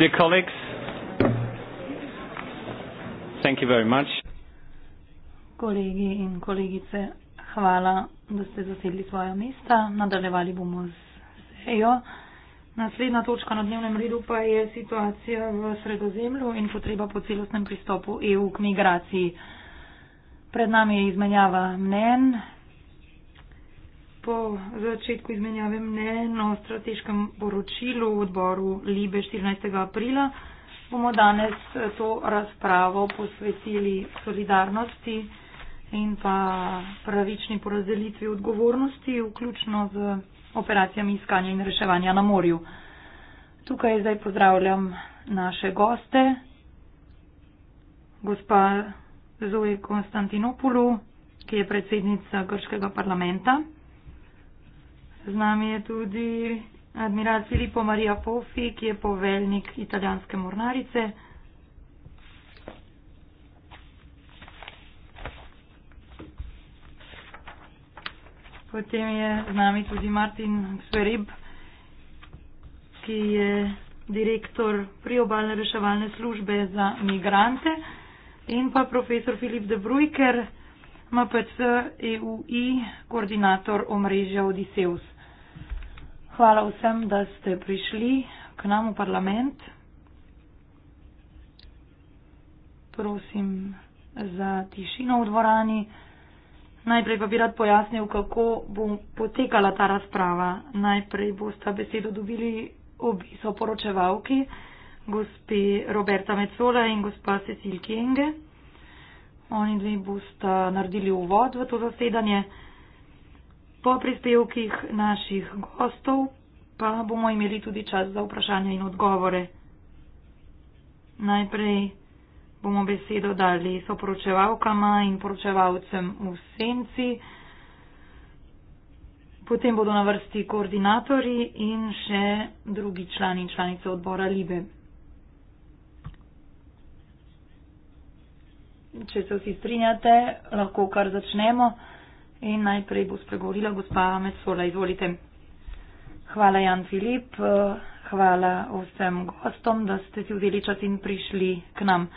Dear colleagues, thank you very much. Kolegi in kolegice, hvala, da ste zasedli svoja mesta. Nadaljevali bomo z sejo. Naslednja točka na dnevnem redu pa je situacija v sredozemlju in potreba po celostnem pristopu EU k migraciji. Pred nami je izmenjava mnen, po začetku izmenjave mnen o strateškem poročilu v odboru Libe 14. aprila bomo danes eh, to razpravo posvetili solidarnosti in pa pravični porazdelitvi odgovornosti, vključno z operacijami iskanja in reševanja na morju. Tukaj zdaj pozdravljam naše goste, gospa Zoe Konstantinopulu, ki je predsednica Grškega parlamenta. Z nami je tudi admiral Filippo Marija Fofi, ki je poveljnik italijanske mornarice. Potem je z nami tudi Martin Sverib, ki je direktor priobalne reševalne službe za migrante in pa profesor Filip De Brujker, MPC EUI, koordinator omrežja Odiseus. Hvala vsem, da ste prišli k nam v parlament. Prosim za tišino v dvorani. Najprej pa bi rad pojasnil, kako bo potekala ta razprava. Najprej boste besedo dobili obi soporočevalki, gospe Roberta Mecola in gospa Cecil Kenge. Oni dve boste naredili uvod v to zasedanje. Po prispevkih naših gostov pa bomo imeli tudi čas za vprašanja in odgovore. Najprej bomo besedo dali soporočevalkama in poročevalcem v senci. Potem bodo na vrsti koordinatorji in še drugi člani in članice odbora Libe. če se vsi strinjate, lahko kar začnemo. In najprej bo spregovorila gospa Metsola. Izvolite. Hvala, Jan Filip. Hvala vsem gostom, da ste si vzeli čas in prišli k nam.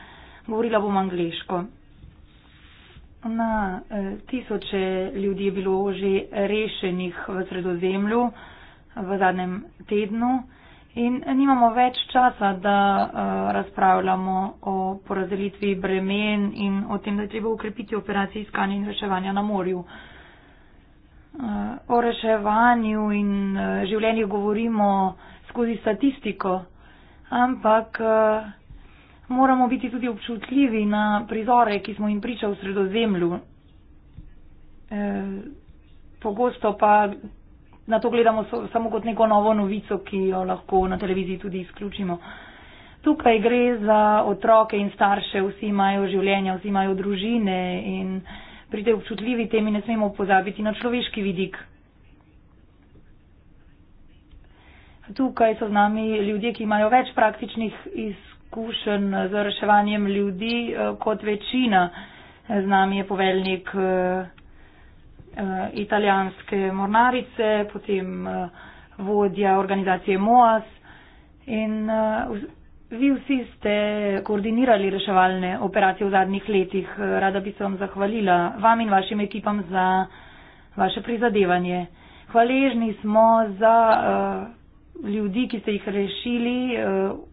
Govorila bom angliško. Na eh, tisoče ljudi je bilo že rešenih v sredozemlju v zadnjem tednu. In nimamo več časa, da uh, razpravljamo o porazdelitvi bremen in o tem, da je treba ukrepiti operacije iskanja in reševanja na morju. Uh, o reševanju in uh, življenju govorimo skozi statistiko, ampak uh, moramo biti tudi občutljivi na prizore, ki smo jim priča v sredozemlju. Uh, pogosto pa na to gledamo so, samo kot neko novo novico, ki jo lahko na televiziji tudi izključimo. Tukaj gre za otroke in starše, vsi imajo življenja, vsi imajo družine in pri tej občutljivi temi ne smemo pozabiti na človeški vidik. Tukaj so z nami ljudje, ki imajo več praktičnih izkušenj z reševanjem ljudi eh, kot večina. Z nami je poveljnik eh, Eh, italijanske mornarice, potem eh, vodja organizacije MOAS in eh, vi vsi ste koordinirali reševalne operacije v zadnjih letih. Rada bi se vam zahvalila, vam in vašim ekipam, za vaše prizadevanje. Hvaležni smo za ljudi, ki ste jih rešili.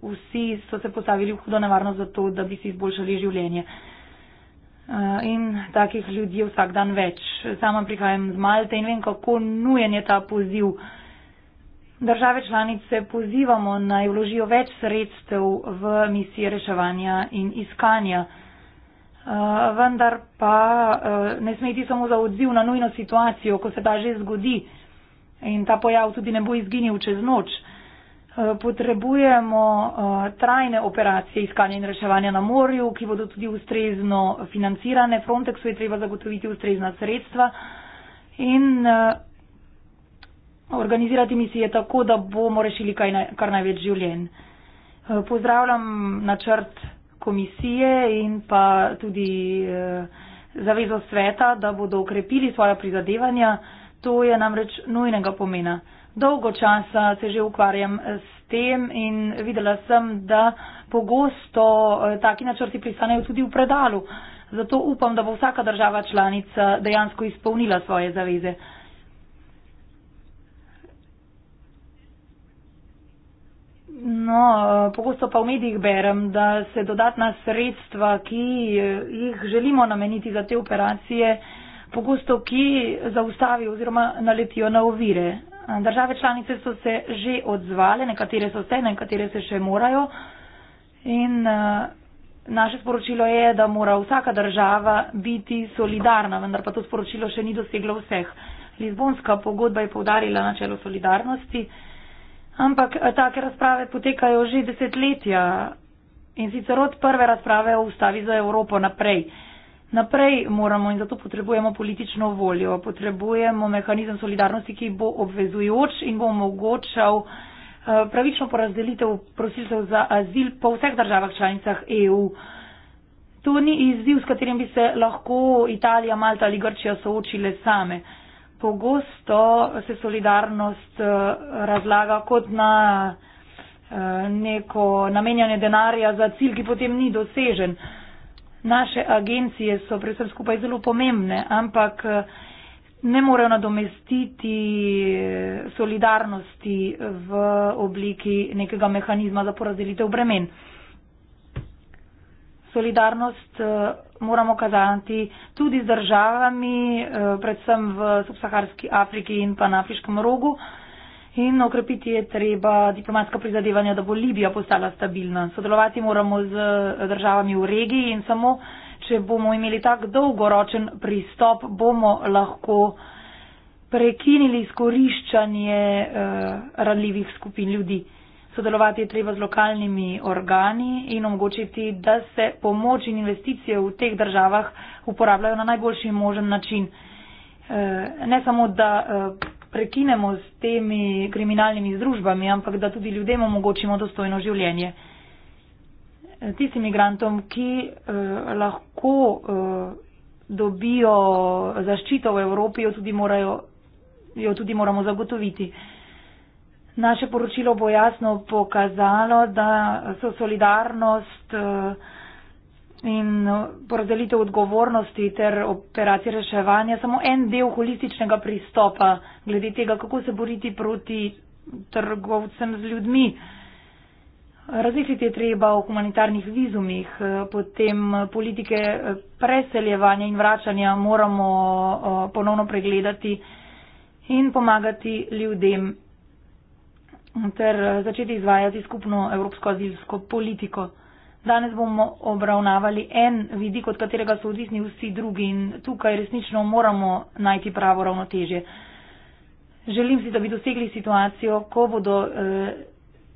Vsi so se postavili v hudo nevarnost za to, da bi si izboljšali življenje. Eh, in takih ljudi vsak dan več. Sama prihajam z Malte in vem, kako nujen je ta poziv. Države članice pozivamo naj vložijo več sredstev v misije reševanja in iskanja. Eh, vendar pa eh, ne smeti samo za odziv na nujno situacijo, ko se ta že zgodi in ta pojav tudi ne bo izginil čez noč. Eh, potrebujemo eh, trajne operacije iskanja in reševanja na morju, ki bodo tudi ustrezno financirane. Frontexu je treba zagotoviti ustrezna sredstva in eh, organizirati misije tako, da bomo rešili kaj, kar največ življenj. Pozdravljam načrt komisije in pa tudi zavezo sveta, da bodo ukrepili svoja prizadevanja. To je namreč nujnega pomena dolgo časa se že ukvarjam eh, s tem in videla sem, da pogosto eh, taki načrti pristanejo tudi v predalu. Zato upam, da bo vsaka država članica dejansko izpolnila svoje zaveze. No, eh, pogosto pa v medijih berem, da se dodatna sredstva, ki jih želimo nameniti za te operacije, pogosto ki zaustavijo oziroma naletijo na ovire. Države članice so se že odzvale, nekatere so se, nekatere se še morajo. In eh, naše sporočilo je, da mora vsaka država biti solidarna, vendar pa to sporočilo še ni doseglo vseh. Lizbonska pogodba je povdarila načelo solidarnosti, ampak eh, take razprave potekajo že desetletja in sicer od prve razprave o ustavi za Evropo naprej naprej moramo in zato potrebujemo politično voljo, potrebujemo mehanizem solidarnosti, ki bo obvezujoč in bo omogočal eh, pravično porazdelitev prosilcev za azil po vseh državah članicah EU. To ni izziv, s katerim bi se lahko Italija, Malta ali Grčija soočile same. Pogosto se solidarnost eh, razlaga kot na eh, neko namenjanje denarja za cilj, ki potem ni dosežen naše agencije so pri vsem skupaj zelo pomembne, ampak eh, ne morejo nadomestiti eh, solidarnosti v obliki nekega mehanizma za porazdelitev bremen. Solidarnost eh, moramo kazati tudi z državami, predvsem v subsaharski Afriki in pa na Afriškem rogu, In okrepiti je treba diplomatska prizadevanja, da bo Libija postala stabilna. Sodelovati moramo z eh, državami v regiji in samo, če bomo imeli tak dolgoročen pristop, bomo lahko prekinili izkoriščanje eh, ranljivih skupin ljudi. Sodelovati je treba z lokalnimi organi in omogočiti, da se pomoč in investicije v teh državah uporabljajo na najboljši možen način. Eh, ne samo, da. Eh, prekinemo s temi kriminalnimi združbami, ampak da tudi ljudem omogočimo dostojno življenje. E, tistim imigrantom, ki eh, lahko eh, dobijo zaščito v Evropi, jo tudi, morajo, jo tudi moramo zagotoviti. Naše poročilo bo jasno pokazalo, da so solidarnost. Eh, in no, porodelitev odgovornosti ter operacije reševanja samo en del holističnega pristopa glede tega, kako se boriti proti trgovcem z ljudmi. Razmisliti je treba o humanitarnih vizumih, potem politike preseljevanja in vračanja moramo ponovno pregledati in pomagati ljudem ter začeti izvajati skupno evropsko azilsko politiko. Danes bomo obravnavali en vidik, od katerega so odvisni vsi drugi in tukaj resnično moramo najti pravo ravnotežje. Želim si, da bi dosegli situacijo, ko bodo eh,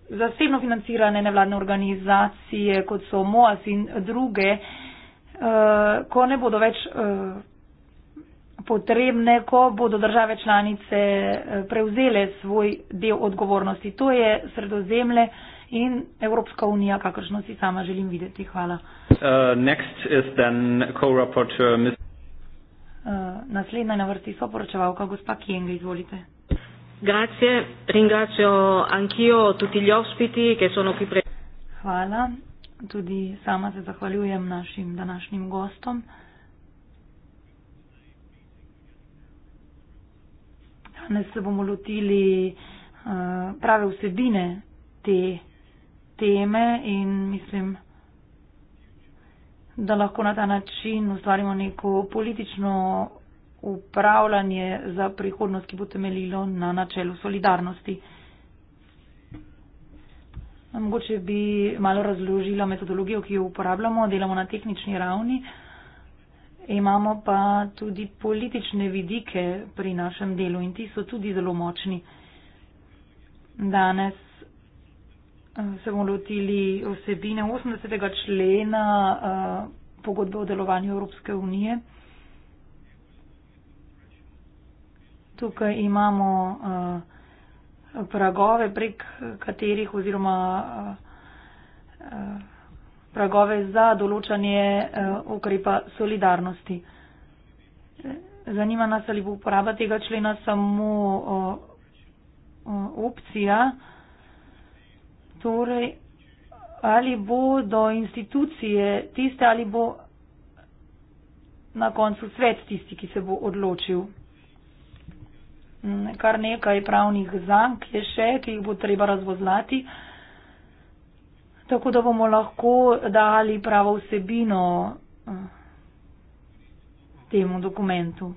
zasebno financirane nevladne organizacije, kot so MOAS in druge, eh, ko ne bodo več. Eh, potrebne, ko bodo države članice eh, prevzele svoj del odgovornosti. To je sredozemlje, in Evropska unija, kakršno si sama želim videti. Hvala. Uh, Ms... uh, naslednja je na vrsti soporočevalka, gospa Kienga, izvolite. Hvala. Tudi sama se zahvaljujem našim današnjim gostom. Danes se bomo lotili uh, prave vsebine te teme in mislim, da lahko na ta način ustvarimo neko politično upravljanje za prihodnost, ki bo temeljilo na načelu solidarnosti. Mogoče bi malo razložila metodologijo, ki jo uporabljamo, delamo na tehnični ravni, imamo pa tudi politične vidike pri našem delu in ti so tudi zelo močni. Danes Eh, se bomo lotili osebine 80. člena eh, pogodbe o delovanju Evropske unije. Tukaj imamo eh, pragove, prek katerih oziroma pragove za določanje ukrepa solidarnosti. Zanima nas, ali bo uporaba tega člena samo opcija, Torej, ali bodo institucije tiste, ali bo na koncu svet tisti, ki se bo odločil. Mm, kar nekaj pravnih zank je še, ki jih bo treba razvozlati, tako da bomo lahko dali pravo vsebino eh, temu dokumentu.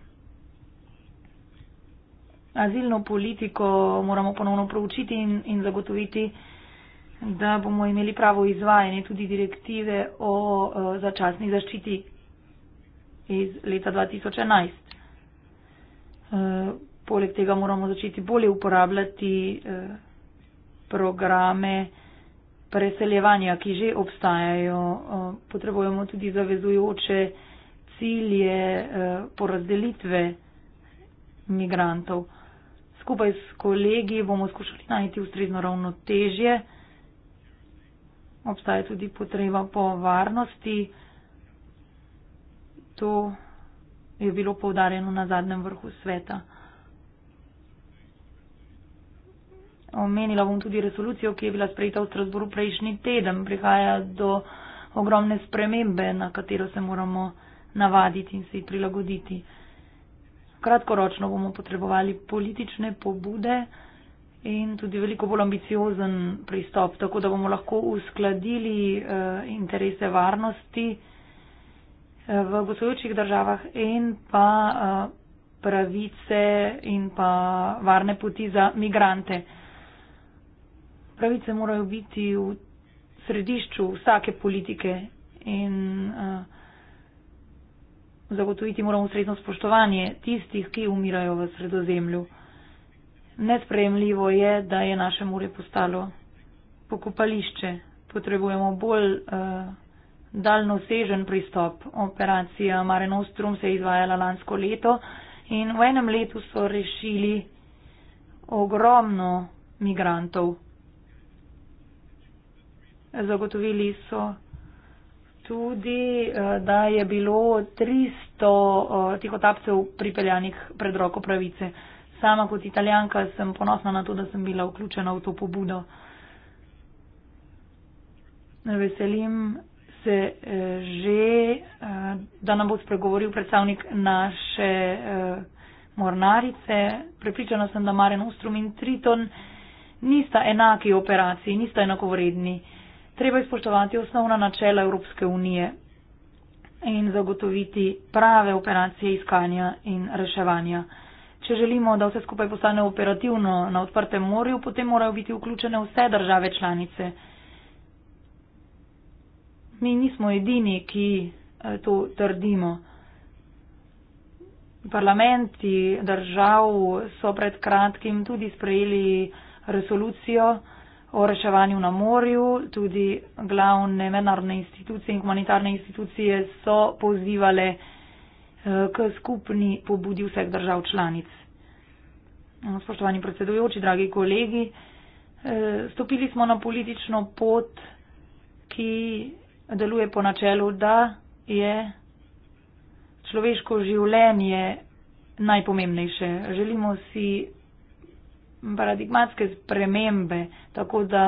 Azilno politiko moramo ponovno proučiti in, in zagotoviti, da bomo imeli pravo izvajanje tudi direktive o e, začasni zaščiti iz leta 2011. E, poleg tega moramo začeti bolje uporabljati e, programe preseljevanja, ki že obstajajo. Potrebujemo tudi zavezujoče cilje porazdelitve migrantov. Skupaj s kolegi bomo skušali najti ustrezno ravnotežje obstaja tudi potreba po varnosti. To je bilo povdarjeno na zadnjem vrhu sveta. Omenila bom tudi resolucijo, ki je bila sprejeta v Strasburu prejšnji teden. Prihaja do ogromne spremembe, na katero se moramo navaditi in se ji prilagoditi. Kratkoročno bomo potrebovali politične pobude in tudi veliko bolj ambiciozen pristop, tako da bomo lahko uskladili uh, interese varnosti eh, v gostujočih državah in pa uh, pravice in pa varne poti za migrante. Pravice morajo biti v središču vsake politike in uh, zagotoviti moramo ustrezno spoštovanje tistih, ki umirajo v sredozemlju. Nesprejemljivo je, da je naše more postalo pokopališče. Potrebujemo bolj uh, daljnosežen pristop. Operacija Mare Nostrum se je izvajala lansko leto in v enem letu so rešili ogromno migrantov. Zagotovili so tudi, uh, da je bilo 300 uh, eh, tihotapcev pripeljanih pred roko pravice. Uh, sama kot italijanka sem ponosna na to, da sem bila vključena v to pobudo. Veselim se eh, že, eh, da nam bo spregovoril predstavnik naše eh, mornarice. Prepričana sem, da Maren Ustrum in Triton nista enaki operaciji, nista enakovredni. Treba izpoštovati osnovna načela Evropske unije in zagotoviti prave operacije iskanja in reševanja. Če želimo, da vse skupaj postane operativno na odprtem morju, potem morajo biti vključene vse države članice. Mi nismo edini, ki eh, to trdimo. Parlamenti držav so pred kratkim tudi sprejeli resolucijo o reševanju na morju, tudi glavne mednarodne institucije in humanitarne institucije so pozivale k skupni pobudi vseh držav članic. Spoštovani predsedujoči, dragi kolegi, eh, stopili smo na politično pot, ki deluje po načelu, da je človeško življenje najpomembnejše. Želimo si paradigmatske spremembe, tako da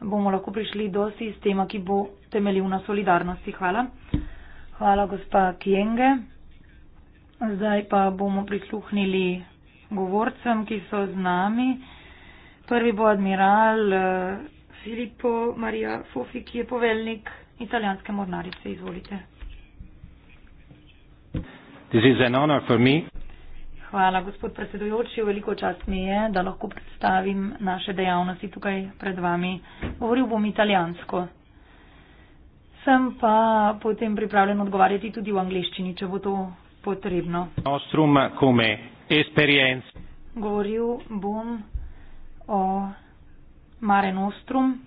bomo lahko prišli do sistema, ki bo temeljil na solidarnosti. Hvala. Hvala, gospa Kjenge. Zdaj pa bomo prisluhnili govorcem, ki so z nami. Prvi bo admiral eh, Filippo Marija Fofi, ki je poveljnik italijanske mornarice. Izvolite. Hvala, gospod predsedujoči. Veliko čast mi je, da lahko predstavim naše dejavnosti tukaj pred vami. Govoril bom italijansko sem pa potem pripravljen odgovarjati tudi v angliščini, če bo to potrebno. Govoril bom o Mare Nostrum. E,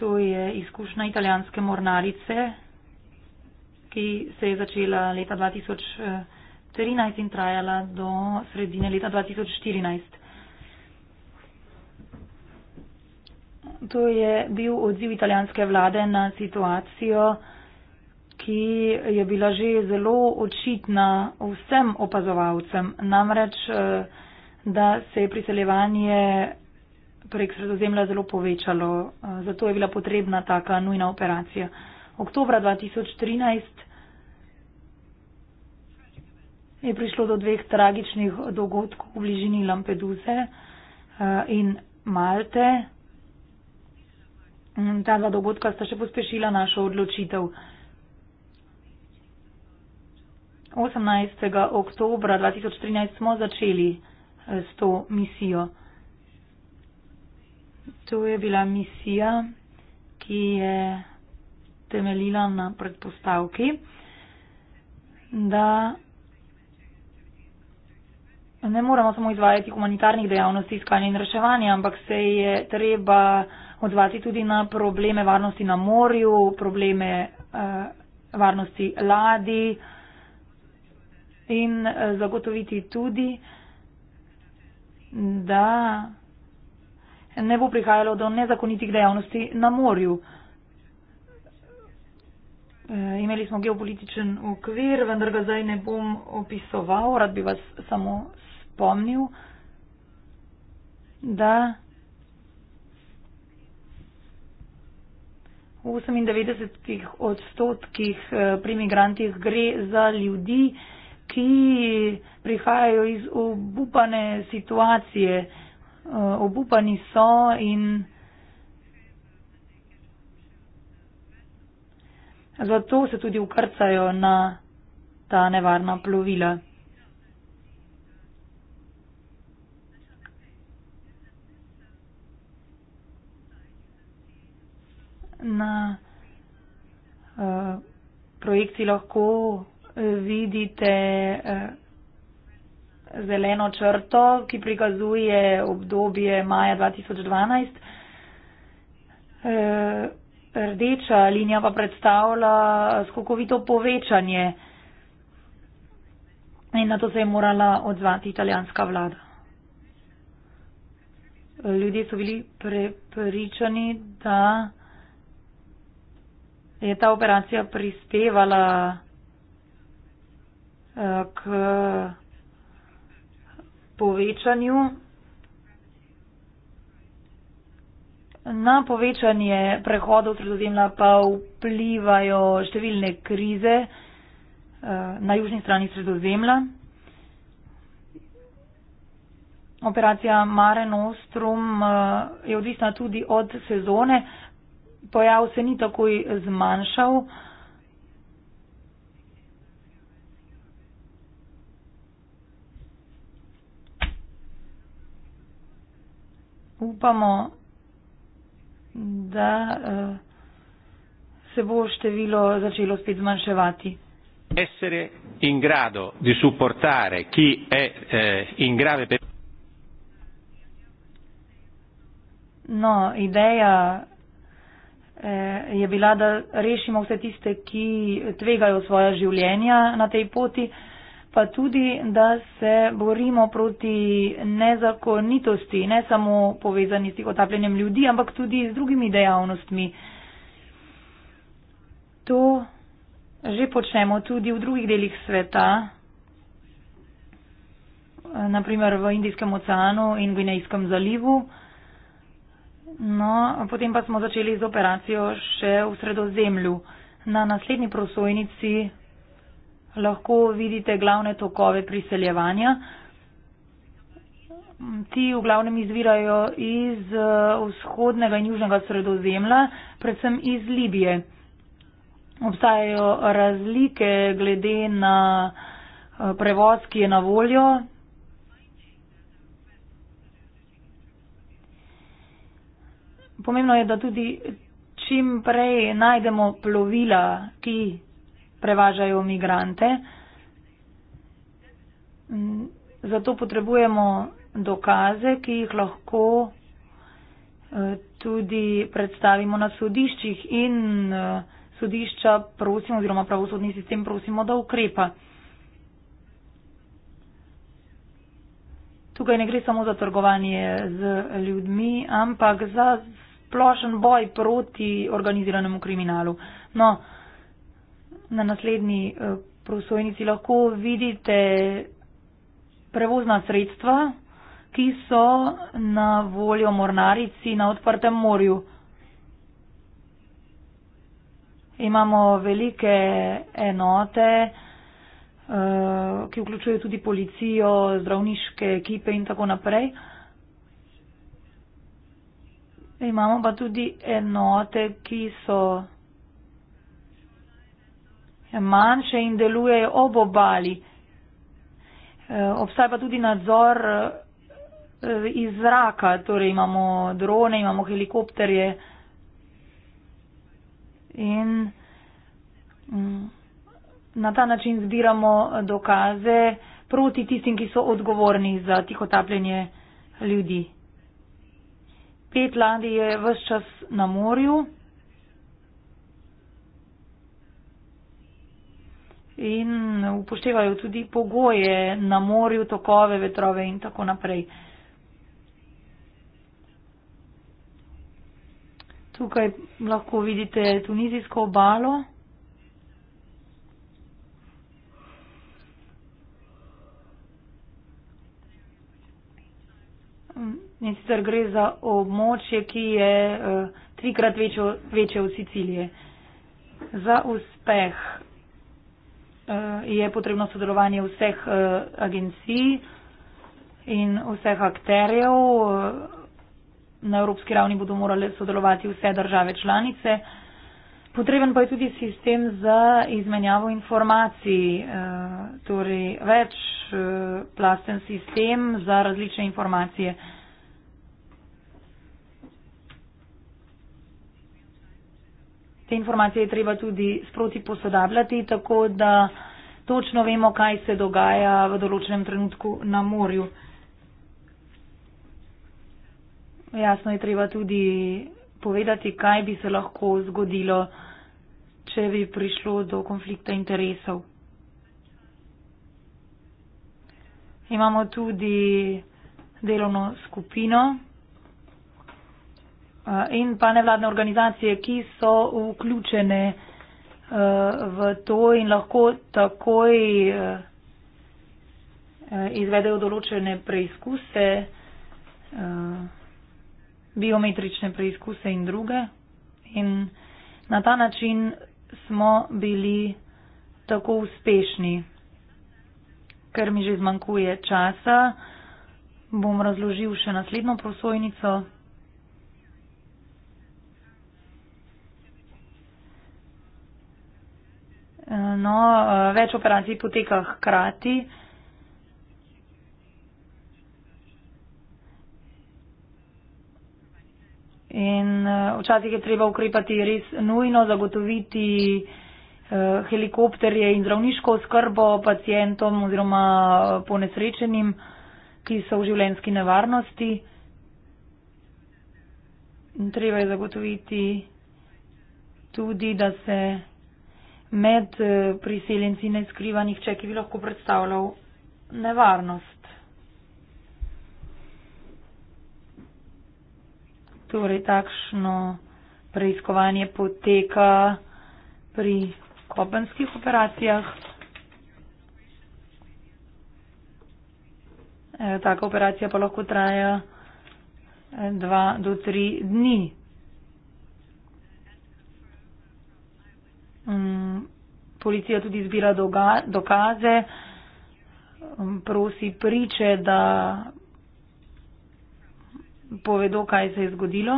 to je izkušnja italijanske mornarice, ki se je začela leta 2013 e, in trajala do sredine leta 2014. to je bil odziv italijanske vlade na situacijo, ki je bila že zelo očitna vsem opazovalcem. Namreč, eh, da se je priseljevanje prek sredozemlja zelo povečalo, eh, zato je bila potrebna taka nujna operacija. Oktobra 2013 je prišlo do dveh tragičnih dogodkov v bližini Lampeduse eh, in Malte, Mm, ta dva dogodka sta še pospešila našo odločitev. 18. oktobra 2013 smo začeli eh, s to misijo. To je bila misija, ki je temeljila na predpostavki, da ne moramo samo izvajati humanitarnih dejavnosti iskanja in reševanja, ampak se je treba odzvati tudi na probleme varnosti na morju, probleme uh, varnosti ladi in uh, zagotoviti tudi, da ne bo prihajalo do nezakonitih dejavnosti na morju. Eh, imeli smo geopolitičen okvir, vendar ga zdaj ne bom opisoval, rad bi vas samo spomnil, da v 98 odstotkih eh, pri migrantih gre za ljudi, ki prihajajo iz obupane situacije. Eh, obupani so in zato se tudi ukrcajo na ta nevarna plovila. na uh, projekciji lahko vidite uh, zeleno črto, ki prikazuje obdobje maja 2012. Uh, eh, rdeča linija pa predstavlja skokovito povečanje. In na to se je morala odzvati italijanska vlada. Ljudje so bili prepričani, da je ta operacija prispevala eh, k povečanju Na povečanje prehodov sredozemlja pa vplivajo številne krize eh, na južni strani sredozemlja. Operacija Mare Nostrum eh, je odvisna tudi od sezone, pojav se ni takoj zmanjšal. Upamo, da eh, se bo število začelo spet zmanjševati. Eh, no, ideja Eh, je bila, da rešimo vse tiste, ki tvegajo svoja življenja na tej poti, pa tudi, da se borimo proti nezakonitosti, ne samo povezani s tih otapljanjem ljudi, ampak tudi z drugimi dejavnostmi. To že počnemo tudi v drugih delih sveta, eh, naprimer v Indijskem oceanu in Gvinejskem zalivu. No, potem pa smo začeli z operacijo še v sredozemlju. Na naslednji prosojnici lahko vidite glavne tokove priseljevanja. Ti v glavnem izvirajo iz eh, vzhodnega in južnega sredozemlja, predvsem iz Libije. Obstajajo razlike glede na eh, prevoz, ki je na voljo, pomembno je, da tudi čim prej najdemo plovila, ki prevažajo migrante. Mm, zato potrebujemo dokaze, ki jih lahko eh, tudi predstavimo na sodiščih in eh, sodišča prosimo oziroma pravosodni sistem prosimo, da ukrepa. Tukaj ne gre samo za trgovanje z ljudmi, ampak za splošen boj proti organiziranemu kriminalu. No, na naslednji eh, prosojnici lahko vidite prevozna sredstva, ki so na voljo mornarici na odprtem morju. Imamo velike enote, eh, ki vključujejo tudi policijo, zdravniške ekipe in tako naprej. Imamo pa tudi enote, ki so manjše in delujejo ob obali. E, obstaja pa tudi nadzor e, iz zraka, torej imamo drone, imamo helikopterje in mm, na ta način zbiramo dokaze proti tistim, ki so odgovorni za tihotapljenje ljudi. Pet ladij je vse čas na morju in upoštevajo tudi pogoje na morju, tokove, vetrove in tako naprej. Tukaj lahko vidite tunizijsko obalo. Mm. In sicer gre za območje, ki je uh, trikrat večjo, večje od Sicilije. Za uspeh uh, je potrebno sodelovanje vseh uh, agencij in vseh akterjev. Uh, na evropski ravni bodo morale sodelovati vse države članice. Potreben pa je tudi sistem za izmenjavo informacij, uh, torej več uh, plasten sistem za različne informacije. te informacije je treba tudi sproti posodabljati, tako da točno vemo, kaj se dogaja v določenem trenutku na morju. Jasno je treba tudi povedati, kaj bi se lahko zgodilo, če bi prišlo do konflikta interesov. Imamo tudi delovno skupino, Eh, in pa nevladne organizacije, ki so vključene eh, v to in lahko takoj eh, izvedejo določene preizkuse, biometrične preizkuse in druge. In na ta način smo bili tako uspešni. Ker mi že zmanjkuje časa, bom razložil še naslednjo prosojnico. No, eh, več operacij poteka hkrati. In eh, včasih je treba ukrepati res nujno, zagotoviti eh, helikopterje in zdravniško oskrbo pacijentom oziroma ponesrečenim, ki so v življenski nevarnosti. In treba je zagotoviti tudi, da se med eh, priseljenci ne skriva nihče, ki bi lahko predstavljal nevarnost. Torej, takšno preiskovanje poteka pri kopenskih operacijah. E, taka operacija pa lahko traja eh, dva do tri dni. Um, policija tudi zbira doga, dokaze, um, prosi priče, da povedo, kaj se je zgodilo.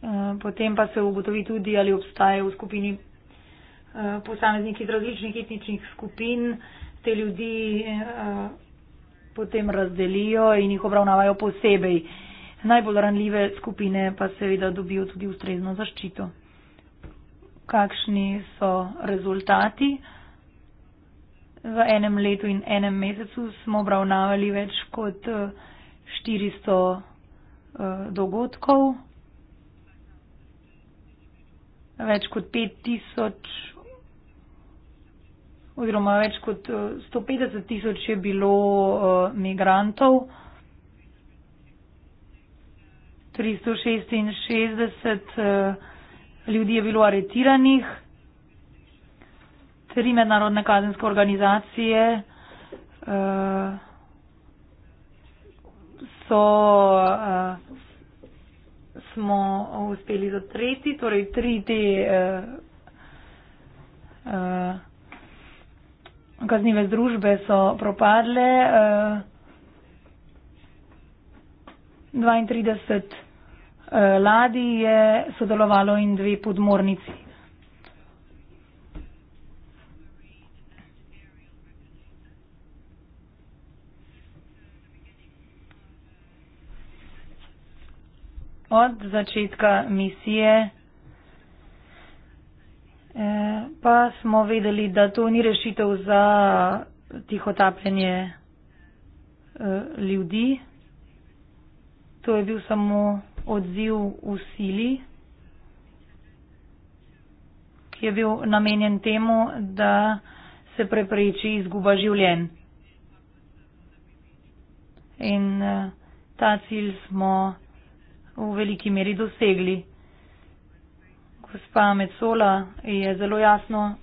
Uh, potem pa se ugotovi tudi, ali obstajajo v skupini uh, posameznik iz različnih etničnih skupin. Te ljudi uh, potem razdelijo in jih obravnavajo posebej najbolj ranljive skupine pa seveda dobijo tudi ustrezno zaščito. Kakšni so rezultati? V enem letu in enem mesecu smo obravnavali več kot 400 eh, eh, dogodkov, več kot 5000 oziroma več kot 150 eh, tisoč je bilo migrantov. 366 eh, ljudi je bilo aretiranih, tri mednarodne kazenske organizacije eh, so eh, smo uspeli zatreti, torej tri te kaznive združbe so propadle. 32 Eh, ladi je sodelovalo in dve podmornici. Od začetka misije eh, pa smo vedeli, da to ni rešitev za tihotapljenje eh, ljudi. To je bil samo odziv v sili, ki je bil namenjen temu, da se prepreči izguba življenj. In eh, ta cilj smo v veliki meri dosegli. Gospa Mecola je zelo jasno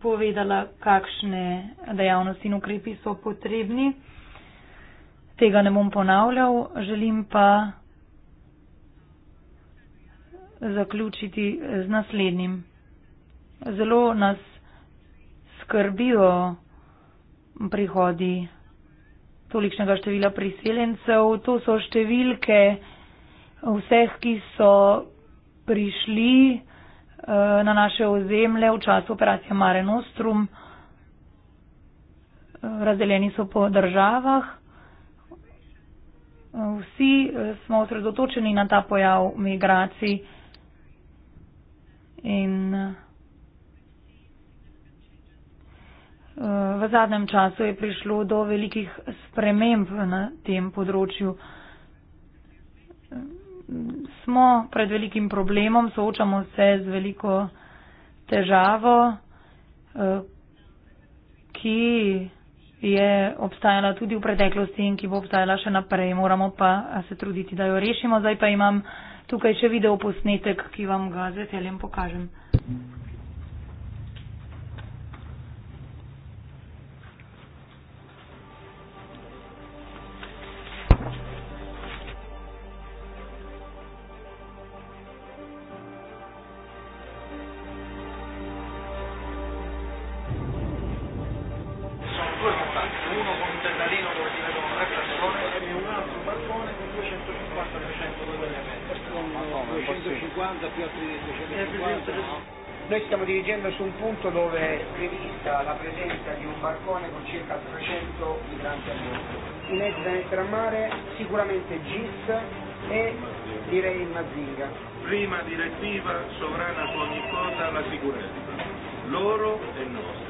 povedala, kakšne dejavnosti in ukrepi so potrebni. Tega ne bom ponavljal, želim pa zaključiti z naslednjim. Zelo nas skrbijo prihodi tolikšnega števila priseljencev. To so številke vseh, ki so prišli eh, na naše ozemlje v času operacije Mare Nostrum. Eh, razdeljeni so po državah. Vsi eh, smo osredotočeni na ta pojav migracij. In eh, v zadnjem času je prišlo do velikih sprememb na tem področju. Smo pred velikim problemom, soočamo se z veliko težavo, eh, ki je obstajala tudi v preteklosti in ki bo obstajala še naprej. Moramo pa se truditi, da jo rešimo. Zdaj pa imam tukaj še video posnetek, ki vam ga z veseljem pokažem. precedente GIS e direi Mazinga. Prima direttiva sovrana su ogni cosa la sicurezza. Loro e noi.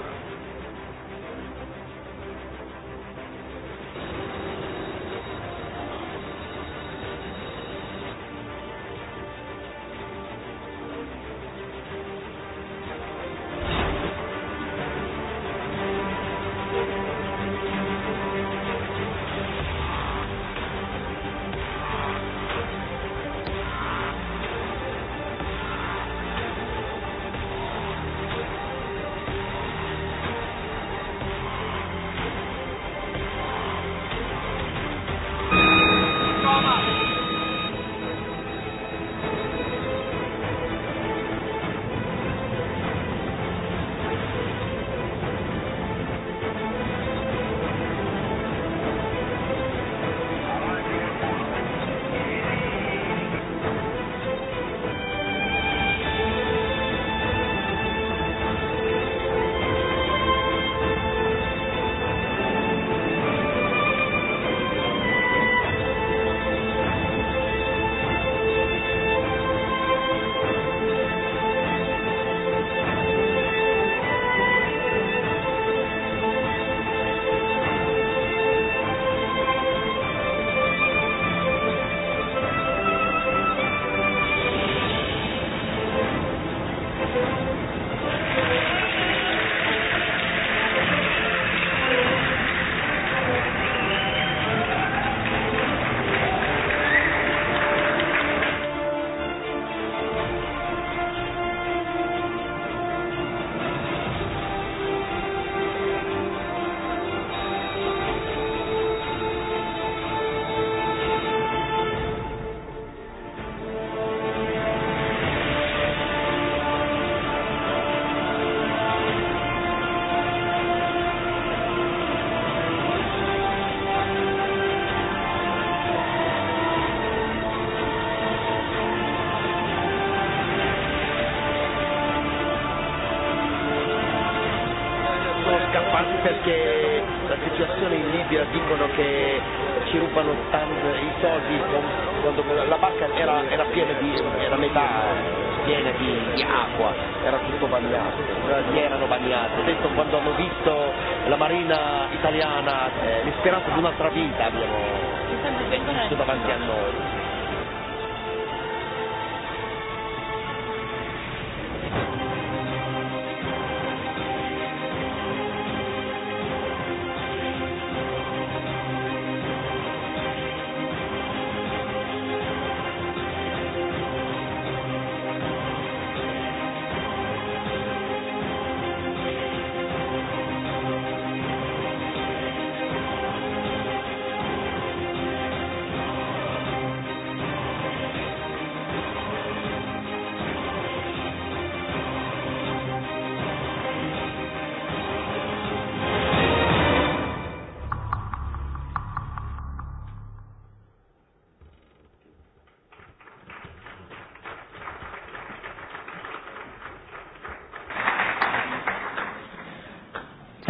speranza di un'altra vita abbiamo tutto davanti a noi.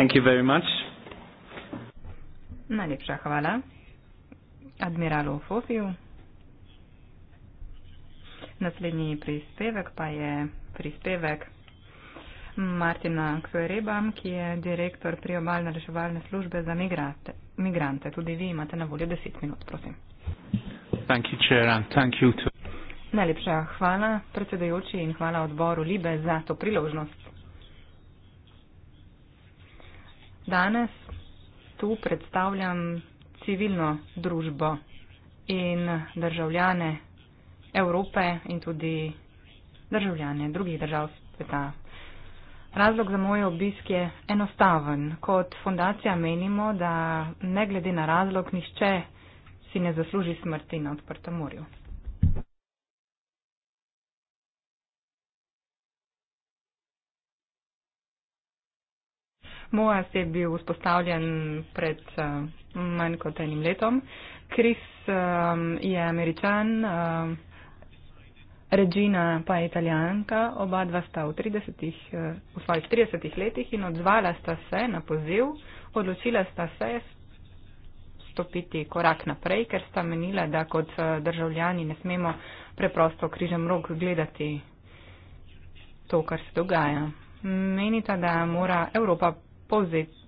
Thank you very much. Najlepša hvala, admiralu Fofiju. Naslednji prispevek pa je prispevek Martina Ksoereba, ki je direktor priobalne reševalne službe za migrate, migrante. Tudi vi imate na voljo 10 minut, prosim. Thank you, Chair, and thank you to... Najlepša hvala predsedajoči in hvala odboru Libe za to priložnost. Danes tu predstavljam civilno družbo in državljane Evrope in tudi državljane drugih držav sveta. Razlog za moj obisk je enostaven. Kot fundacija menimo, da ne glede na razlog, nišče si ne zasluži smrti na odprtem morju. Moas je bil vzpostavljen pred eh, manj kot enim letom. Kris um, je američan, um, Regina pa je italijanka, oba dva sta v, 30-ih, v svojih 30-ih letih in odzvala sta se na poziv, odločila sta se stopiti korak naprej, ker sta menila, da kot državljani ne smemo preprosto križem rok gledati to, kar se dogaja. Menita, da mora Evropa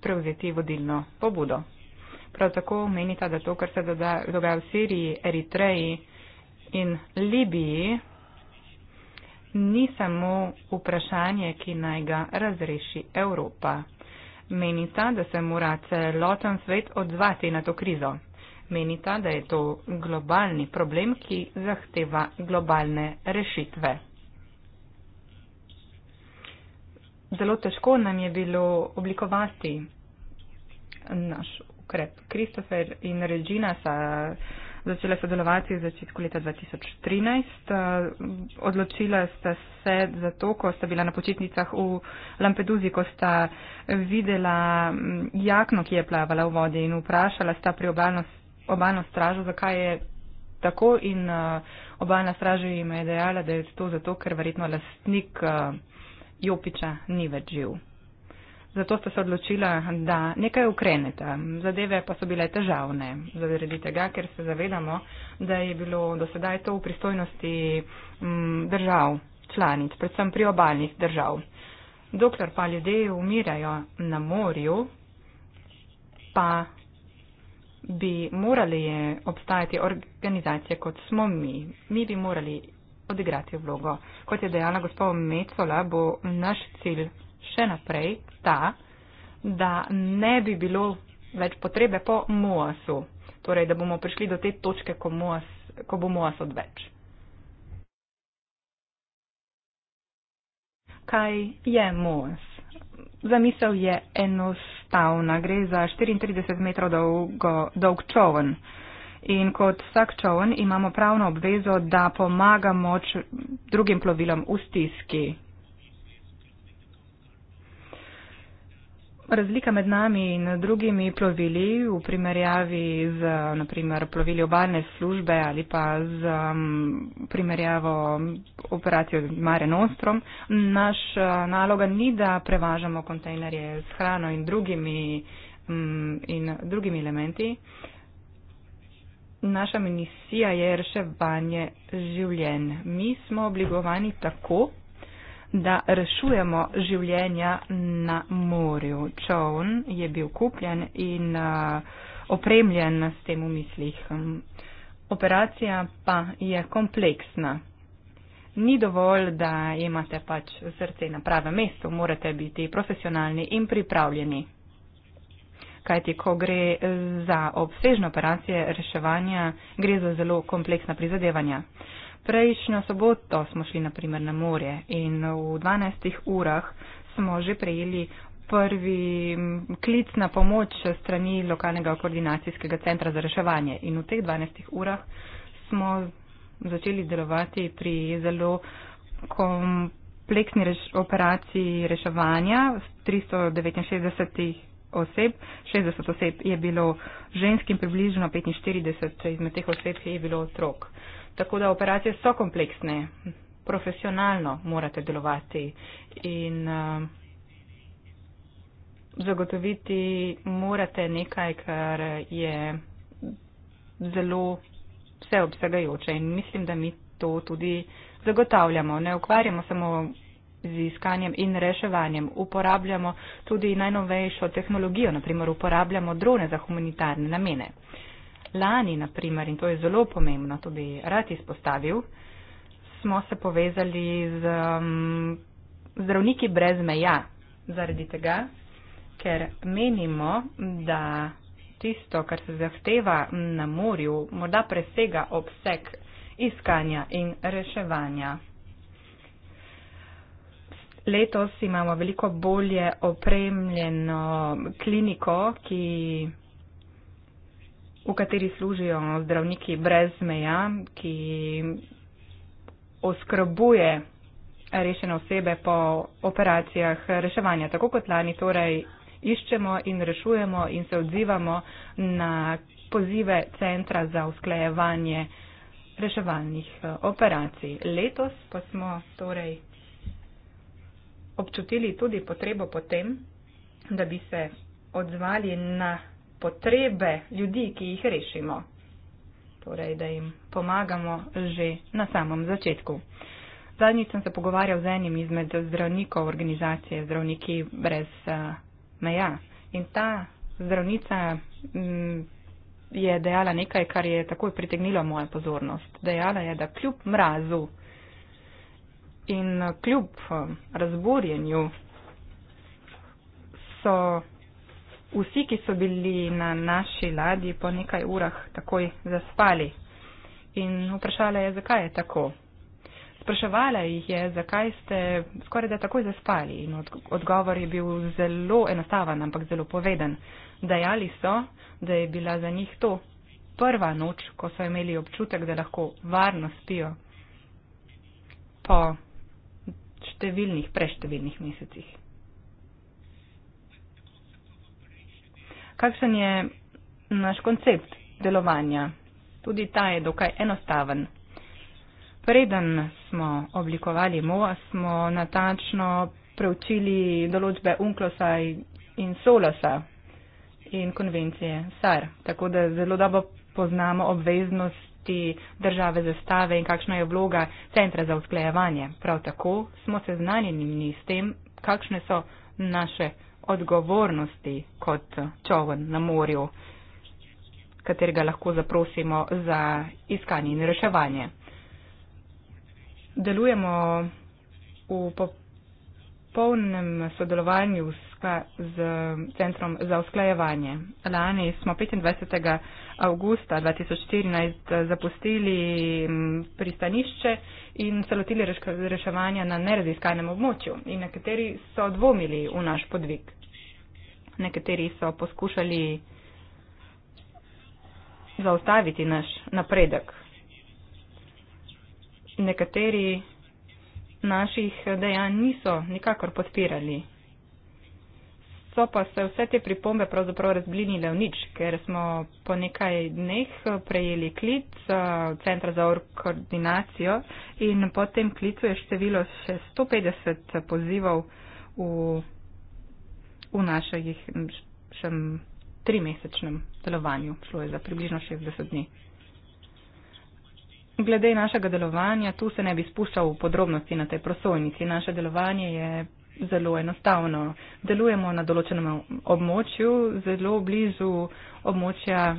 prevzeti vodilno pobudo. Prav tako menita, da to, kar se dogaja v Siriji, Eritreji in Libiji, ni samo vprašanje, ki naj ga razreši Evropa. Menita, da se mora celoten svet odzvati na to krizo. Menita, da je to globalni problem, ki zahteva globalne rešitve. zelo težko nam je bilo oblikovati naš ukrep. Kristofer in Regina sta začela sodelovati v začetku leta 2013. Odločila sta se zato, ko sta bila na počitnicah v Lampeduzi, ko sta videla mm, jakno, ki je plavala v vodi in vprašala sta pri obalno, obalno stražo, zakaj je tako in uh, obalna straža jim je dejala, da je to zato, ker verjetno lastnik uh, Jopiča ni več živ. Zato sta se odločila, da nekaj ukrenete. Zadeve pa so bile težavne zaradi tega, ker se zavedamo, da je bilo dosedaj to v pristojnosti mm, držav, članic, predvsem priobalnih držav. Dokler pa ljudje umirajo na morju, pa bi morali obstajati organizacije, kot smo mi. Mi bi morali odigrati vlogo. Kot je dejala gospod Mecola, bo naš cilj še naprej ta, da ne bi bilo več potrebe po MOAS-u, torej da bomo prišli do te točke, ko, MOAS, ko bo MOAS odveč. Kaj je MOAS? Zamisel je enostavna, gre za 34 metrov dolgo, dolg čovn in kot vsak čovn imamo pravno obvezo, da pomagamo drugim plovilom v stiski. Razlika med nami in drugimi plovili v primerjavi z naprimer plovili obalne službe ali pa z um, primerjavo operacijo Mare Nostrom, naša naloga ni, da prevažamo kontejnerje s hrano in drugimi, um, in drugimi elementi, uh, naša misija je reševanje življenj. Mi smo obligovani tako, da rešujemo življenja na morju. Čovn je bil kupljen in opremljen s tem v mislih. Operacija pa je kompleksna. Ni dovolj, da imate pač srce na pravem mestu, morate biti profesionalni in pripravljeni kajti ko gre eh, za obsežne operacije reševanja, gre za zelo kompleksna prizadevanja. Prejšnjo soboto smo šli na primer na morje in v 12 urah smo že prejeli prvi klic na pomoč strani lokalnega koordinacijskega centra za reševanje in v teh 12 urah smo začeli delovati pri zelo kompleksni reš operaciji reševanja v 369 oseb, 60 oseb je bilo ženskim, približno 45 izmed teh oseb je bilo otrok. Tako da operacije so kompleksne, profesionalno morate delovati in uh, zagotoviti morate nekaj, kar je zelo vseobsegajoče in mislim, da mi to tudi zagotavljamo. Ne ukvarjamo samo z iskanjem in reševanjem. Uporabljamo tudi najnovejšo tehnologijo, naprimer uporabljamo drone za humanitarne namene. Lani, naprimer, in to je zelo pomembno, to bi rad izpostavil, smo se povezali z um, zdravniki brez meja zaradi tega, ker menimo, da tisto, kar se zahteva na morju, morda presega obseg iskanja in reševanja. Letos imamo veliko bolje opremljeno kliniko, ki, v kateri služijo zdravniki brez meja, ki oskrbuje rešene osebe po operacijah reševanja. Tako kot lani torej iščemo in rešujemo in se odzivamo na pozive centra za usklajevanje reševalnih eh, operacij. Letos pa smo torej občutili tudi potrebo potem, da bi se odzvali na potrebe ljudi, ki jih rešimo. Torej, da jim pomagamo že na samem začetku. Zadnjič sem se pogovarjal z enim izmed zdravnikov organizacije Zdravniki brez meja. In ta zdravnica mm, je dejala nekaj, kar je takoj pritegnilo mojo pozornost. Dejala je, da kljub mrazu, In eh, kljub eh, razborjenju so vsi, ki so bili na naši ladji, po nekaj urah takoj zaspali. In vprašala je, zakaj je tako. Spraševala jih je, zakaj ste skoraj da takoj zaspali. In odgovor je bil zelo enostaven, ampak zelo poveden. Dajali so, da je bila za njih to prva noč, ko so imeli občutek, da lahko varno spijo. Po številnih, preštevilnih mesecih. Kakšen je naš koncept delovanja? Tudi ta je dokaj enostaven. Preden smo oblikovali MOA, smo natačno preučili določbe UNCLOSA in SOLOSA in konvencije SAR, tako da zelo dobro poznamo obveznost te države zastave in kakšna je vloga centra za usklajevanje. Prav tako smo seznanjeni s tem, kakšne so naše odgovornosti kot čovn na morju, katerega lahko zaprosimo za iskanje in reševanje. Delujemo v popolnem sodelovanju z Centrom za usklajevanje. Lani smo 25 avgusta 2014 eh, zapustili mm, pristanišče in se lotili reševanja na neraziskanem območju. In nekateri so dvomili v naš podvig. Nekateri so poskušali zaustaviti naš napredek. Nekateri naših dejanj niso nikakor podpirali so pa se vse te pripombe pravzaprav razblinile v nič, ker smo po nekaj dneh eh, prejeli klic eh, Centra za koordinacijo in po tem klicu je število še 150 eh, pozivov v, v naših še trimesečnem delovanju. Šlo je za približno 60 dni. Glede našega delovanja, tu se ne bi spuščal v podrobnosti na tej prosojnici. Naše delovanje je zelo enostavno. Delujemo na določenem območju, zelo blizu območja.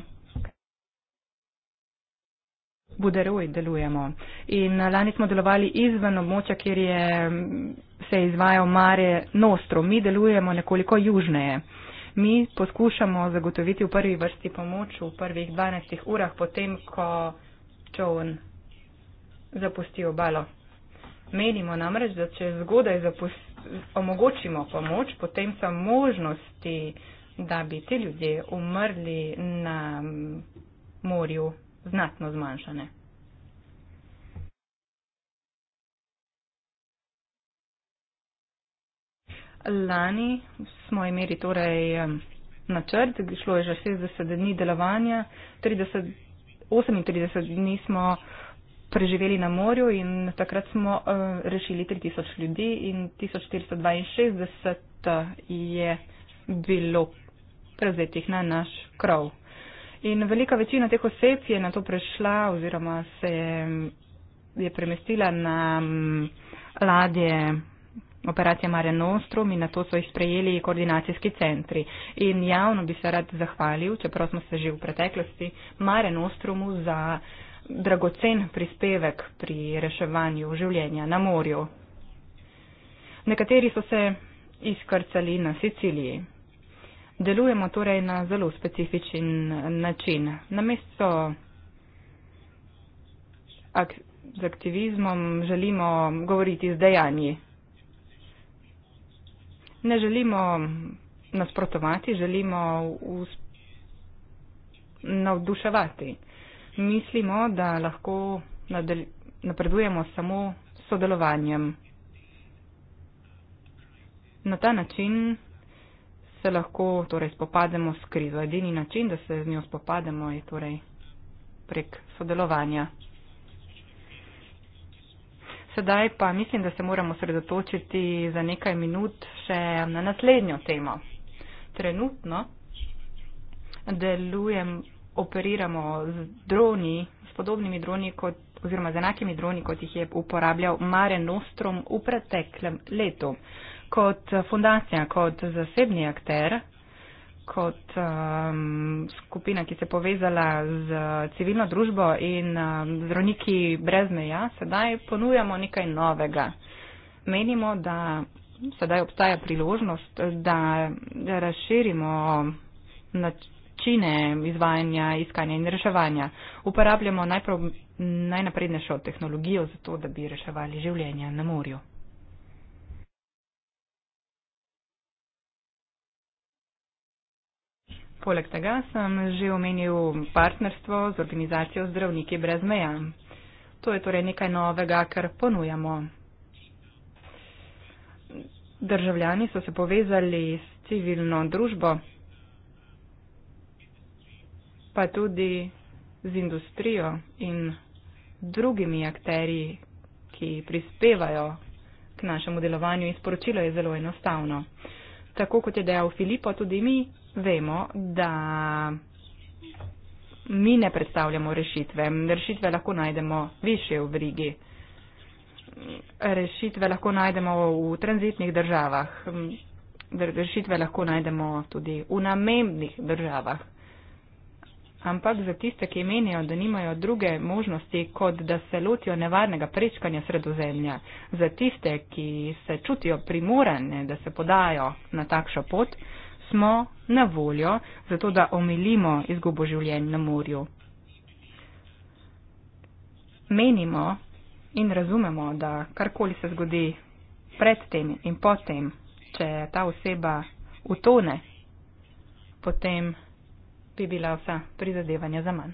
Buderoj delujemo. In lani smo delovali izven območja, kjer je, se je izvajal mare Nostro. Mi delujemo nekoliko južneje. Mi poskušamo zagotoviti v prvi vrsti pomoč v prvih 12 urah, potem, ko čovn zapusti obalo. Menimo namreč, da če zgodaj zapusti omogočimo pomoč, potem so možnosti, da bi ti ljudje umrli na morju, znatno zmanjšane. Lani smo imeli torej načrt, šlo je že 60 dni delovanja, 30, 38 dni smo preživeli na morju in takrat smo uh, rešili 3000 ljudi in 1462 eh, je bilo prevzetih na naš krov. In velika večina teh oseb je na to prešla oziroma se je, je premestila na mm, ladje operacije Mare Nostrum in na to so jih sprejeli koordinacijski centri. In javno bi se rad zahvalil, čeprav smo se že v preteklosti, Mare Nostrumu za dragocen prispevek pri reševanju življenja na morju. Nekateri so se izkrcali na Siciliji. Delujemo torej na zelo specifičen način. Namesto ak z aktivizmom želimo govoriti z dejanji. Ne želimo nasprotovati, želimo navduševati. Us mislimo, da lahko nadal, napredujemo samo sodelovanjem. Na ta način se lahko torej, spopademo s krizo. Edini način, da se z njo spopademo, je torej prek sodelovanja. Sedaj pa mislim, da se moramo sredotočiti za nekaj minut še na naslednjo temo. Trenutno delujem operiramo z droni, s podobnimi droni kot, oziroma z enakimi droni, kot jih je uporabljal Mare Nostrom v preteklem letu. Kot eh, fundacija, kot zasebni akter, kot um, skupina, ki se je povezala z civilno družbo in um, zdravniki brez meja, sedaj ponujamo nekaj novega. Menimo, da sedaj obstaja priložnost, da razširimo način, načine izvajanja, iskanja in reševanja. Uporabljamo najprav, najnaprednejšo tehnologijo za to, da bi reševali življenja na morju. Poleg tega sem že omenil partnerstvo z organizacijo Zdravniki brez meja. To je torej nekaj novega, kar ponujamo. Državljani so se povezali s civilno družbo pa tudi z industrijo in drugimi akterji, ki prispevajo k našemu delovanju in sporočilo je zelo enostavno. Tako kot je dejal Filipo, tudi mi vemo, da mi ne predstavljamo rešitve. Rešitve lahko najdemo više v Rigi. Rešitve lahko najdemo v tranzitnih državah. Rešitve lahko najdemo tudi v namembnih državah. Ampak za tiste, ki menijo, da nimajo druge možnosti, kot da se lotijo nevarnega prečkanja sredozemlja, za tiste, ki se čutijo primorane, da se podajo na takšno pot, smo na voljo, zato da omilimo izgubo življenj na morju. Menimo in razumemo, da karkoli se zgodi pred tem in potem, če ta oseba utone, potem bi bila vsa prizadevanja za manj.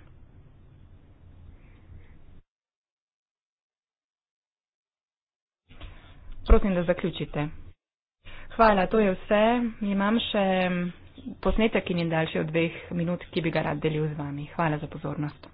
Prosim, da zaključite. Hvala, to je vse. Imam še posnetek in je daljši od dveh minut, ki bi ga rad delil z vami. Hvala za pozornost.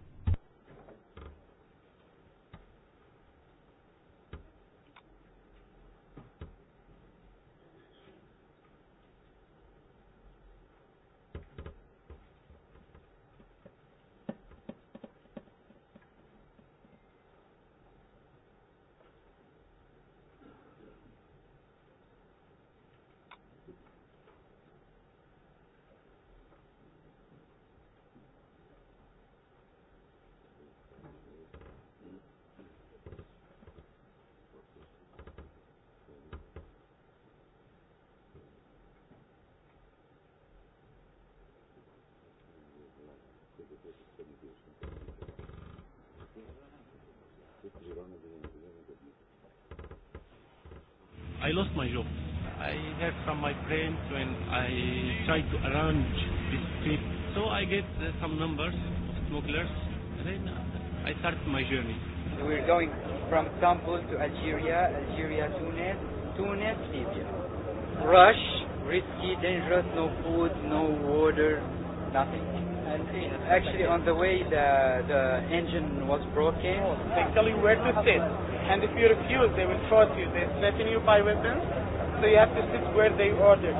try to arrange this trip. So I get uh, some numbers, smugglers, and then uh, I start my journey. We're going from Istanbul to Algeria, Algeria, Tunis, Tunis, Libya. Rush, risky, dangerous, no food, no water, nothing. Actually, on the way, the, the engine was broken. They tell you where to sit. And if you refuse, they will force you. They're threatening you by weapons. So you have to sit where they ordered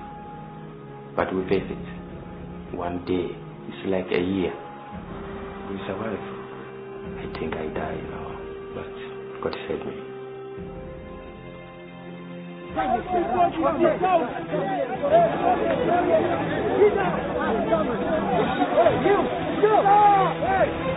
but we face it. One day, it's like a year. We survive. I think I die now, but God save me. Hey, you, you. Hey.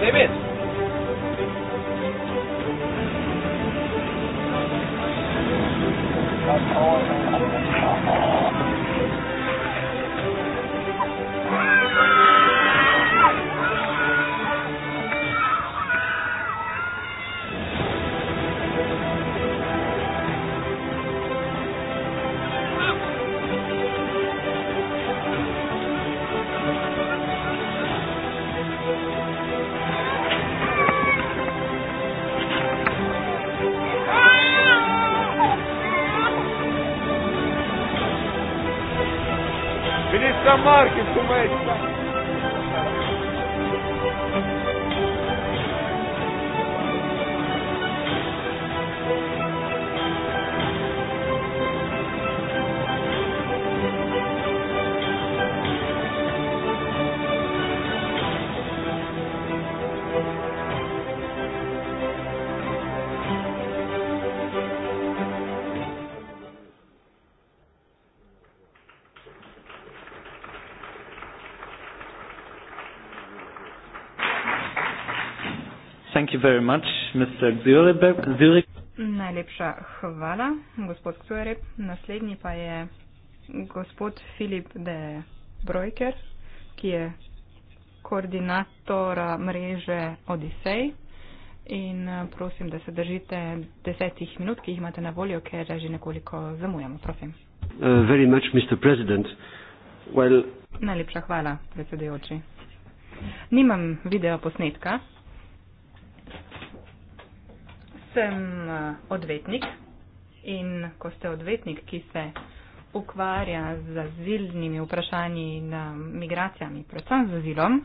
Devet. you very much, Mr. Zürich. Zürich. Najlepša hvala, gospod Zürich. Naslednji pa je gospod Filip de Brojker, ki je koordinatora mreže Odisej. In eh, prosim, da se držite desetih minut, ki jih imate na voljo, ker že nekoliko zamujamo. Prosim. Uh, very much, Mr. President. Well, Najlepša hvala, predsedujoči. Nimam video posnetka, sem eh, odvetnik in ko ste odvetnik, ki se ukvarja z azilnimi vprašanji in eh, migracijami, predvsem z azilom,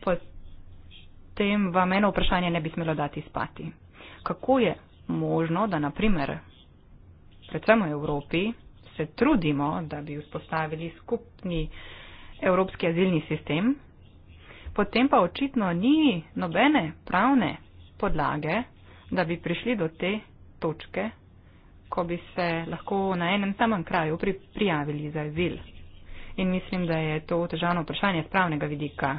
potem vam eno vprašanje ne bi smelo dati spati. Kako je možno, da naprimer, predvsem v Evropi, se trudimo, da bi vzpostavili skupni evropski azilni sistem, potem pa očitno ni nobene pravne podlage, da bi prišli do te točke, ko bi se lahko na enem samem kraju pri, prijavili za azil. In mislim, da je to težavno vprašanje z pravnega vidika.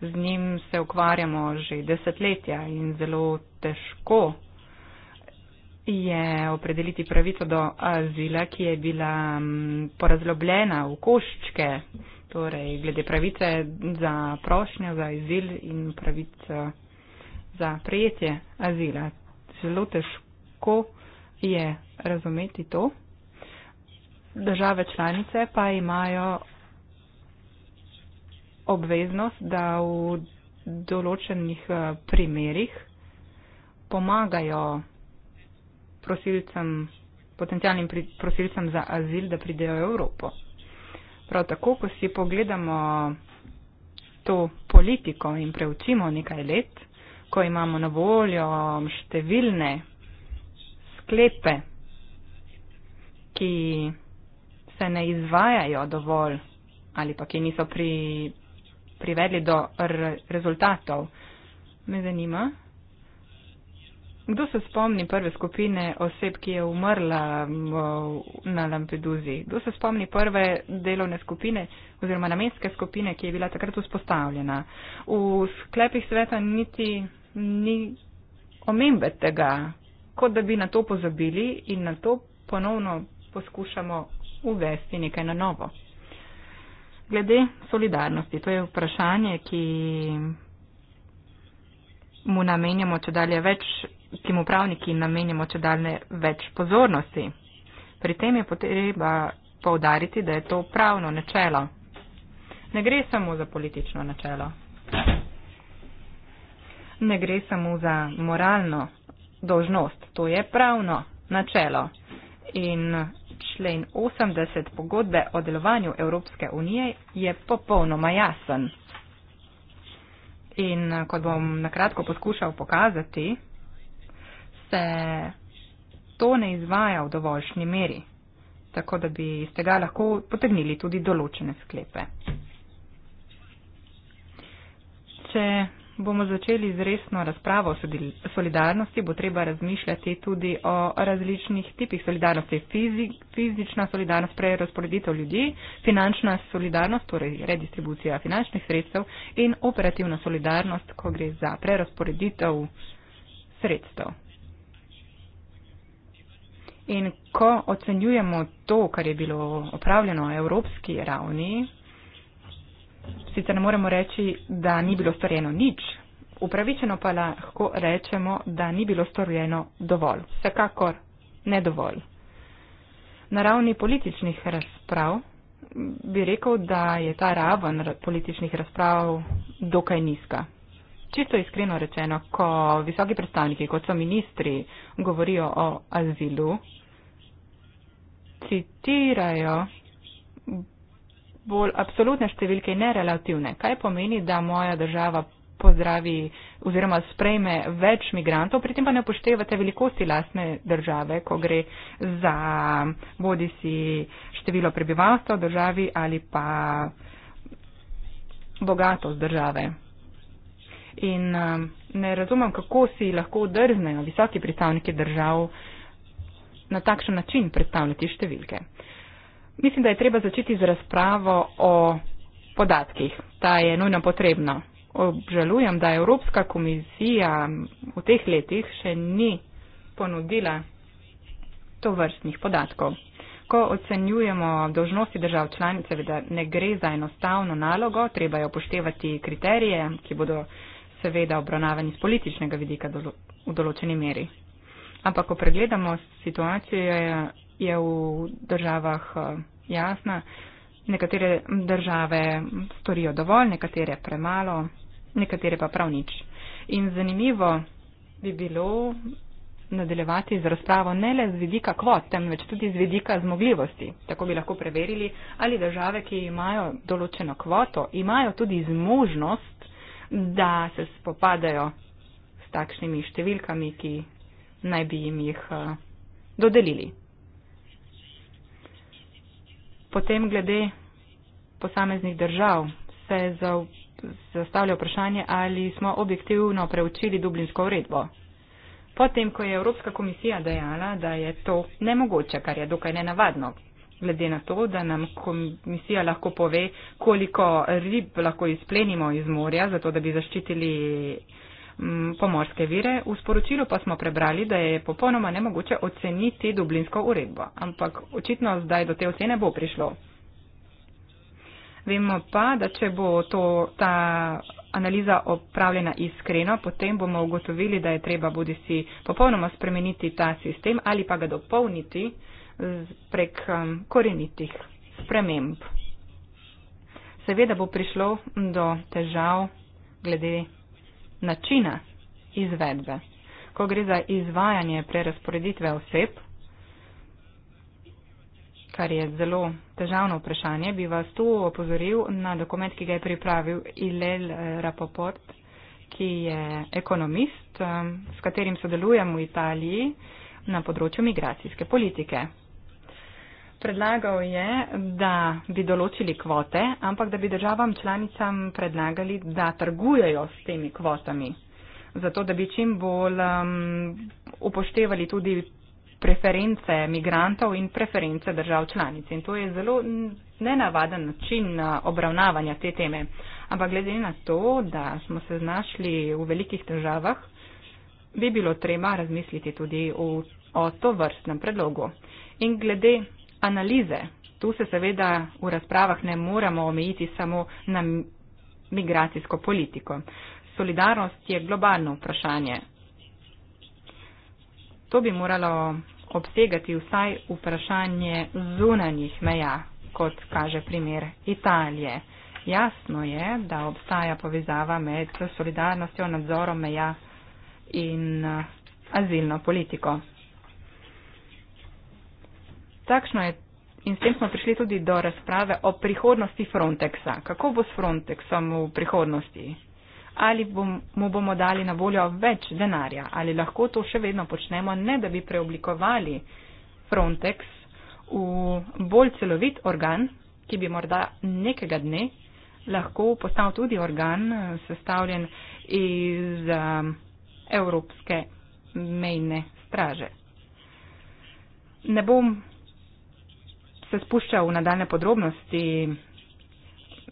Z njim se ukvarjamo že desetletja in zelo težko je opredeliti pravico do azila, ki je bila mm, porazlobljena v koščke, torej glede pravice za prošnjo za azil in pravico za prijetje azila. Zelo težko je razumeti to. Države članice pa imajo obveznost, da v določenih eh, primerjih pomagajo prosilcem, potencijalnim prosilcem za azil, da pridejo v Evropo. Prav tako, ko si pogledamo to politiko in preučimo nekaj let, ko imamo na voljo številne sklepe, ki se ne izvajajo dovolj ali pa ki niso pri, privedli do rezultatov. Me zanima, kdo se spomni prve skupine oseb, ki je umrla na Lampeduzi? Kdo se spomni prve delovne skupine oziroma namenske skupine, ki je bila takrat vzpostavljena? V sklepih sveta niti ni omembe tega, kot da bi na to pozabili in na to ponovno poskušamo uvesti nekaj na novo. Glede solidarnosti, to je vprašanje, ki mu namenjamo če dalje več, ki mu pravniki namenjamo če dalje več pozornosti. Pri tem je potreba poudariti, da je to pravno načelo. Ne gre samo za politično načelo, ne gre samo za moralno dožnost, to je pravno načelo. In člen 80 pogodbe o delovanju Evropske unije je popolnoma jasen. In kot bom nakratko poskušal pokazati, se to ne izvaja v dovoljšni meri, tako da bi iz tega lahko potegnili tudi določene sklepe. Če bomo začeli z resno razpravo o solidarnosti, bo treba razmišljati tudi o različnih tipih solidarnosti. Fizik, fizična solidarnost, prerasporeditev ljudi, finančna solidarnost, torej redistribucija finančnih sredstev in operativna solidarnost, ko gre za prerasporeditev sredstev. In ko ocenjujemo to, kar je bilo opravljeno na evropski ravni, sicer ne moremo reči, da ni bilo storjeno nič, upravičeno pa lahko rečemo, da ni bilo storjeno dovolj. Vsekakor ne dovolj. Na ravni političnih razprav bi rekel, da je ta raven političnih razprav dokaj nizka. Čisto iskreno rečeno, ko visoki predstavniki, kot so ministri, govorijo o azilu, citirajo bolj absolutne številke, ne relativne. Kaj pomeni, da moja država pozdravi oziroma sprejme več migrantov, pri tem pa ne upoštevate velikosti lastne države, ko gre za bodi si število prebivalstva v državi ali pa bogatost države. In um, ne razumem, kako si lahko drznejo visoki predstavniki držav na takšen način predstavljati številke. Mislim, da je treba začeti z razpravo o podatkih. Ta je nujno potrebna. Obžalujem, da Evropska komisija v teh letih še ni ponudila to vrstnih podatkov. Ko ocenjujemo dožnosti držav članic, seveda ne gre za enostavno nalogo, treba je upoštevati kriterije, ki bodo seveda obravnavani z političnega vidika v določeni meri. Ampak, ko pregledamo situacijo, je v državah eh, jasna. Nekatere države storijo dovolj, nekatere premalo, nekatere pa prav nič. In zanimivo bi bilo nadaljevati z razpravo ne le z vidika kvot, temveč tudi z vidika zmogljivosti. Tako bi lahko preverili, ali države, ki imajo določeno kvoto, imajo tudi zmožnost, da se spopadajo s takšnimi številkami, ki naj bi jim jih eh, dodelili. Potem glede posameznih držav se zastavlja vprašanje, ali smo objektivno preučili Dublinsko uredbo. Potem, ko je Evropska komisija dejala, da je to nemogoče, kar je dokaj nenavadno, glede na to, da nam komisija lahko pove, koliko rib lahko izplenimo iz morja, zato da bi zaščitili Mm, pomorske vire. V sporočilu pa smo prebrali, da je popolnoma nemogoče oceniti dublinsko uredbo, ampak očitno zdaj do te ocene bo prišlo. Vemo pa, da če bo to, ta analiza opravljena iskreno, potem bomo ugotovili, da je treba bodi si popolnoma spremeniti ta sistem ali pa ga dopolniti prek um, korenitih sprememb. Seveda bo prišlo do težav glede načina izvedbe. Ko gre za izvajanje prerasporeditve oseb, kar je zelo težavno vprašanje, bi vas tu opozoril na dokument, ki ga je pripravil Ilel eh, Rapoport, ki je ekonomist, eh, s katerim sodelujem v Italiji na področju migracijske politike. Predlagal je, da bi določili kvote, ampak da bi državam članicam predlagali, da trgujejo s temi kvotami, zato da bi čim bolj um, upoštevali tudi preference migrantov in preference držav članic. In to je zelo nenavaden način uh, obravnavanja te teme. Ampak glede na to, da smo se znašli v velikih državah, bi bilo treba razmisliti tudi o, o to vrstnem predlogu. In glede analize. Tu se seveda v razpravah ne moramo omejiti samo na migracijsko politiko. Solidarnost je globalno vprašanje. To bi moralo obsegati vsaj vprašanje zunanjih meja, kot kaže primer Italije. Jasno je, da obstaja povezava med solidarnostjo, nadzorom meja in eh, azilno politiko takšno je in s tem smo prišli tudi do razprave o prihodnosti Frontexa. Kako bo s Frontexom v prihodnosti? Ali bom, mu bomo dali na voljo več denarja? Ali lahko to še vedno počnemo, ne da bi preoblikovali Frontex v bolj celovit organ, ki bi morda nekega dne lahko postal tudi organ eh, sestavljen iz um, Evropske mejne straže. Ne bom se spuščal v nadaljne podrobnosti,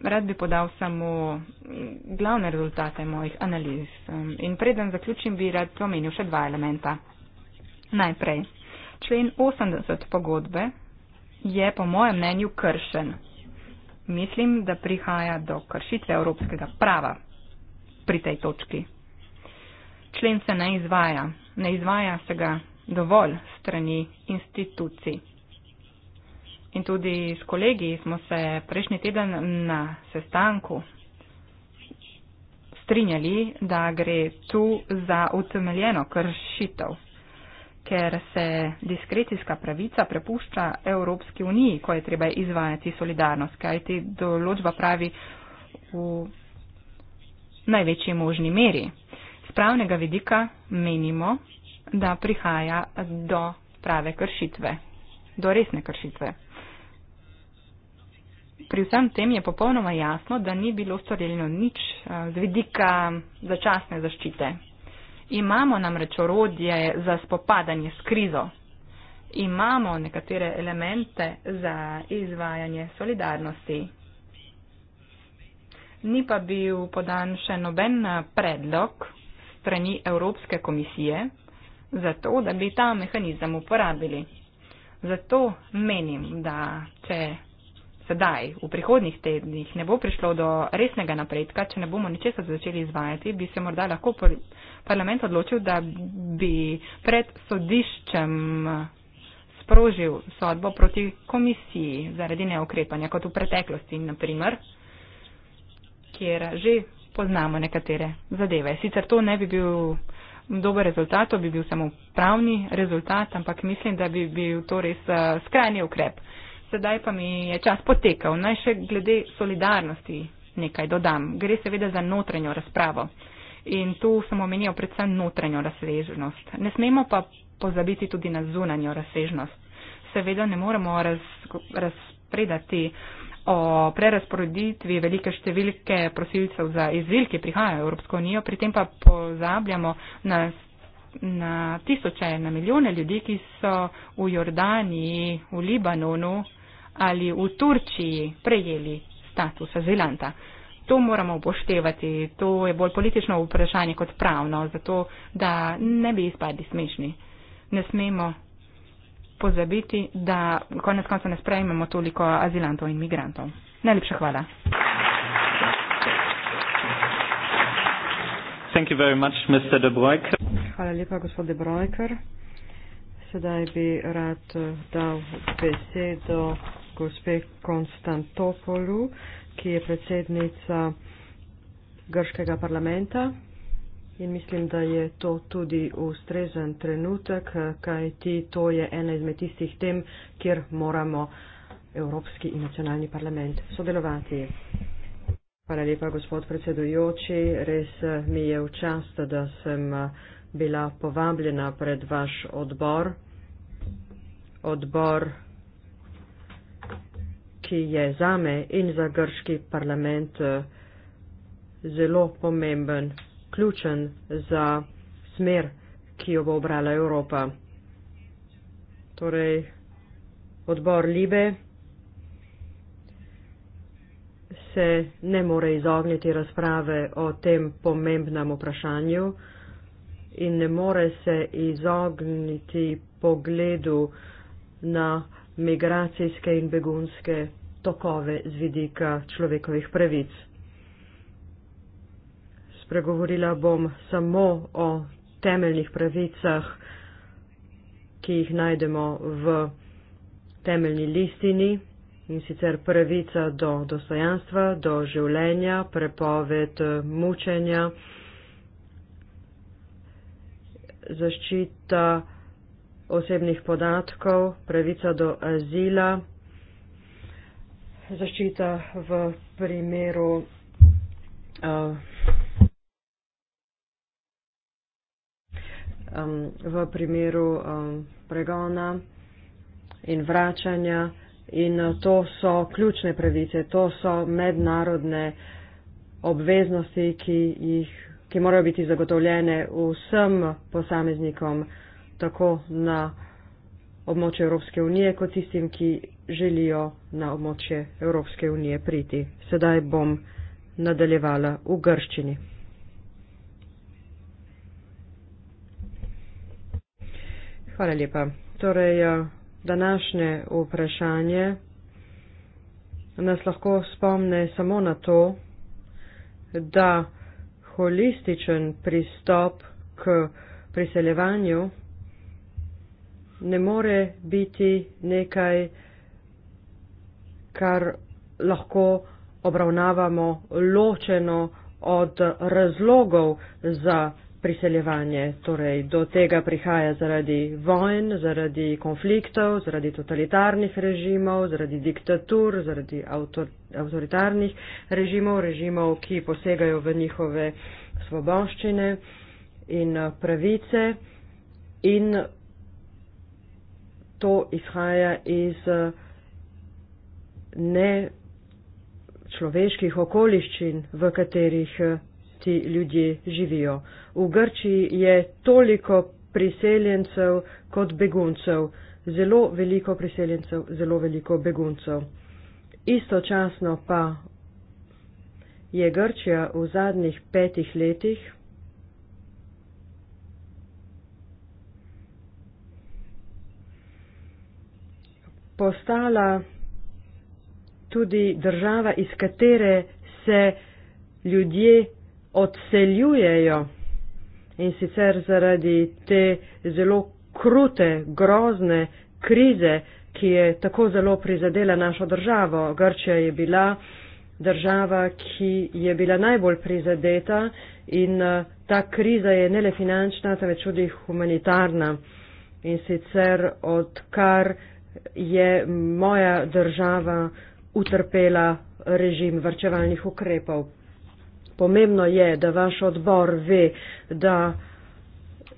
rad bi podal samo glavne rezultate mojih analiz. In preden zaključim, bi rad omenil še dva elementa. Najprej, člen 80 pogodbe je po mojem mnenju kršen. Mislim, da prihaja do kršitve evropskega prava pri tej točki. Člen se ne izvaja, ne izvaja se ga dovolj strani institucij. In tudi s kolegi smo se prejšnji teden na sestanku strinjali, da gre tu za utemeljeno kršitev, ker se diskrecijska pravica prepušča Evropski uniji, ko je treba izvajati solidarnost, kajti določba pravi v največji možni meri. Z pravnega vidika menimo, da prihaja do prave kršitve, do resne kršitve. Pri vsem tem je popolnoma jasno, da ni bilo storjeno nič eh, z vidika začasne zaščite. Imamo namreč orodje za spopadanje s krizo. Imamo nekatere elemente za izvajanje solidarnosti. Ni pa bil podan še noben eh, predlog strani Evropske komisije za to, da bi ta mehanizem uporabili. Zato menim, da če sedaj, v prihodnih tednih, ne bo prišlo do resnega napredka, če ne bomo ničesar začeli izvajati, bi se morda lahko parlament odločil, da bi pred sodiščem sprožil sodbo proti komisiji zaradi neokrepanja, kot v preteklosti, naprimer, kjer že poznamo nekatere zadeve. Sicer to ne bi bil dober rezultat, to bi bil samo pravni rezultat, ampak mislim, da bi bil to res eh, skrajni ukrep sedaj pa mi je čas potekal. Naj še glede solidarnosti nekaj dodam. Gre seveda za notranjo razpravo. In tu sem omenil predvsem notranjo razsežnost. Ne smemo pa pozabiti tudi na zunanjo razsežnost. Seveda ne moremo raz, razpredati o prerasporeditvi velike številke prosilcev za izvil, ki prihajajo v Evropsko unijo, pri tem pa pozabljamo na, na tisoče, na milijone ljudi, ki so v Jordani, v Libanonu ali v Turčiji prejeli status azilanta. To moramo upoštevati, to je bolj politično vprašanje kot pravno, zato da ne bi izpadli smešni. Ne smemo pozabiti, da konec konca ne sprejmemo toliko azilantov in migrantov. Najlepša hvala. Much, hvala lepa, gospod De Brojker. Sedaj bi rad eh, dal besedo gospe Konstantopolu, ki je predsednica grškega parlamenta. In mislim, da je to tudi ustrezen trenutek, kajti to je ena izmed tistih tem, kjer moramo Evropski in nacionalni parlament sodelovati. Hvala lepa, gospod predsedujoči. Res eh, mi je v čast, da sem eh, bila povabljena pred vaš odbor. Odbor ki je zame in za grški parlament eh, zelo pomemben, ključen za smer, ki jo bo obrala Evropa. Torej, odbor Libe se ne more izogniti razprave o tem pomembnem vprašanju in ne more se izogniti pogledu na migracijske in begunske tokove z vidika človekovih pravic. Spregovorila bom samo o temeljnih pravicah, ki jih najdemo v temeljni listini in sicer pravica do dostojanstva, do življenja, prepoved eh, mučenja, zaščita osebnih podatkov, pravica do azila, zaščita v primeru. Eh, um, v primeru um, pregona in vračanja in eh, to so ključne pravice, to so mednarodne obveznosti, ki, jih, ki morajo biti zagotovljene vsem posameznikom tako na uh, območje Evropske unije kot tistim, ki želijo na območje Evropske unije priti. Sedaj bom nadaljevala v grščini. Hvala lepa. Torej, eh, današnje vprašanje nas lahko spomne samo na to, da holističen pristop k priseljevanju ne more biti nekaj, kar lahko obravnavamo ločeno od razlogov za priseljevanje. Torej, do tega prihaja zaradi vojn, zaradi konfliktov, zaradi totalitarnih režimov, zaradi diktatur, zaradi avtor, avtoritarnih režimov, režimov, ki posegajo v njihove svoboščine in pravice. In to izhaja iz eh, ne človeških okoliščin, v katerih eh, ti ljudje živijo. V Grčiji je toliko priseljencev kot beguncev, zelo veliko priseljencev, zelo veliko beguncev. Istočasno pa je Grčija v zadnjih petih letih postala tudi država, iz katere se ljudje odseljujejo in sicer zaradi te zelo krute, grozne krize, ki je tako zelo prizadela našo državo. Grčija je bila država, ki je bila najbolj prizadeta in eh, ta kriza je ne le finančna, temveč tudi humanitarna. In sicer odkar je moja država utrpela režim vrčevalnih ukrepov. Pomembno je, da vaš odbor ve, da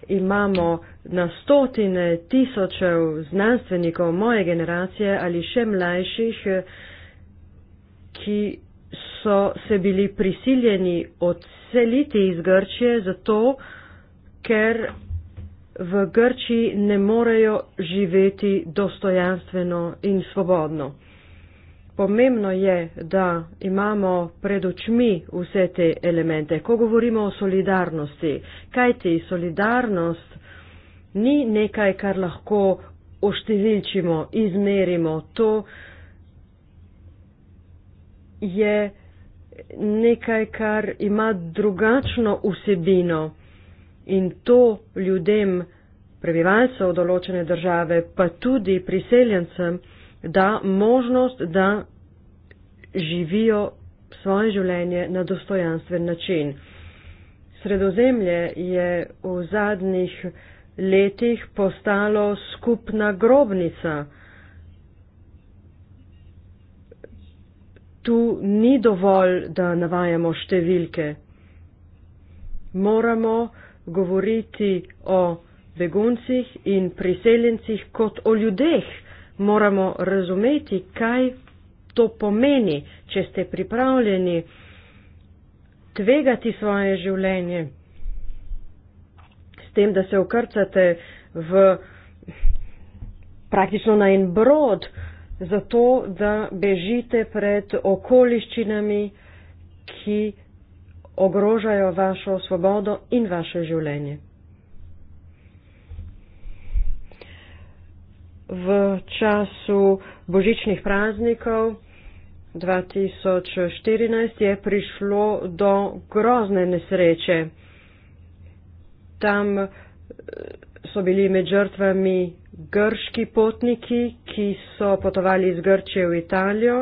imamo na stotine tisočev znanstvenikov moje generacije ali še mlajših, ki so se bili prisiljeni odseliti iz Grčije zato, ker v Grčiji ne morejo živeti dostojanstveno in svobodno. Pomembno je, da imamo pred očmi vse te elemente, ko govorimo o solidarnosti, kajti solidarnost ni nekaj, kar lahko oštevilčimo, izmerimo. To je nekaj, kar ima drugačno vsebino in to ljudem, prebivalcev določene države, pa tudi priseljencem, da možnost, da živijo svoje življenje na dostojanstven način. Sredozemlje je v zadnjih letih postalo skupna grobnica. Tu ni dovolj, da navajamo številke. Moramo govoriti o beguncih in priseljencih kot o ljudeh. Moramo razumeti, kaj to pomeni, če ste pripravljeni tvegati svoje življenje s tem, da se ukrcate v praktično na en brod, zato da bežite pred okoliščinami, ki ogrožajo vašo svobodo in vaše življenje. V času božičnih praznikov 2014 je prišlo do grozne nesreče. Tam eh, so bili med žrtvami grški potniki, ki so potovali iz Grčije v Italijo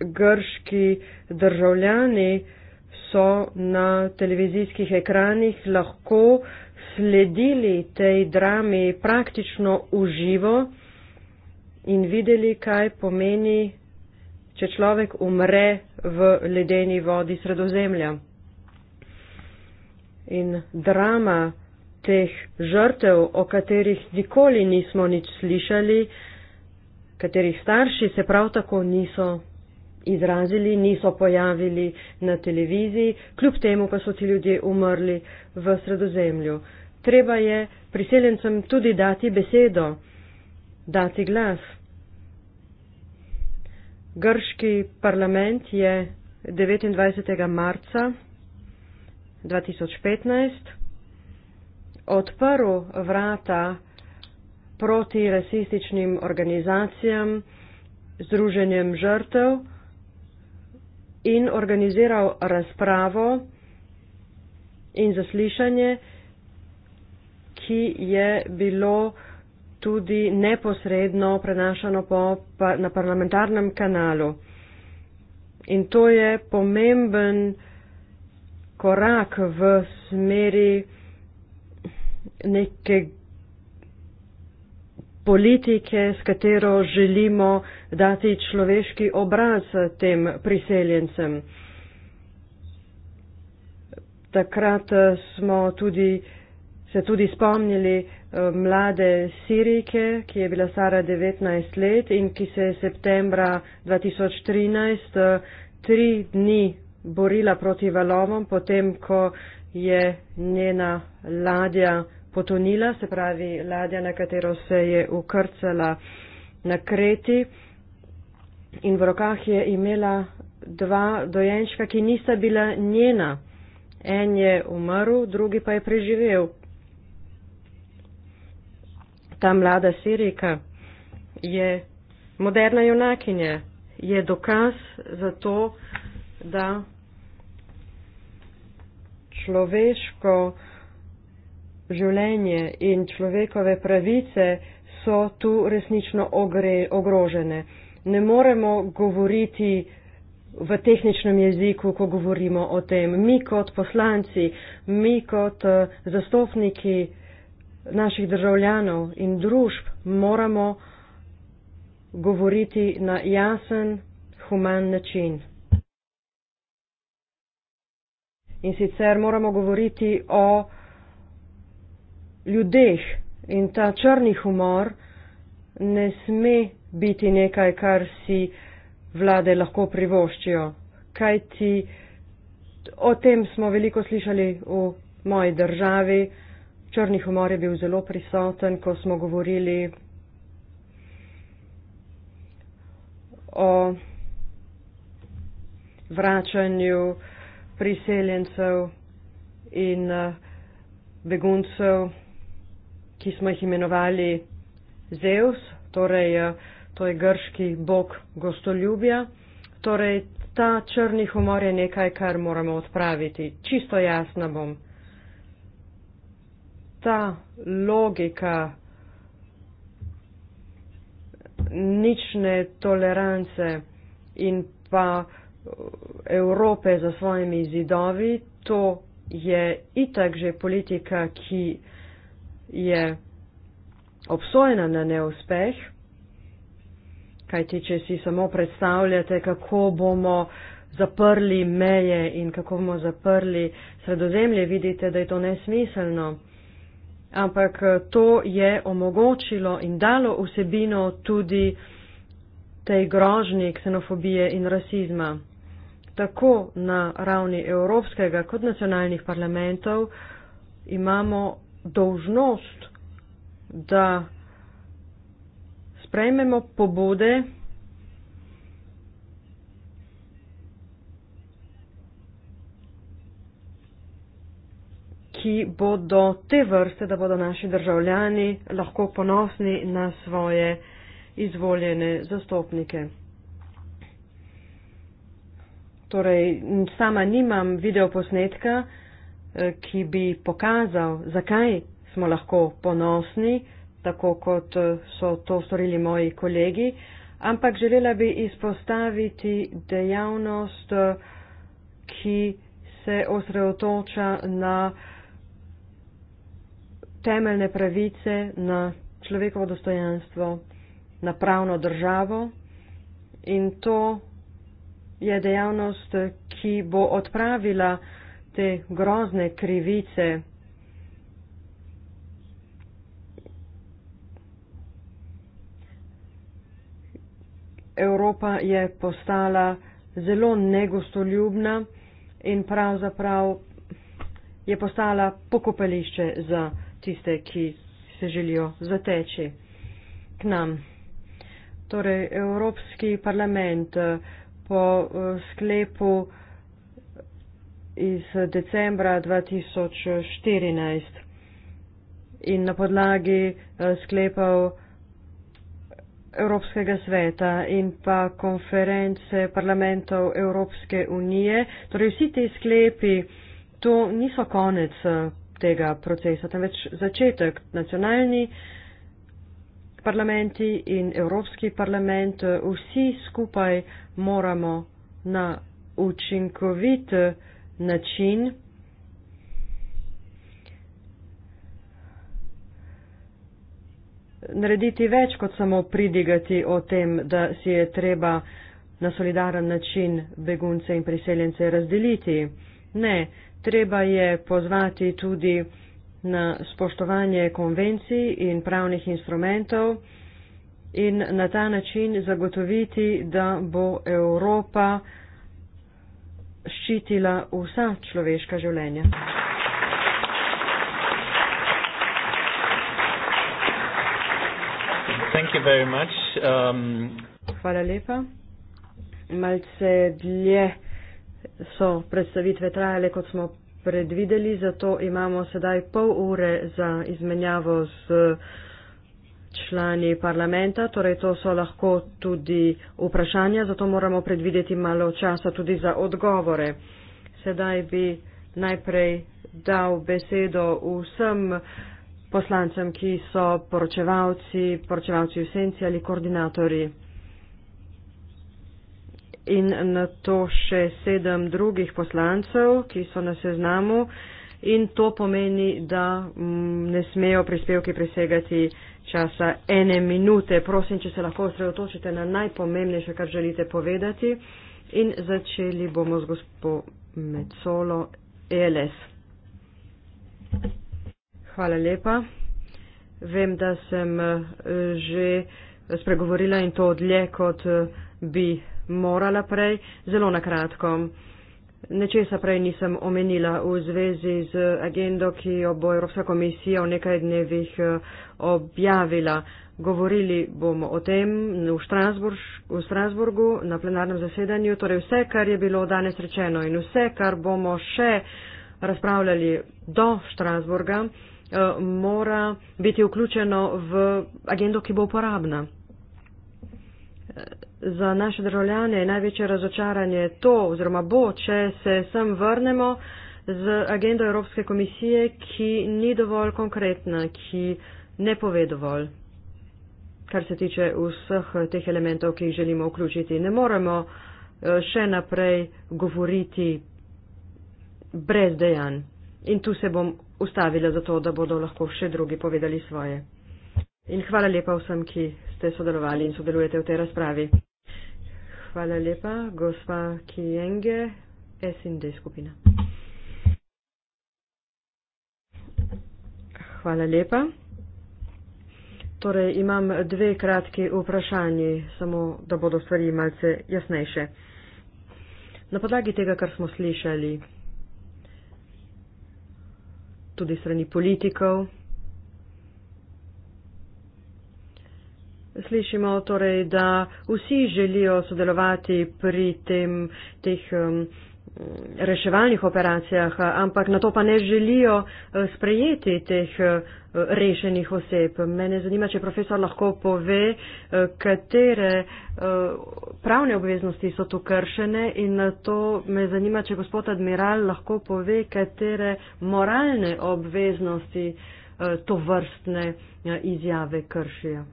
grški državljani so na televizijskih ekranih lahko sledili tej drami praktično uživo in videli, kaj pomeni, če človek umre v ledeni vodi sredozemlja. In drama teh žrtev, o katerih nikoli nismo nič slišali, katerih starši se prav tako niso izrazili, niso pojavili na televiziji, kljub temu pa so ti ljudje umrli v sredozemlju. Treba je priseljencem tudi dati besedo, dati glas. Grški parlament je 29. marca 2015 odprl vrata proti rasističnim organizacijam, združenjem žrtev, in organiziral razpravo in zaslišanje, ki je bilo tudi neposredno prenašano po, pa, na parlamentarnem kanalu. In to je pomemben korak v smeri nekega politike, s katero želimo dati človeški obraz tem priseljencem. Takrat smo tudi, se tudi spomnili eh, mlade Sirike, ki je bila stara 19 let in ki se je septembra 2013 eh, tri dni borila proti valovom, potem ko je njena ladja potonila, se pravi ladja, na katero se je ukrcala na kreti in v rokah je imela dva dojenčka, ki nista bila njena. En je umrl, drugi pa je preživel. Ta mlada Sirika je moderna junakinja, je dokaz za to, da človeško življenje in človekove pravice so tu resnično ogre, ogrožene. Ne moremo govoriti v tehničnem jeziku, ko govorimo o tem. Mi kot poslanci, mi kot eh, zastopniki naših državljanov in družb moramo govoriti na jasen, human način. In sicer moramo govoriti o ljudeh in ta črni humor ne sme biti nekaj, kar si vlade lahko privoščijo. Kaj ti, o tem smo veliko slišali v moji državi, črni humor je bil zelo prisoten, ko smo govorili o vračanju priseljencev in eh, beguncev ki smo jih imenovali Zeus, torej eh, to je grški bog gostoljubja. Torej, ta črni humor je nekaj, kar moramo odpraviti. Čisto jasna bom. Ta logika nične tolerance in pa eh, Evrope za svojimi zidovi, to je itak že politika, ki je obsojena na neuspeh, kajti če si samo predstavljate, kako bomo zaprli meje in kako bomo zaprli sredozemlje, vidite, da je to nesmiselno. Ampak eh, to je omogočilo in dalo vsebino tudi tej grožnji ksenofobije in rasizma. Tako na ravni evropskega kot nacionalnih parlamentov imamo dožnost, da sprejmemo pobude, ki bodo te vrste, da bodo naši državljani lahko ponosni na svoje izvoljene zastopnike. Torej, sama nimam videoposnetka, Eh, ki bi pokazal, zakaj smo lahko ponosni, tako kot eh, so to storili moji kolegi, ampak želela bi izpostaviti dejavnost, eh, ki se osredotoča na temeljne pravice, na človekovo dostojanstvo, na pravno državo in to je dejavnost, ki bo odpravila te grozne krivice, Evropa je postala zelo negostoljubna in pravzaprav je postala pokopališče za tiste, ki se želijo zateči k nam. Torej, Evropski parlament eh, po eh, sklepu iz decembra 2014 in na podlagi eh, sklepov Evropskega sveta in pa konference parlamentov Evropske unije. Torej vsi ti sklepi, to niso konec eh, tega procesa, temveč začetek. Nacionalni parlamenti in Evropski parlament, eh, vsi skupaj moramo na učinkovit način način, narediti več kot samo pridigati o tem, da si je treba na solidaren način begunce in priseljence razdeliti. Ne, treba je pozvati tudi na spoštovanje konvencij in pravnih instrumentov in na ta način zagotoviti, da bo Evropa ščitila vsa človeška življenja. Um, Hvala lepa. Malce dlje so predstavitve trajale, kot smo predvideli, zato imamo sedaj pol ure za izmenjavo z. Uh, člani parlamenta, torej to so lahko tudi vprašanja, zato moramo predvideti malo časa tudi za odgovore. Sedaj bi najprej dal besedo vsem poslancem, ki so poročevalci, poročevalci v senci ali koordinatori. In na to še sedem drugih poslancev, ki so na seznamu. In to pomeni, da mm, ne smejo prispevki presegati časa ene minute. Prosim, če se lahko osredotočite na najpomembnejše, kar želite povedati. In začeli bomo z gospo Mecolo ELS. Hvala lepa. Vem, da sem eh, že spregovorila in to odlje, kot eh, bi morala prej. Zelo nakratko. Nečesa prej nisem omenila v zvezi z agendo, ki jo bo Evropska komisija v nekaj dnevih eh, objavila. Govorili bomo o tem v, v Strasburgu na plenarnem zasedanju. Torej vse, kar je bilo danes rečeno in vse, kar bomo še razpravljali do Strasburga, eh, mora biti vključeno v agendo, ki bo uporabna za naše državljane je največje razočaranje to oziroma bo, če se sem vrnemo z agendo Evropske komisije, ki ni dovolj konkretna, ki ne pove dovolj, kar se tiče vseh teh elementov, ki jih želimo vključiti. Ne moremo eh, še naprej govoriti brez dejanj. In tu se bom ustavila za to, da bodo lahko še drugi povedali svoje. In hvala lepa vsem, ki ste sodelovali in sodelujete v tej razpravi. Hvala lepa, gospa Kijenge, SND skupina. Hvala lepa. Torej, imam dve kratki vprašanji, samo da bodo stvari malce jasnejše. Na podlagi tega, kar smo slišali tudi strani politikov, Slišimo torej, da vsi želijo sodelovati pri tem, teh um, reševalnih operacijah, ampak na to pa ne želijo eh, sprejeti teh eh, rešenih oseb. Mene zanima, če profesor lahko pove, eh, katere pravne obveznosti so tu kršene in na to me zanima, če gospod admiral lahko pove, katere moralne obveznosti to vrstne izjave kršijo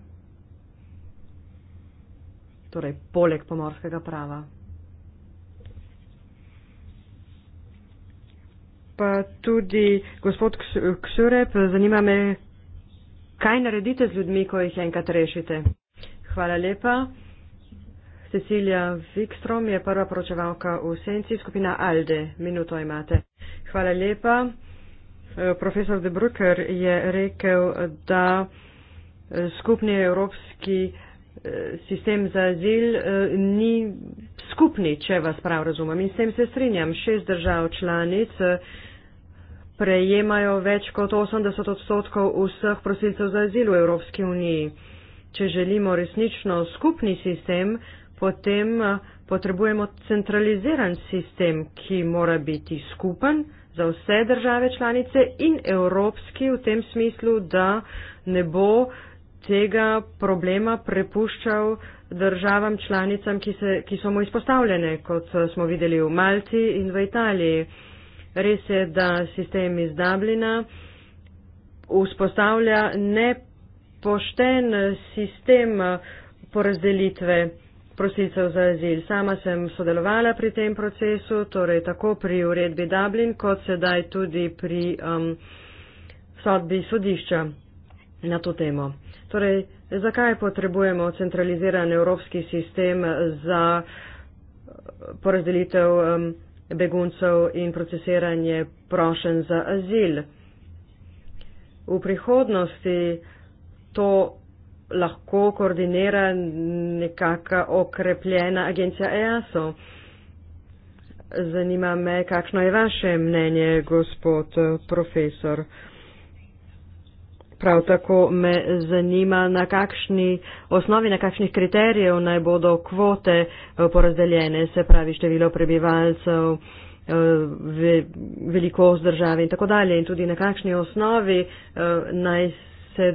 torej poleg pomorskega prava. Pa tudi gospod Ksurep, zanima me, kaj naredite z ljudmi, ko jih enkrat rešite? Hvala lepa. Cecilija Vikstrom je prva poročevalka v senci skupina Alde. Minuto imate. Hvala lepa. E, profesor De Brucker je rekel, da skupni evropski Eh, sistem za azil eh, ni skupni, če vas prav razumem. In s tem se strinjam. Šest držav članic eh, prejemajo več kot 80 odstotkov vseh prosilcev za azil v Evropski uniji. Če želimo resnično skupni sistem, potem potrebujemo centraliziran sistem, ki mora biti skupen za vse države članice in evropski v tem smislu, da ne bo uh, tega problema prepuščal državam članicam, ki, se, ki so mu izpostavljene, kot eh, smo videli v Malti in v Italiji. Res je, da sistem iz Dublina vzpostavlja nepošten sistem eh, porazdelitve prosilcev za azil. Sama sem sodelovala pri tem procesu, torej tako pri uredbi Dublin, kot sedaj tudi pri um, sodbi sodišča na to temo. Torej, zakaj potrebujemo centraliziran evropski sistem za eh, porazdelitev beguncev in procesiranje prošen za azil? V prihodnosti to lahko koordinira nekaka okrepljena agencija EASO. Zanima me, kakšno je vaše mnenje, gospod eh, profesor. Prav tako me zanima, na kakšni osnovi, na kakšnih kriterijev naj bodo kvote eh, porazdeljene, se pravi število prebivalcev, eh, velikost države in tako dalje. In tudi na kakšni osnovi eh, naj se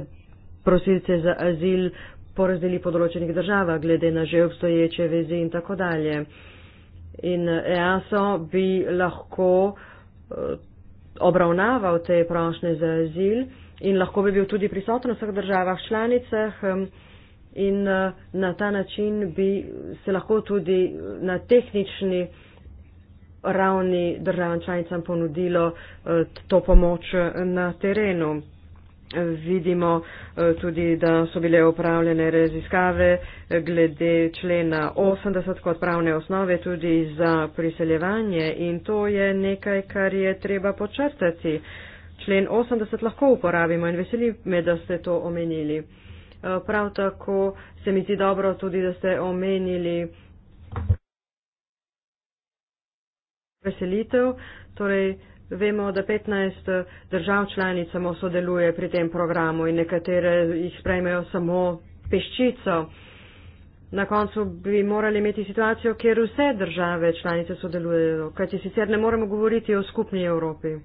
prosilce za azil porazdeli po določenih državah, glede na že obstoječe vezi in tako dalje. In EASO bi lahko obravnaval te prošnje za azil in lahko bi bil tudi prisoten v vseh državah članicah in eh, na ta način bi se lahko tudi eh, na tehnični ravni državam članicam ponudilo eh, to pomoč na terenu. Vidimo tudi, da so bile upravljene raziskave glede člena 80 kot pravne osnove tudi za priseljevanje in to je nekaj, kar je treba počrtati člen 80 lahko uporabimo in veseli me, da ste to omenili. Eh, prav tako se mi zdi dobro tudi, da ste omenili veselitev. Torej, vemo, da 15 eh, držav članic samo sodeluje pri tem programu in nekatere jih sprejmejo samo peščico. Na koncu bi morali imeti situacijo, kjer vse države članice sodelujejo, kajti sicer ne moremo govoriti o skupni Evropi.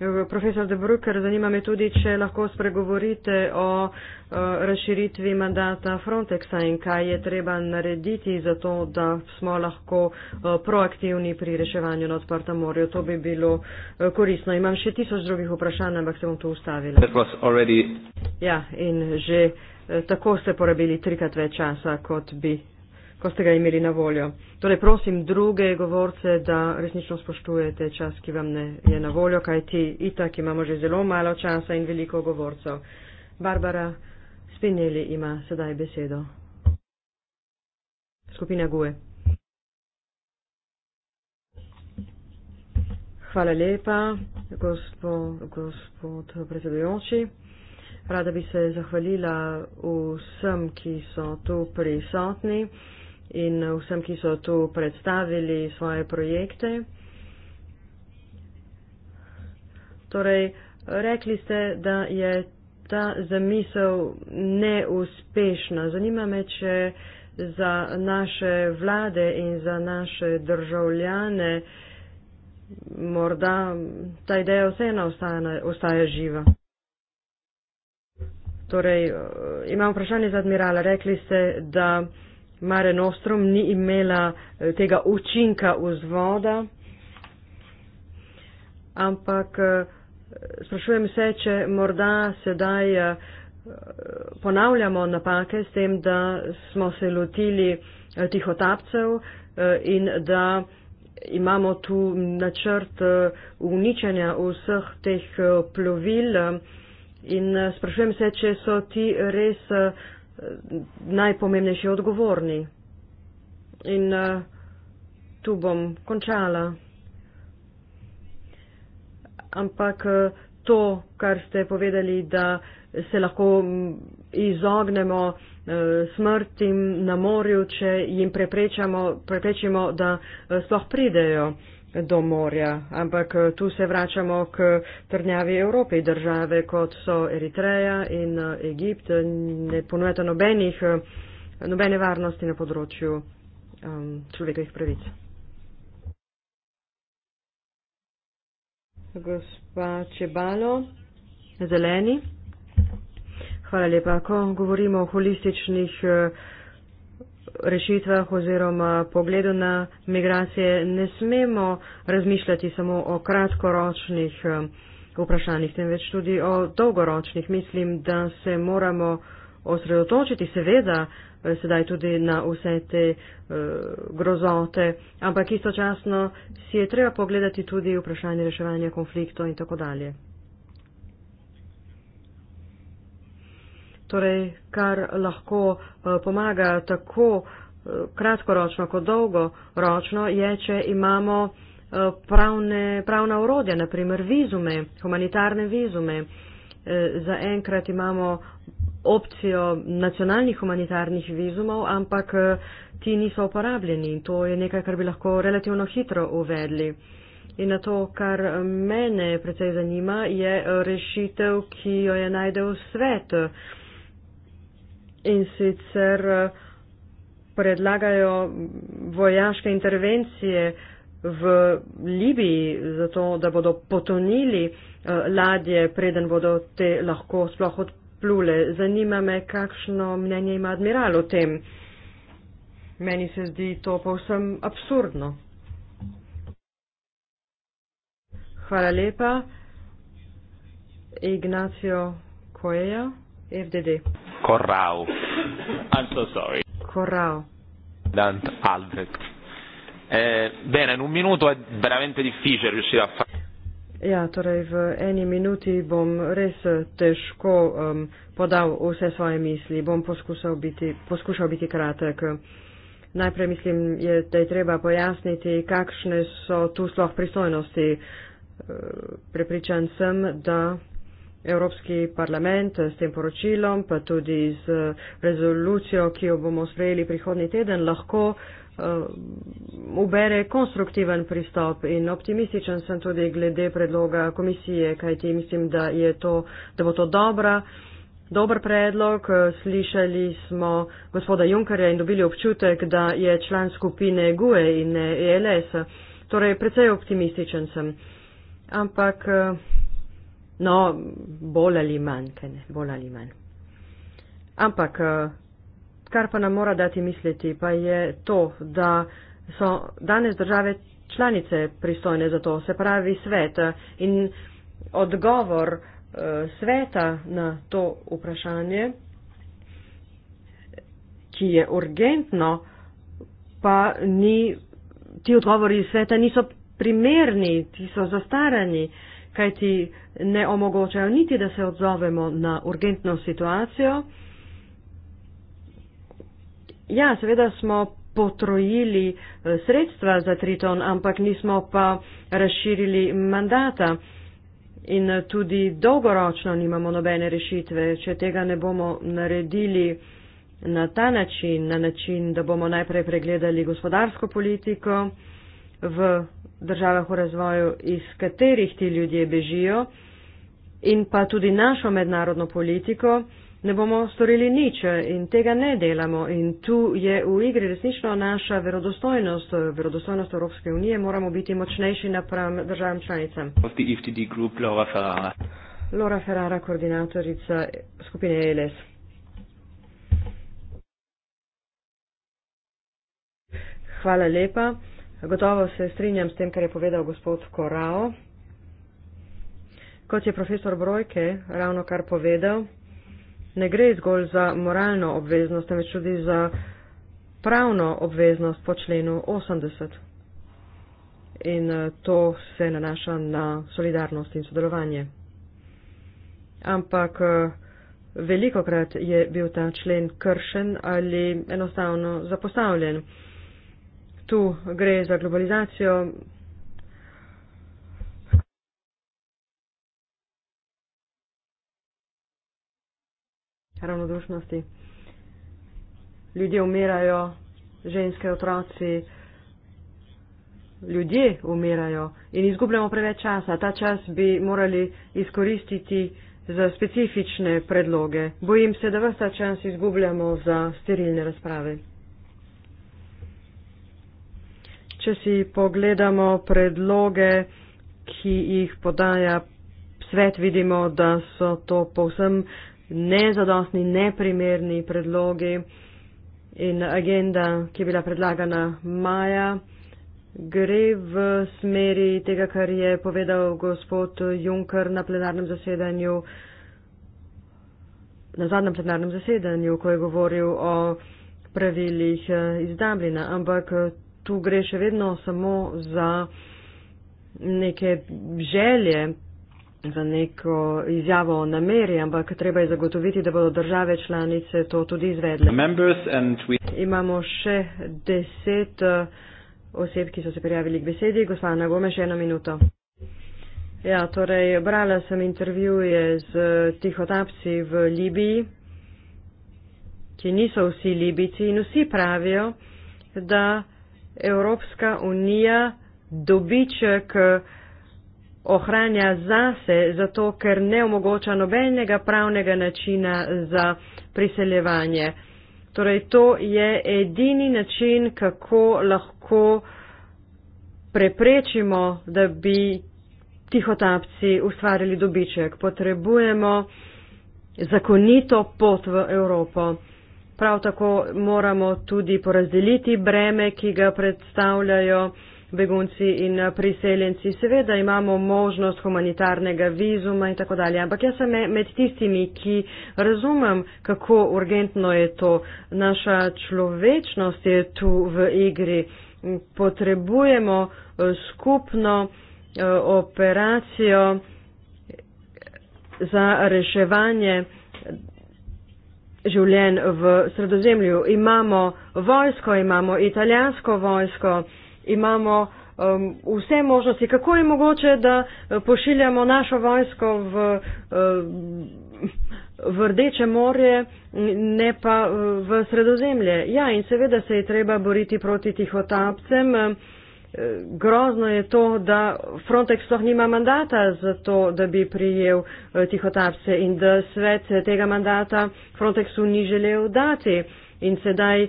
Eh, profesor Debrucker, zanima me tudi, če lahko spregovorite o eh, razširitvi mandata Frontexa in kaj je treba narediti za to, da smo lahko eh, proaktivni pri reševanju na odprtem morju. To bi bilo koristno. Imam še tisoč drugih vprašanj, ampak se bom tu ustavila. Ja, in že tako ste porabili trikrat več časa, kot bi ko ste ga imeli na voljo. Torej prosim druge govorce, da resnično spoštujete čas, ki vam je na voljo, kaj ti itak imamo že zelo malo časa in veliko govorcev. Barbara Spinelli ima sedaj besedo. Skupina Gue. Hvala lepa, gospod, gospod predsedujoči. Rada bi se zahvalila vsem, ki so tu prisotni in vsem, ki so tu predstavili svoje projekte. Torej, rekli ste, da je ta zamisel neuspešna. Zanima me, če za naše vlade in za naše državljane morda ta ideja vseeno ostaja, ostaja živa. Torej, imam vprašanje za admirala. Rekli ste, da Mare Nostrum ni imela eh, tega učinka vzvoda, ampak eh, sprašujem se, če morda sedaj eh, ponavljamo napake s tem, da smo se lotili tihotapcev in da imamo tu načrt uničenja vseh teh plovil in sprašujem se, če so ti res najpomembnejši odgovorni. In uh, tu bom končala. Ampak uh, to, kar ste povedali, da se lahko mm, izognemo uh, smrtim na morju, če jim preprečamo, preprečimo, da uh, sploh pridejo. Uh, do morja, ampak eh, tu se vračamo k trnjavi Evropi. Države kot so Eritreja in eh, Egipt ne ponujata nobenih, eh, nobene varnosti na področju um, človekovih pravic. Gospa Čebalo, zeleni. Hvala lepa. Ko govorimo o holističnih uh, rešitvah oziroma pogledu na migracije ne smemo razmišljati samo o kratkoročnih eh, vprašanjih, temveč tudi o dolgoročnih. Mislim, da se moramo osredotočiti seveda eh, sedaj tudi na vse te uh, grozote, ampak istočasno si je treba pogledati tudi vprašanje reševanja konfliktov in tako dalje. torej kar lahko eh, pomaga tako eh, kratkoročno kot dolgoročno, je, če imamo eh, pravne, pravna urodja, naprimer vizume, humanitarne vizume. Za enkrat imamo opcijo nacionalnih humanitarnih vizumov, ampak ti niso uporabljeni in to je nekaj, kar bi lahko relativno hitro uvedli. In na to, kar mene precej zanima, je rešitev, ki jo je najdel svet in sicer eh, predlagajo vojaške intervencije v Libiji, zato da bodo potonili eh, ladje, preden bodo te lahko sploh odplule. Zanima me, kakšno mnenje ima admiral o tem. Meni se zdi to povsem absurdno. Hvala lepa. Ignacio Coelho, FDD. Corrao. I'm so sorry. Corrao. Dant Albrecht. Eh, bene, in un minuto è veramente difficile riuscire a fare. Ja, torej v eni minuti bom res eh, težko um, podal vse svoje misli. Bom poskušal biti, poskušal biti kratek. Najprej mislim, je, da je treba pojasniti, kakšne so tu sloh pristojnosti. Eh, prepričan sem, da Evropski parlament s tem poročilom, pa tudi z rezolucijo, ki jo bomo sprejeli prihodni teden, lahko uh, ubere konstruktiven pristop in optimističen sem tudi glede predloga komisije, kajti mislim, da, to, da bo to dobra. Dober predlog, slišali smo gospoda Junkerja in dobili občutek, da je član skupine GUE in ELS, e torej precej optimističen sem. Ampak uh, No, bolj ali manj, kaj ne, bolj ali manj. Ampak, eh, kar pa nam mora dati misliti, pa je to, da so danes države članice pristojne za to, se pravi svet eh, in odgovor eh, sveta na to vprašanje, ki je urgentno, pa ni, ti odgovori sveta niso primerni, ti so zastarani. Uh, kajti ne omogočajo niti, da se odzovemo na urgentno situacijo. Ja, seveda smo potrojili eh, sredstva za Triton, ampak nismo pa razširili mandata in eh, tudi dolgoročno nimamo nobene rešitve, če tega ne bomo naredili na ta način, na način, da bomo najprej pregledali gospodarsko politiko v državah v razvoju, iz katerih ti ljudje bežijo, in pa tudi našo mednarodno politiko, ne bomo storili nič in tega ne delamo. In tu je v igri resnično naša verodostojnost, verodostojnost Evropske unije, moramo biti močnejši napram državam članicam. E group, Laura, Ferrara. Laura Ferrara, koordinatorica skupine ELS. Hvala lepa. Gotovo se strinjam s tem, kar je povedal gospod Korao. Kot je profesor Brojke ravno kar povedal, ne gre zgolj za moralno obveznost, temveč tudi za pravno obveznost po členu 80. In eh, to se nanaša na solidarnost in sodelovanje. Ampak eh, veliko krat je bil ta člen kršen ali enostavno zapostavljen tu gre za globalizacijo. Ravnodušnosti. Ljudje umirajo, ženske, otroci, ljudje umirajo in izgubljamo preveč časa. Ta čas bi morali izkoristiti za specifične predloge. Bojim se, da vsa čas izgubljamo za sterilne razprave. če si pogledamo predloge, ki jih podaja svet, vidimo, da so to povsem nezadostni, neprimerni predlogi in agenda, ki je bila predlagana maja, gre v smeri tega, kar je povedal gospod Juncker na plenarnem zasedanju, na zadnjem plenarnem zasedanju, ko je govoril o pravilih iz Dublina, ampak tu gre še vedno samo za neke želje, za neko izjavo o nameri, ampak treba je zagotoviti, da bodo države članice to tudi izvedle. Imamo še deset eh, oseb, ki so se prijavili k besedi. Gospana Gome, še eno minuto. Ja, torej, brala sem intervjuje z eh, tihotapci v Libiji, ki niso vsi Libici in vsi pravijo, da Evropska unija dobiček ohranja zase, zato ker ne omogoča nobenega pravnega načina za priseljevanje. Torej, to je edini način, kako lahko preprečimo, da bi tihotapci ustvarili dobiček. Potrebujemo zakonito pot v Evropo. Prav tako moramo tudi porazdeliti breme, ki ga predstavljajo begunci in priseljenci. Seveda imamo možnost humanitarnega vizuma in tako dalje, ampak jaz sem med tistimi, ki razumem, kako urgentno je to. Naša človečnost je tu v igri. Potrebujemo eh, skupno eh, operacijo za reševanje življenj v sredozemlju. Imamo vojsko, imamo italijansko vojsko, imamo um, vse možnosti. Kako je mogoče, da eh, pošiljamo našo vojsko v, eh, v Rdeče morje, ne pa eh, v sredozemlje? Ja, in seveda se je treba boriti proti tihotapcem. Um, grozno je to, da Frontex sploh nima mandata za to, da bi prijel eh, tihotapce in da svet tega mandata Frontexu ni želel dati. In sedaj eh,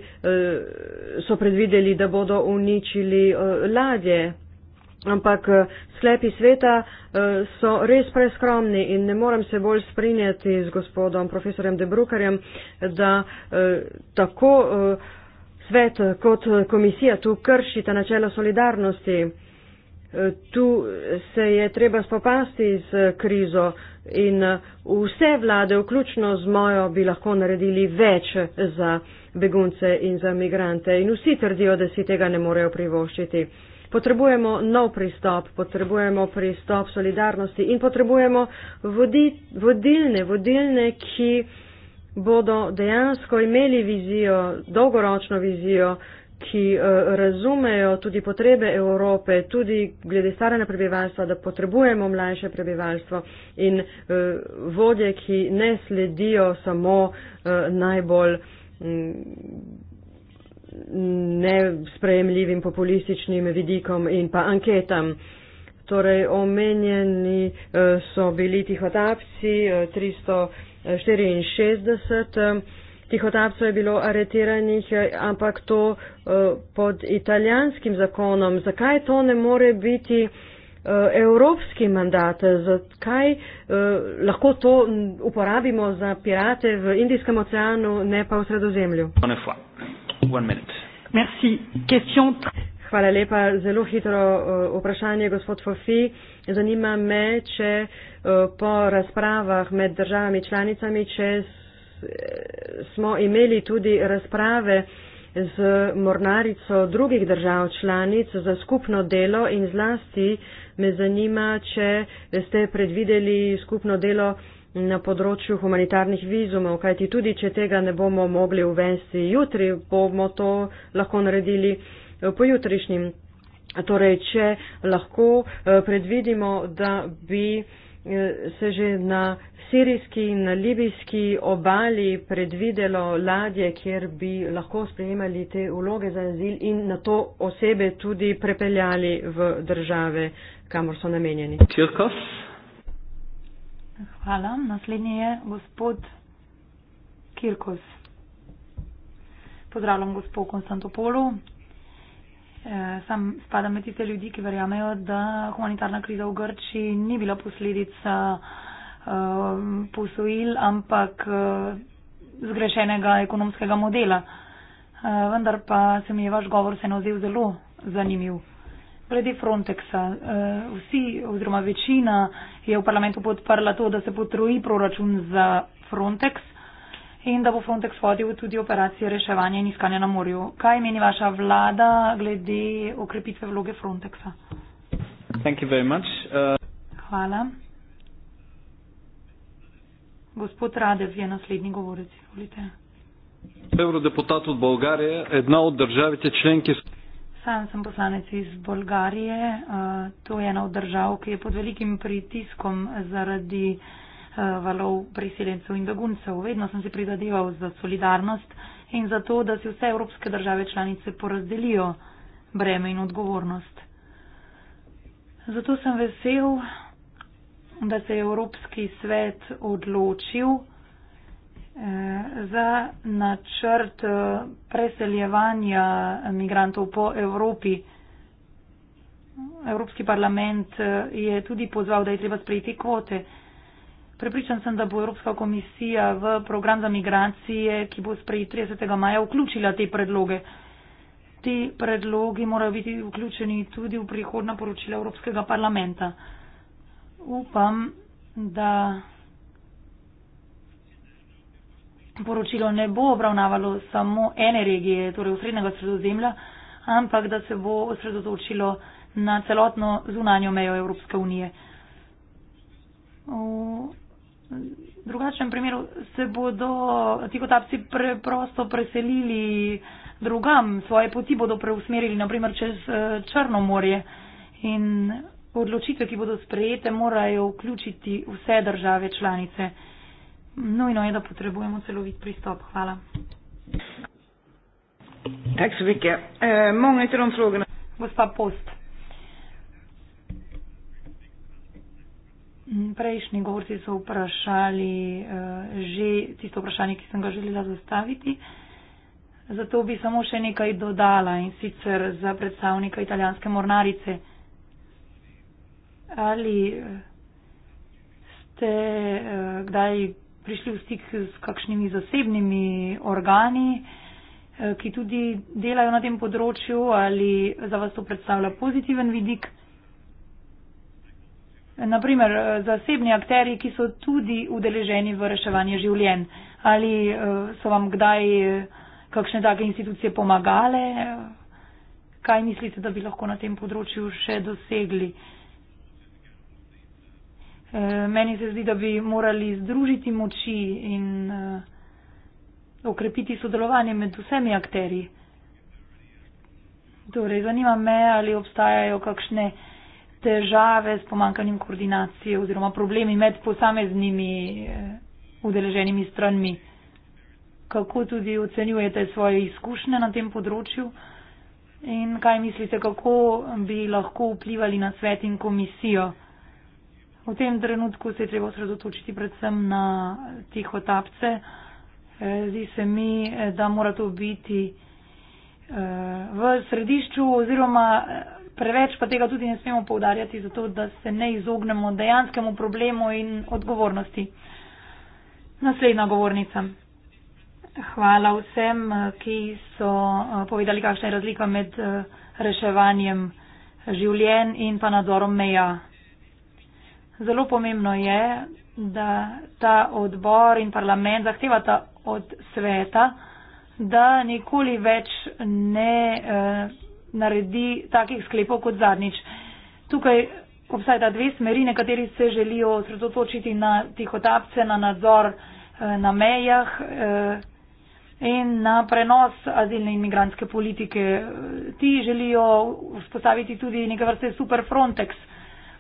so predvideli, da bodo uničili eh, ladje. Ampak sklepi sveta so res preskromni in ne morem se bolj sprinjati z gospodom profesorjem Debrukarjem, da tako Svet kot komisija tu kršita načelo solidarnosti. Tu se je treba spopasti z krizo in vse vlade, vključno z mojo, bi lahko naredili več za begunce in za migrante. In vsi trdijo, da si tega ne morejo privoščiti. Potrebujemo nov pristop, potrebujemo pristop solidarnosti in potrebujemo vodi, vodilne, vodilne, ki bodo dejansko imeli vizijo, dolgoročno vizijo, ki uh, razumejo tudi potrebe Evrope, tudi glede staranja prebivalstva, da potrebujemo mlajše prebivalstvo in uh, vodje, ki ne sledijo samo uh, najbolj mm, nesprejemljivim populističnim vidikom in pa anketam. Torej, omenjeni so bili tihotapci, 300 64. Tihotapcev je bilo areteranih, eh, ampak to eh, pod italijanskim zakonom. Zakaj to ne more biti eh, evropski mandat? Zakaj lahko to uporabimo za pirate v Indijskem oceanu, ne pa v Sredozemlju? Merci. Question. Hvala lepa. Zelo hitro eh, vprašanje, gospod Fofi. Zanima me, če eh, po razpravah med državami članicami, če eh, smo imeli tudi razprave z mornarico drugih držav članic za skupno delo in zlasti me zanima, če ste predvideli skupno delo na področju humanitarnih vizumov, kajti tudi, če tega ne bomo mogli uvesti jutri, bomo to lahko naredili. Eh, pojutrišnjim. Torej, če lahko eh, predvidimo, da bi eh, se že na sirijski in na libijski obali predvidelo ladje, kjer bi lahko sprejemali te vloge za azil in na to osebe tudi prepeljali v države, kamor so namenjeni. Čirkos. Hvala. Naslednji je gospod Kirkos. Pozdravljam gospod Konstantopolu. Eh, sam spadam med tiste ljudi, ki verjamejo, da humanitarna kriza v Grčiji ni bila posledica eh, posojil, ampak eh, zgrešenega ekonomskega modela. Vendar pa se mi je vaš govor se nazel zelo zanimiv. Glede Frontexa, vsi oziroma večina je v parlamentu podprla to, da se potroji proračun za Frontex in da bo Frontex vodil tudi operacije reševanja in iskanja na morju. Kaj meni vaša vlada glede okrepitve vloge Frontexa? Uh... Hvala. Gospod Radev je naslednji govorec. Volite. Evrodeputat od Bolgarije, ena od državite členke. Sam sem poslanec iz Bolgarije. Uh, to je ena od držav, ki je pod velikim pritiskom zaradi uh, uh, valov priseljencev in beguncev. Vedno sem si prizadeval za solidarnost in za to, da si vse evropske države članice porazdelijo breme in odgovornost. Zato sem vesel, da se je Evropski svet odločil eh, za načrt eh, preseljevanja migrantov po Evropi. Evropski parlament je tudi pozval, da je treba sprejeti kvote. Prepričan sem, da bo Evropska komisija v program za migracije, ki bo sprejet 30. maja, vključila te predloge. Ti predlogi morajo biti vključeni tudi v prihodna poročila Evropskega parlamenta. Upam, da poročilo ne bo obravnavalo samo ene regije, torej osrednjega sredozemlja, ampak da se bo osredotočilo na celotno zunanjo mejo Evropske unije v drugačnem primeru se bodo ti kotapci preprosto preselili drugam, svoje poti bodo preusmerili, naprimer čez eh, Črno morje. In odločitve, ki bodo sprejete, morajo vključiti vse države članice. Nujno je, da potrebujemo celovit pristop. Hvala. Tak, eh, Gospa Post. Prejšnji govorci so vprašali uh, že tisto vprašanje, ki sem ga želela zastaviti. Zato bi samo še nekaj dodala in sicer za predstavnika italijanske mornarice. Ali eh, ste uh, kdaj prišli v stik s kakšnimi zasebnimi organi, uh, ki tudi delajo na tem področju, ali za vas to predstavlja pozitiven vidik? naprimer eh, zasebni akteri, ki so tudi udeleženi v reševanju življenj. Ali eh, so vam kdaj eh, kakšne take institucije pomagale? Kaj mislite, da bi lahko na tem področju še dosegli? Meni se zdi, da bi morali združiti moči in okrepiti sodelovanje med vsemi akteri. Torej, zanima me, ali obstajajo kakšne težave s pomankanjem koordinacije oziroma problemi med posameznimi eh, udeleženimi stranmi. Kako tudi ocenjujete svoje izkušnje na tem področju in kaj mislite, kako bi lahko vplivali na svet in komisijo? V tem trenutku se je treba osredotočiti predvsem na tiho tapce. Eh, zdi se mi, eh, da mora to biti v središču oziroma preveč pa tega tudi ne smemo povdarjati, zato da se ne izognemo dejanskemu problemu in odgovornosti. Naslednja govornica. Hvala vsem, ki so eh, povedali, kakšna je razlika med eh, reševanjem življenj in pa nadzorom meja. Zelo pomembno je, da ta odbor in parlament zahtevata od sveta, da nikoli več ne. Eh, naredi takih sklepov kot zadnjič. Tukaj obstajata dve smeri, nekateri se želijo osredotočiti na tihotapce, na nadzor eh, na mejah eh, in na prenos azilne in migranske politike. Ti želijo vzpostaviti tudi neke vrste super Frontex.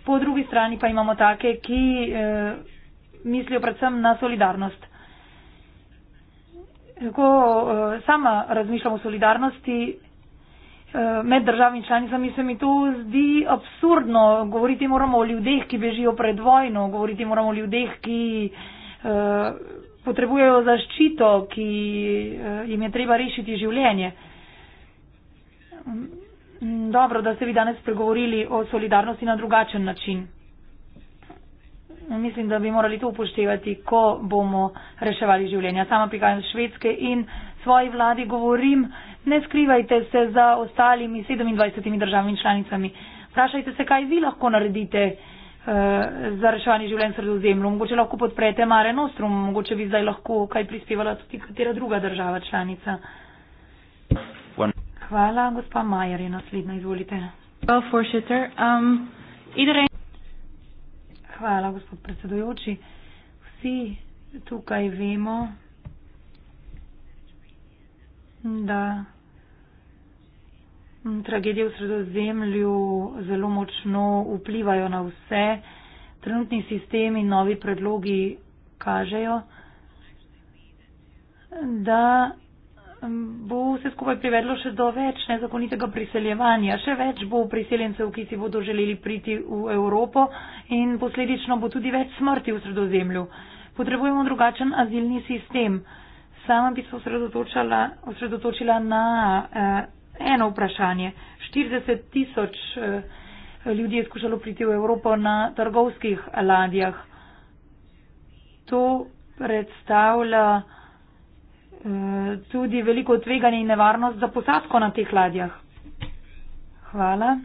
Po drugi strani pa imamo take, ki eh, mislijo predvsem na solidarnost. Ko sama razmišljamo o solidarnosti, Eh, med državami članicami se mi to zdi absurdno. Govoriti moramo o ljudeh, ki bežijo pred vojno, govoriti moramo o ljudeh, ki eh, potrebujejo zaščito, ki eh, jim je treba rešiti življenje. Mm, dobro, da ste vi danes pregovorili o solidarnosti na drugačen način. Mislim, da bi morali to upoštevati, ko bomo reševali življenja. Sama prihajam iz Švedske in svoji vladi govorim, ne skrivajte se za ostalimi 27 državami članicami. Vprašajte se, kaj vi lahko naredite uh, za reševanje življenj sredozemlju. Mogoče lahko podprete Mare Nostrum, mogoče bi zdaj lahko kaj prispevala tudi katera druga država članica. Hvala, gospa Majer je naslednja, izvolite. Um, Hvala, gospod predsedujoči. Vsi tukaj vemo, da tragedije v sredozemlju zelo močno vplivajo na vse. Trenutni sistemi in novi predlogi kažejo, da mm, bo vse skupaj privedlo še do več nezakonitega priseljevanja. Še več bo priseljencev, ki si bodo želeli priti v Evropo in posledično bo tudi več smrti v sredozemlju. Potrebujemo drugačen azilni sistem. Sama bi se osredotočila na. Eh, eno vprašanje. 40 tisoč eh, ljudi je skušalo priti v Evropo na trgovskih ladjah. To predstavlja eh, tudi veliko tveganje in nevarnost za posadko na teh ladjah. Hvala.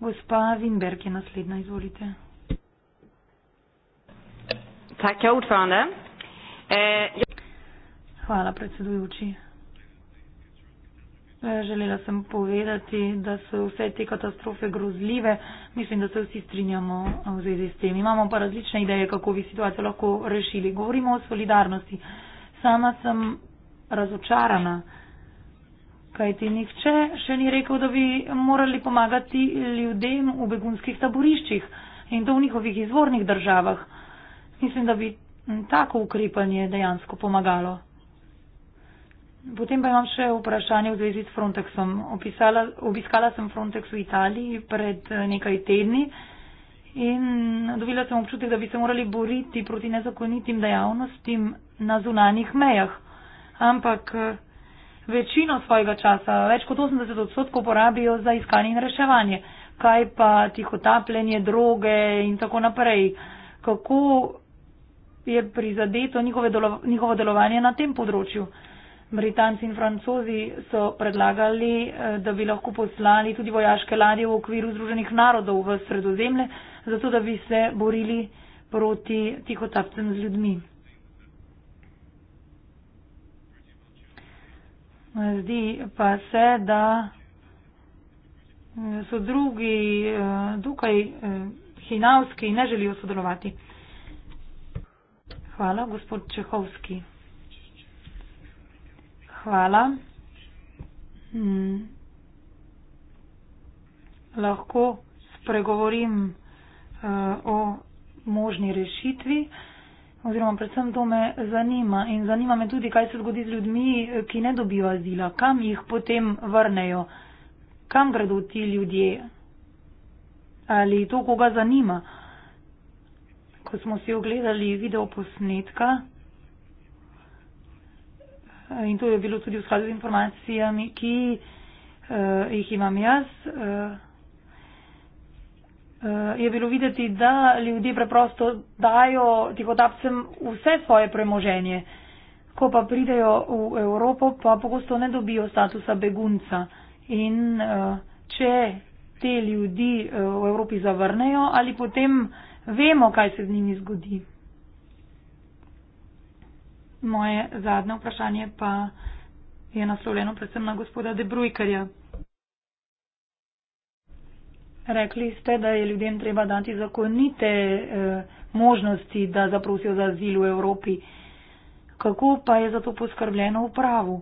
Gospa Winberg je naslednja, izvolite. Ja, eh, ja. Hvala predsedujoči. Želela sem povedati, da so vse te katastrofe grozljive. Mislim, da se vsi strinjamo v zvezi s tem. Imamo pa različne ideje, kako bi situacijo lahko rešili. Govorimo o solidarnosti. Sama sem razočarana, kajti nihče še ni rekel, da bi morali pomagati ljudem v begunskih taboriščih in to v njihovih izvornih državah. Mislim, da bi tako ukrepanje dejansko pomagalo. Potem pa imam še vprašanje v zvezi s Frontexom. Opisala, obiskala sem Frontex v Italiji pred eh, nekaj tedni in dobila sem občutek, da bi se morali boriti proti nezakonitim dejavnostim na zunanjih mejah. Ampak eh, večino svojega časa, več kot 80 odstotkov, porabijo za iskanje in reševanje. Kaj pa tihotapljenje, droge in tako naprej. Kako je prizadeto njihovo delovanje na tem področju? Britanci in Francozi so predlagali, eh, da bi lahko poslali tudi vojaške ladje v okviru Združenih narodov v sredozemlje, zato da bi se borili proti tihotapcem z ljudmi. Zdi pa se, da eh, so drugi eh, tukaj hinavski in ne želijo sodelovati. Hvala, gospod Čehovski. Hvala. Hmm. Lahko spregovorim uh, o možni rešitvi, oziroma predvsem to me zanima in zanima me tudi, kaj se zgodi z ljudmi, ki ne dobijo azila, kam jih potem vrnejo, kam gredo ti ljudje. Ali to koga zanima? Ko smo si ogledali videoposnetka, in to je bilo tudi v skladu z informacijami, ki uh, jih imam jaz, uh, uh, je bilo videti, da ljudje preprosto dajo tihotapcem vse svoje premoženje. Ko pa pridejo v Evropo, pa pogosto ne dobijo statusa begunca. In uh, če te ljudi uh, v Evropi zavrnejo, ali potem vemo, kaj se z njimi zgodi. Moje zadnje vprašanje pa je naslovljeno predvsem na gospoda De Brujkarja. Rekli ste, da je ljudem treba dati zakonite eh, možnosti, da zaprosijo za azil v Evropi. Kako pa je za to poskrbljeno v pravu?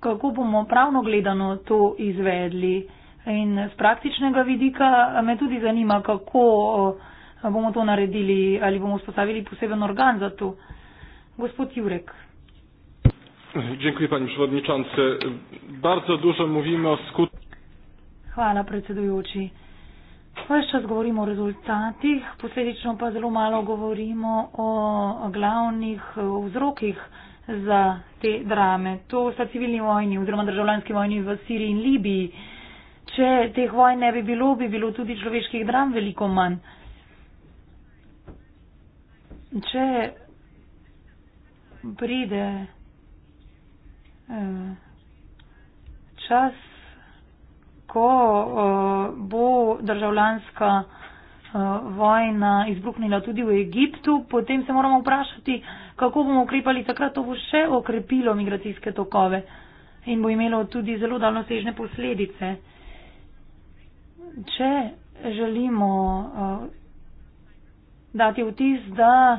Kako bomo pravno gledano to izvedli? In z praktičnega vidika me tudi zanima, kako. Eh, bomo to naredili ali bomo spostavili poseben organ za to. Gospod Jurek. Dziękuję, pani przewodniczący. Bardzo dużo mówimy o skutkach. Hvala, predsedujoči. Ves čas govorimo o rezultatih, posledično pa zelo malo govorimo o glavnih vzrokih za te drame. To sta civilni vojni oziroma državljanski vojni v Siriji in Libiji. Če teh vojn ne bi bilo, bi bilo tudi človeških dram veliko manj če pride eh, čas, ko eh, bo državljanska eh, vojna izbruhnila tudi v Egiptu, potem se moramo vprašati, kako bomo ukrepali. Takrat to bo še okrepilo migracijske tokove in bo imelo tudi zelo daljnosežne posledice. Če želimo dati vtis, da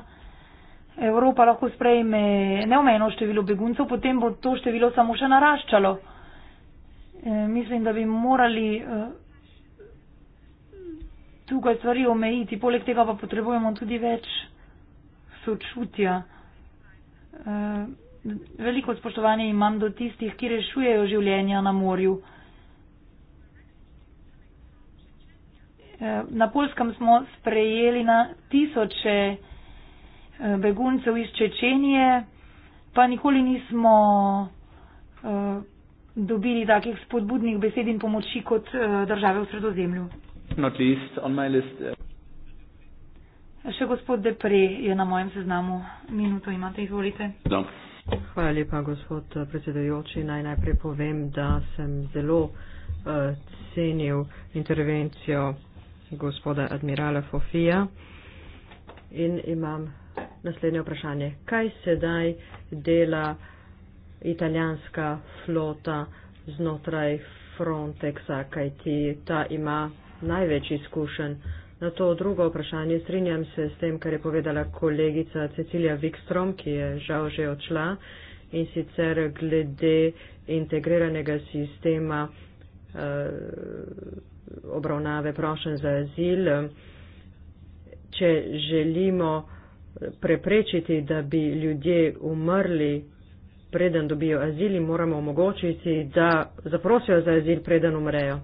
Evropa lahko sprejme neomejeno število beguncev, potem bo to število samo še naraščalo. E, mislim, da bi morali e, tukaj stvari omejiti, poleg tega pa potrebujemo tudi več sočutja. E, veliko spoštovanje imam do tistih, ki rešujejo življenja na morju. Na Polskem smo sprejeli na tisoče eh, beguncev iz Čečenije, pa nikoli nismo eh, dobili takih spodbudnih besed in pomoči kot eh, države v sredozemlju. Še gospod Depre je na mojem seznamu. Minuto imate, izvolite. No. Hvala lepa, gospod predsedajoči. Naj najprej povem, da sem zelo uh, cenil intervencijo gospoda admirala Fofija in imam naslednje vprašanje. Kaj sedaj dela italijanska flota znotraj Frontexa, kaj ti ta ima največ izkušenj? Na to drugo vprašanje strinjam se s tem, kar je povedala kolegica Cecilija Wikstrom, ki je žal že odšla in sicer glede integriranega sistema. Uh, obravnave prošen za azil, če želimo preprečiti, da bi ljudje umrli, preden dobijo azil, jim moramo omogočiti, da zaprosijo za azil, preden umrejo.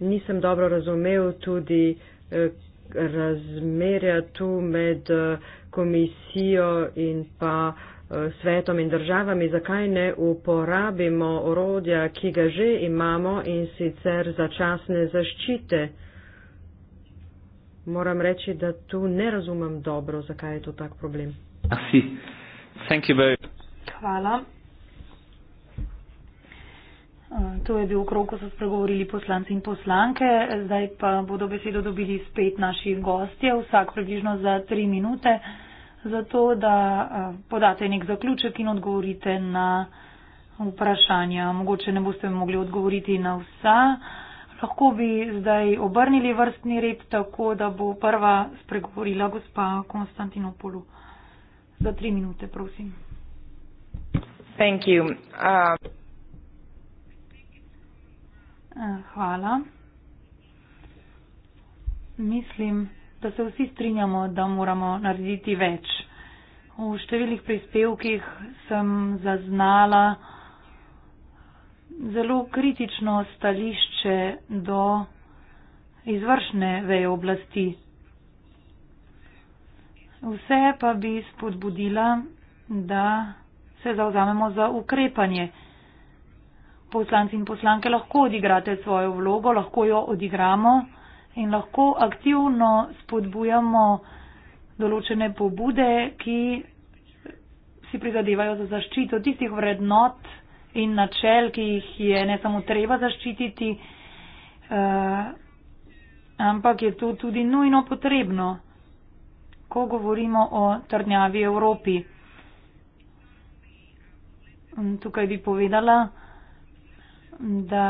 Nisem dobro razumel tudi eh, razmerja tu med eh, komisijo in pa uh, Eh, svetom in državami, zakaj ne uporabimo orodja, ki ga že imamo in sicer začasne zaščite. Moram reči, da tu ne razumem dobro, zakaj je to tak problem. Hvala. Eh, to je bil krok, ko so spregovorili poslanci in poslanke. Zdaj pa bodo besedo dobili spet naši gostje, vsak približno za tri minute zato da eh, podate nek zaključek in odgovorite na vprašanja. Mogoče ne boste mogli odgovoriti na vsa. Lahko bi zdaj obrnili vrstni red tako, da bo prva spregovorila gospa Konstantinopolu. Za tri minute, prosim. Thank you. Uh... Eh, hvala. Mislim da se vsi strinjamo, da moramo narediti več. V številnih prispevkih sem zaznala zelo kritično stališče do izvršne veje oblasti. Vse pa bi spodbudila, da se zauzamemo za ukrepanje. Poslanci in poslanke lahko odigrate svojo vlogo, lahko jo odigramo in lahko aktivno spodbujamo določene pobude, ki si prizadevajo za zaščito tistih vrednot in načel, ki jih je ne samo treba zaščititi, eh, ampak je to tudi nujno potrebno, ko govorimo o trdnjavi Evropi. Tukaj bi povedala, da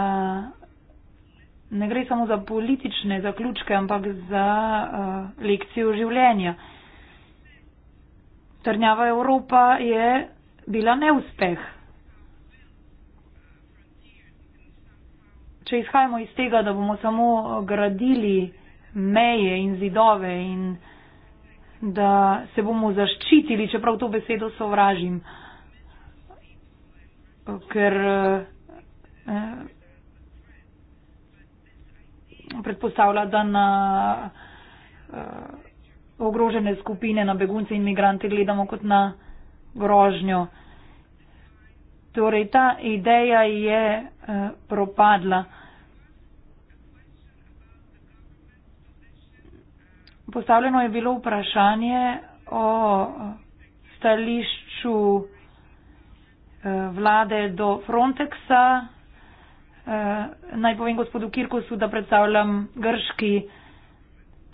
ne gre samo za politične zaključke, ampak za uh, lekcijo življenja. Trnjava Evropa je bila neuspeh. Če izhajamo iz tega, da bomo samo gradili meje in zidove in da se bomo zaščitili, čeprav to besedo sovražim, ker eh, predpostavlja, da na uh, ogrožene skupine, na begunce in migrante gledamo kot na grožnjo. Torej, ta ideja je uh, propadla. Postavljeno je bilo vprašanje o stališču uh, vlade do Frontexa, Eh, naj povem gospodu Kirkusu, da predstavljam grški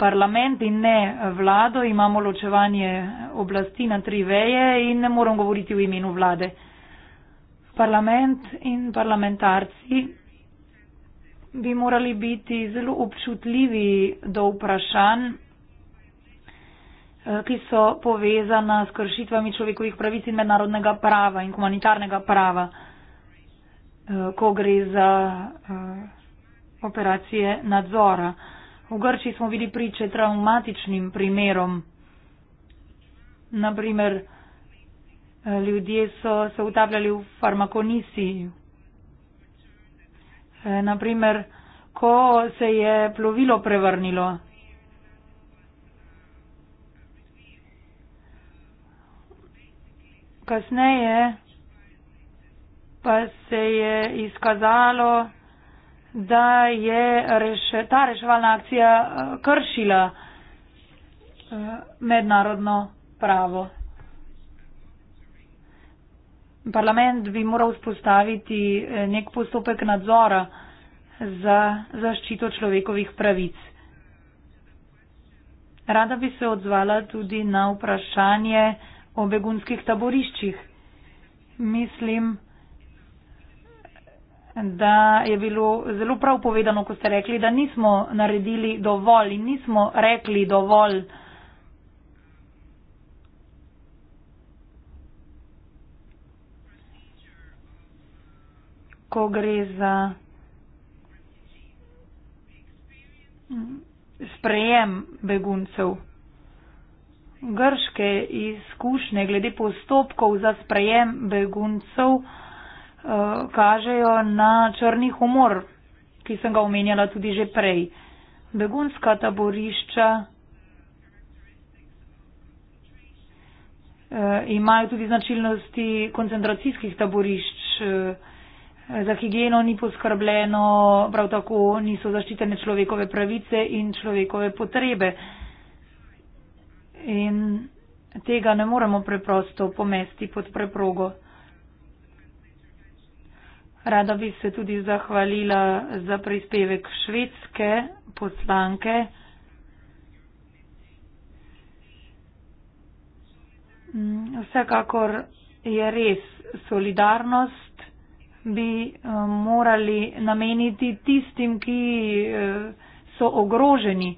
parlament in ne vlado, imamo ločevanje oblasti na tri veje in ne moram govoriti v imenu vlade. Parlament in parlamentarci bi morali biti zelo občutljivi do vprašanj, eh, ki so povezana s kršitvami človekovih pravic in mednarodnega prava in humanitarnega prava. Eh, ko gre za eh, operacije nadzora. V Grčiji smo bili priče traumatičnim primerom. Naprimer, eh, ljudje so se utapljali v farmakonisiji. Naprimer, ko se je plovilo prevrnilo. Kasneje pa se je izkazalo, da je reš, ta reševalna akcija eh, kršila eh, mednarodno pravo. Parlament bi moral spostaviti eh, nek postopek nadzora za zaščito človekovih pravic. Rada bi se odzvala tudi na vprašanje o begunskih taboriščih. Mislim, da je bilo zelo prav povedano, ko ste rekli, da nismo naredili dovolj in nismo rekli dovolj. Ko gre za sprejem beguncev, grške izkušnje glede postopkov za sprejem beguncev, Eh, kažejo na črni humor, ki sem ga omenjala tudi že prej. Begunska taborišča eh, imajo tudi značilnosti koncentracijskih taborišč. Eh, za higieno ni poskrbljeno, prav tako niso zaščitene človekove pravice in človekove potrebe. In tega ne moremo preprosto pomesti pod preprogo. Rada bi se tudi zahvalila za prispevek švedske poslanke. Mm, vsekakor je res solidarnost, bi eh, morali nameniti tistim, ki eh, so ogroženi.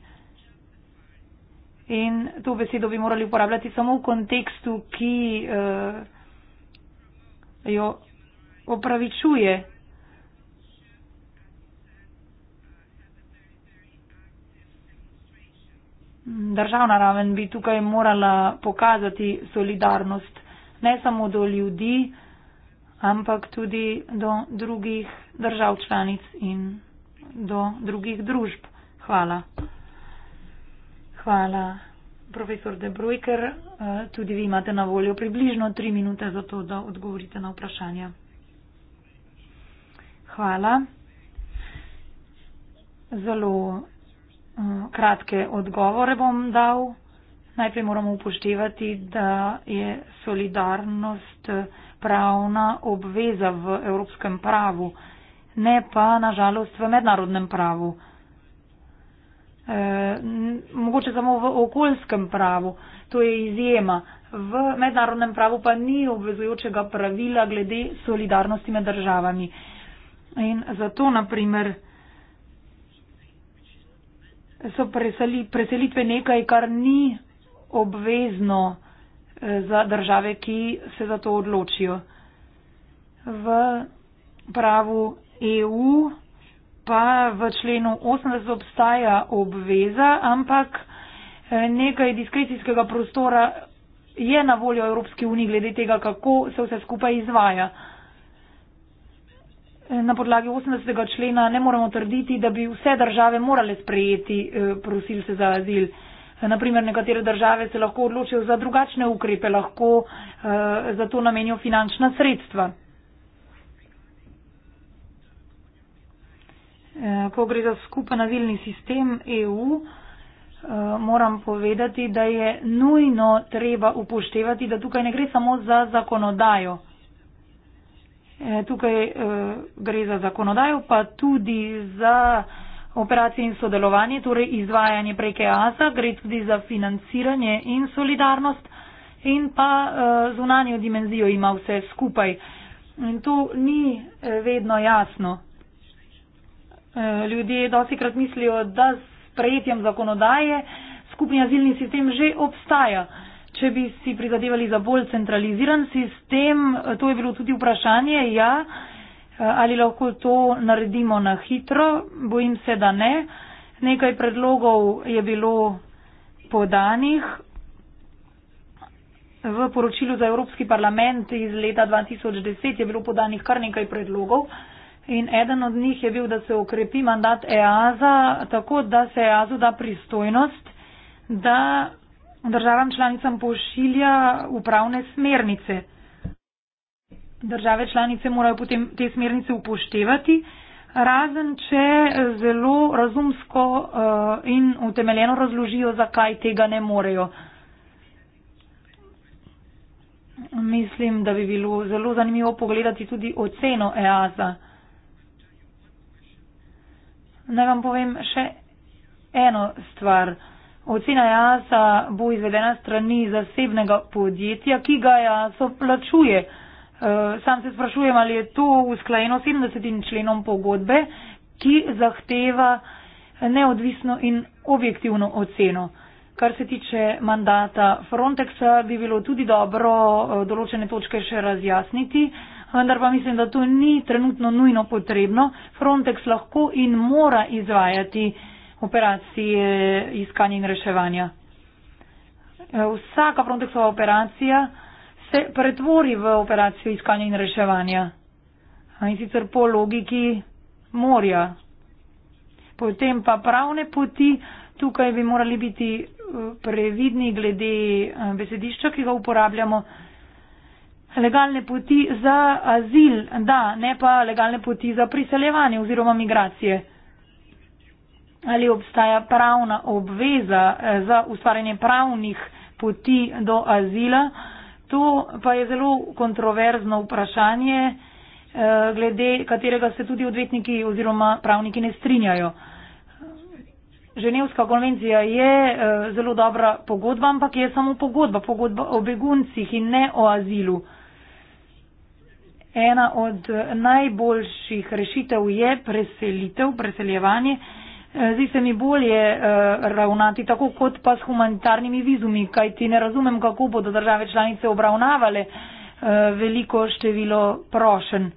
In to besedo bi morali uporabljati samo v kontekstu, ki eh, jo opravičuje. Državna raven bi tukaj morala pokazati solidarnost ne samo do ljudi, ampak tudi do drugih držav članic in do drugih družb. Hvala. Hvala, profesor De Brujker. Eh, tudi vi imate na voljo približno tri minute za to, da odgovorite na vprašanja hvala. Zelo uh, kratke odgovore bom dal. Najprej moramo upoštevati, da je solidarnost uh, pravna obveza v evropskem pravu, ne pa nažalost v mednarodnem pravu. E, mogoče samo v okoljskem pravu, to je izjema. V mednarodnem pravu pa ni obvezujočega pravila glede solidarnosti med državami. In zato, naprimer, so presali, preselitve nekaj, kar ni obvezno eh, za države, ki se za to odločijo. V pravu EU pa v členu 80 obstaja obveza, ampak eh, nekaj diskrecijskega prostora je na voljo Evropski uniji glede tega, kako se vse skupaj izvaja na podlagi 80. člena ne moremo trditi, da bi vse države morale sprejeti eh, prosilce za azil. Naprimer, nekatere države se lahko odločijo za drugačne ukrepe, lahko eh, za to namenijo finančna sredstva. Eh, ko gre za skupen azilni sistem EU, moram povedati, da je nujno treba upoštevati, da tukaj ne gre samo za zakonodajo. Eh, tukaj eh, gre za zakonodajo, pa tudi za operacije in sodelovanje, torej izvajanje preke AZA, gre tudi za financiranje in solidarnost in pa eh, zunanjo dimenzijo ima vse skupaj. In to ni vedno jasno. Ljudje dosikrat mislijo, da s prejetjem zakonodaje skupni azilni sistem že obstaja če bi si prizadevali za bolj centraliziran sistem, to je bilo tudi vprašanje, ja, ali lahko to naredimo na hitro, bojim se, da ne. Nekaj predlogov je bilo podanih. V poročilu za Evropski parlament iz leta 2010 je bilo podanih kar nekaj predlogov in eden od njih je bil, da se okrepi mandat EASA tako, da se EASU da pristojnost, da državam članicam pošilja upravne smernice. Države članice morajo potem te smernice upoštevati, razen če zelo razumsko eh, in utemeljeno razložijo, zakaj tega ne morejo. Mislim, da bi bilo zelo zanimivo pogledati tudi oceno EASA. Naj vam povem še eno stvar. Ocena jasa bo izvedena strani zasebnega podjetja, ki ga jaso plačuje. Eh, sam se sprašujem, ali je to usklajeno 70. členom pogodbe, ki zahteva neodvisno in objektivno oceno. Kar se tiče mandata Frontexa, bi bilo tudi dobro eh, določene točke še razjasniti, vendar pa mislim, da to ni trenutno nujno potrebno. Frontex lahko in mora izvajati operacije iskanja in reševanja. Vsaka Frontexova operacija se pretvori v operacijo iskanja in reševanja. In sicer po logiki morja. Potem pa pravne poti, tukaj bi morali biti eh, previdni glede eh, besedišča, ki ga uporabljamo. Legalne poti za azil, da, ne pa legalne poti za priseljevanje oziroma migracije ali obstaja pravna obveza eh, za ustvarjanje pravnih poti do azila. To pa je zelo kontroverzno vprašanje, eh, glede katerega se tudi odvetniki oziroma pravniki ne strinjajo. Ženevska konvencija je eh, zelo dobra pogodba, ampak je samo pogodba, pogodba o beguncih in ne o azilu. Ena od najboljših rešitev je preselitev, preseljevanje. Eh, zdi se mi bolje eh, ravnati tako kot pa s humanitarnimi vizumi, kajti ne razumem, kako bodo države članice obravnavale eh, veliko število prošen.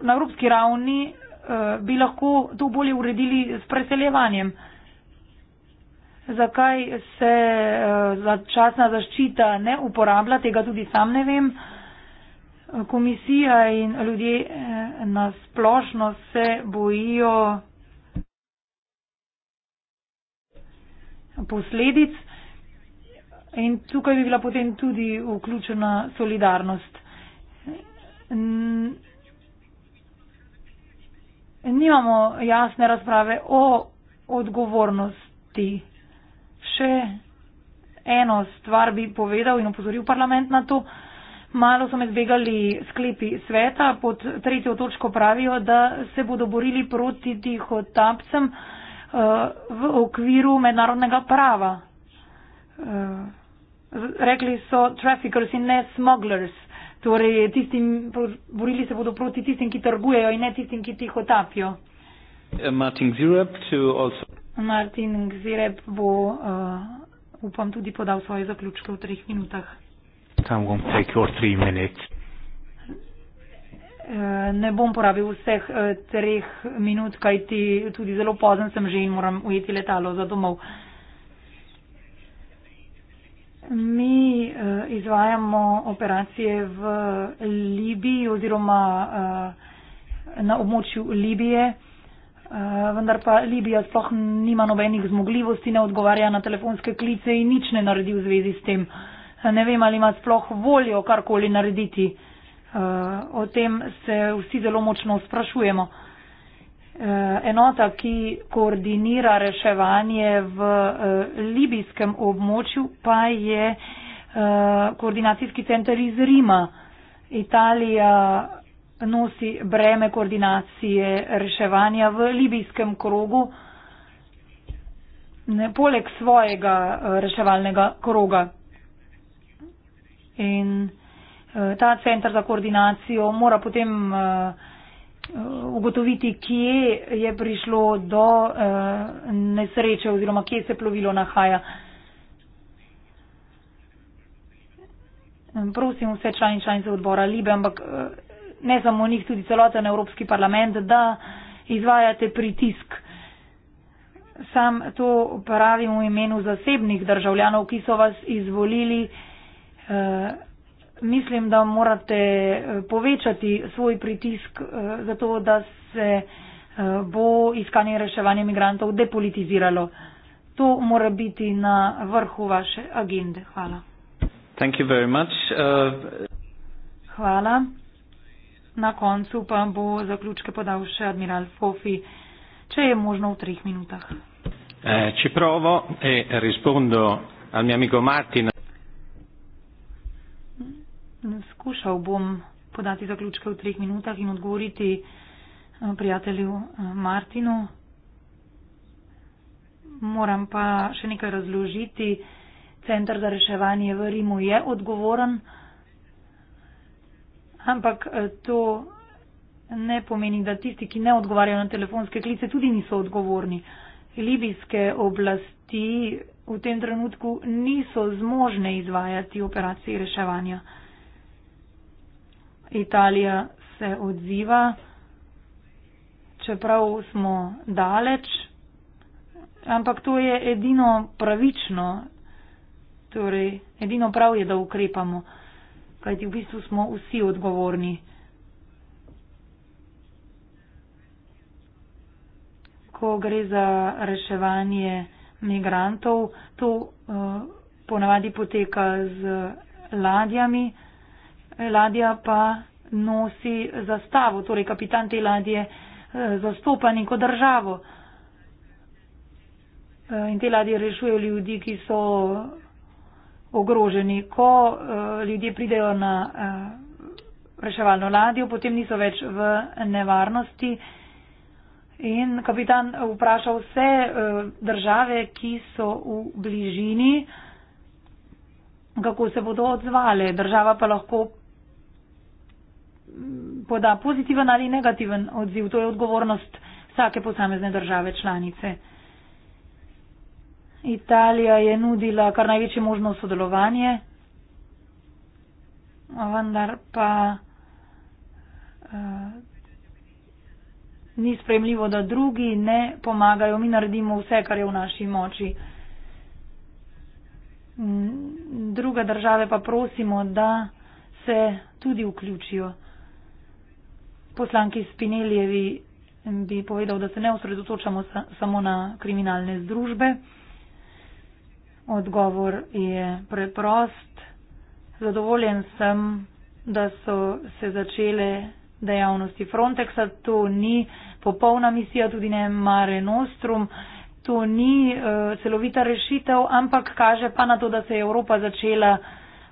Na evropski ravni bi lahko to bolje uredili s preseljevanjem. Zakaj se začasna zaščita ne uporablja, tega tudi sam ne vem komisija in ljudje eh, nasplošno se bojijo posledic in tukaj bi bila potem tudi vključena solidarnost. Nimamo jasne razprave o odgovornosti. Še eno stvar bi povedal in opozoril parlament na to. Malo so me zbegali sklepi sveta. Pod tretjo točko pravijo, da se bodo borili proti tih otapcem uh, eh, v okviru mednarodnega prava. Uh, rekli so traffickers in ne smugglers. Torej, tistim, borili se bodo proti tistim, ki trgujejo in ne tistim, ki tih otapijo. Eh, Martin Zirep, also... Martin Zirep bo, uh, upam, tudi podal svoje zaključke v treh minutah. Tam bom rekel 3 minut. Ne bom porabil vseh eh, treh minut, kaj ti tudi zelo pozen sem že in moram ujeti letalo za domov. Mi eh, izvajamo operacije v Libiji oziroma eh, na območju Libije, vendar pa Libija sploh nima nobenih zmogljivosti, ne odgovarja na telefonske klice in nič ne naredi v zvezi s tem ne vem, ali ima sploh voljo karkoli narediti. Eh, o tem se vsi zelo močno sprašujemo. Eh, enota, ki koordinira reševanje v eh, libijskem območju, pa je koordinacijski center iz Rima. Italija nosi breme koordinacije reševanja v libijskem krogu, ne, poleg svojega reševalnega kroga. In eh, ta centr za koordinacijo mora potem eh, ugotoviti, kje je prišlo do eh, nesreče oziroma kje se plovilo nahaja. Prosim vse članice člani odbora Libe, ampak ne samo njih, tudi celoten Evropski parlament, da izvajate pritisk. Sam to pravim v imenu zasebnih državljanov, ki so vas izvolili. Eh, mislim, da morate eh, povečati svoj pritisk eh, za to, da se bo iskanje in reševanje migrantov depolitiziralo. To mora biti na vrhu vaše agende. Hvala. Thank you very much. Uh... Hvala. Na koncu pa bo zaključke podal še admiral Fofi, če je možno v treh minutah. Eh, ci provo e rispondo al mio amico Martin. Skušal bom podati zaključke v treh minutah in odgovoriti eh, prijatelju eh, Martinu. Moram pa še nekaj razložiti. Centr za reševanje v Rimu je odgovoren, ampak eh, to ne pomeni, da tisti, ki ne odgovarjajo na telefonske klice, tudi niso odgovorni. Libijske oblasti v tem trenutku niso zmožne izvajati operacije reševanja. Italija se odziva, čeprav smo daleč, ampak to je edino pravično, torej edino prav je, da ukrepamo, kajti v bistvu smo vsi odgovorni. Ko gre za reševanje migrantov, to uh, ponavadi poteka z ladjami ladja pa nosi zastavo, torej kapitan te ladje eh, zastopa neko državo. Eh, in te ladje rešujejo ljudi, ki so ogroženi. Ko eh, ljudje pridejo na reševalno ladjo, potem niso več v nevarnosti. In kapitan vpraša vse države, ki so v bližini, kako se bodo odzvale. Država pa lahko poda pozitiven ali negativen odziv. To je odgovornost vsake posamezne države članice. Italija je nudila kar največje možno sodelovanje, vendar pa uh, ni spremljivo, da drugi ne pomagajo. Mi naredimo vse, kar je v naši moči. Druge države pa prosimo, da se tudi vključijo poslanki Spinelijevi bi povedal, da se ne osredotočamo sa, samo na kriminalne združbe. Odgovor je preprost. Zadovoljen sem, da so se začele dejavnosti Frontexa. To ni popolna misija, tudi ne Mare Nostrum. To ni uh, celovita rešitev, ampak kaže pa na to, da se je Evropa začela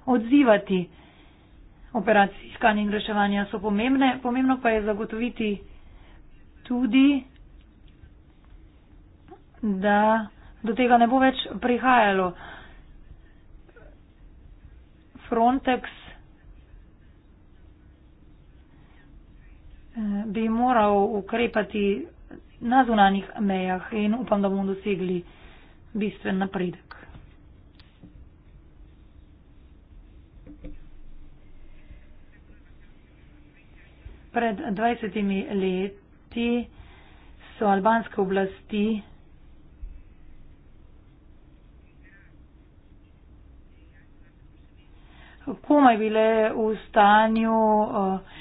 odzivati operacij iskanja in reševanja so pomembne. Pomembno pa je zagotoviti tudi, da do tega ne bo več prihajalo. Frontex eh, bi moral ukrepati na zunanjih mejah in upam, da bomo dosegli bistven napredek. pred 20 leti so albanske oblasti komaj bile v stanju eh,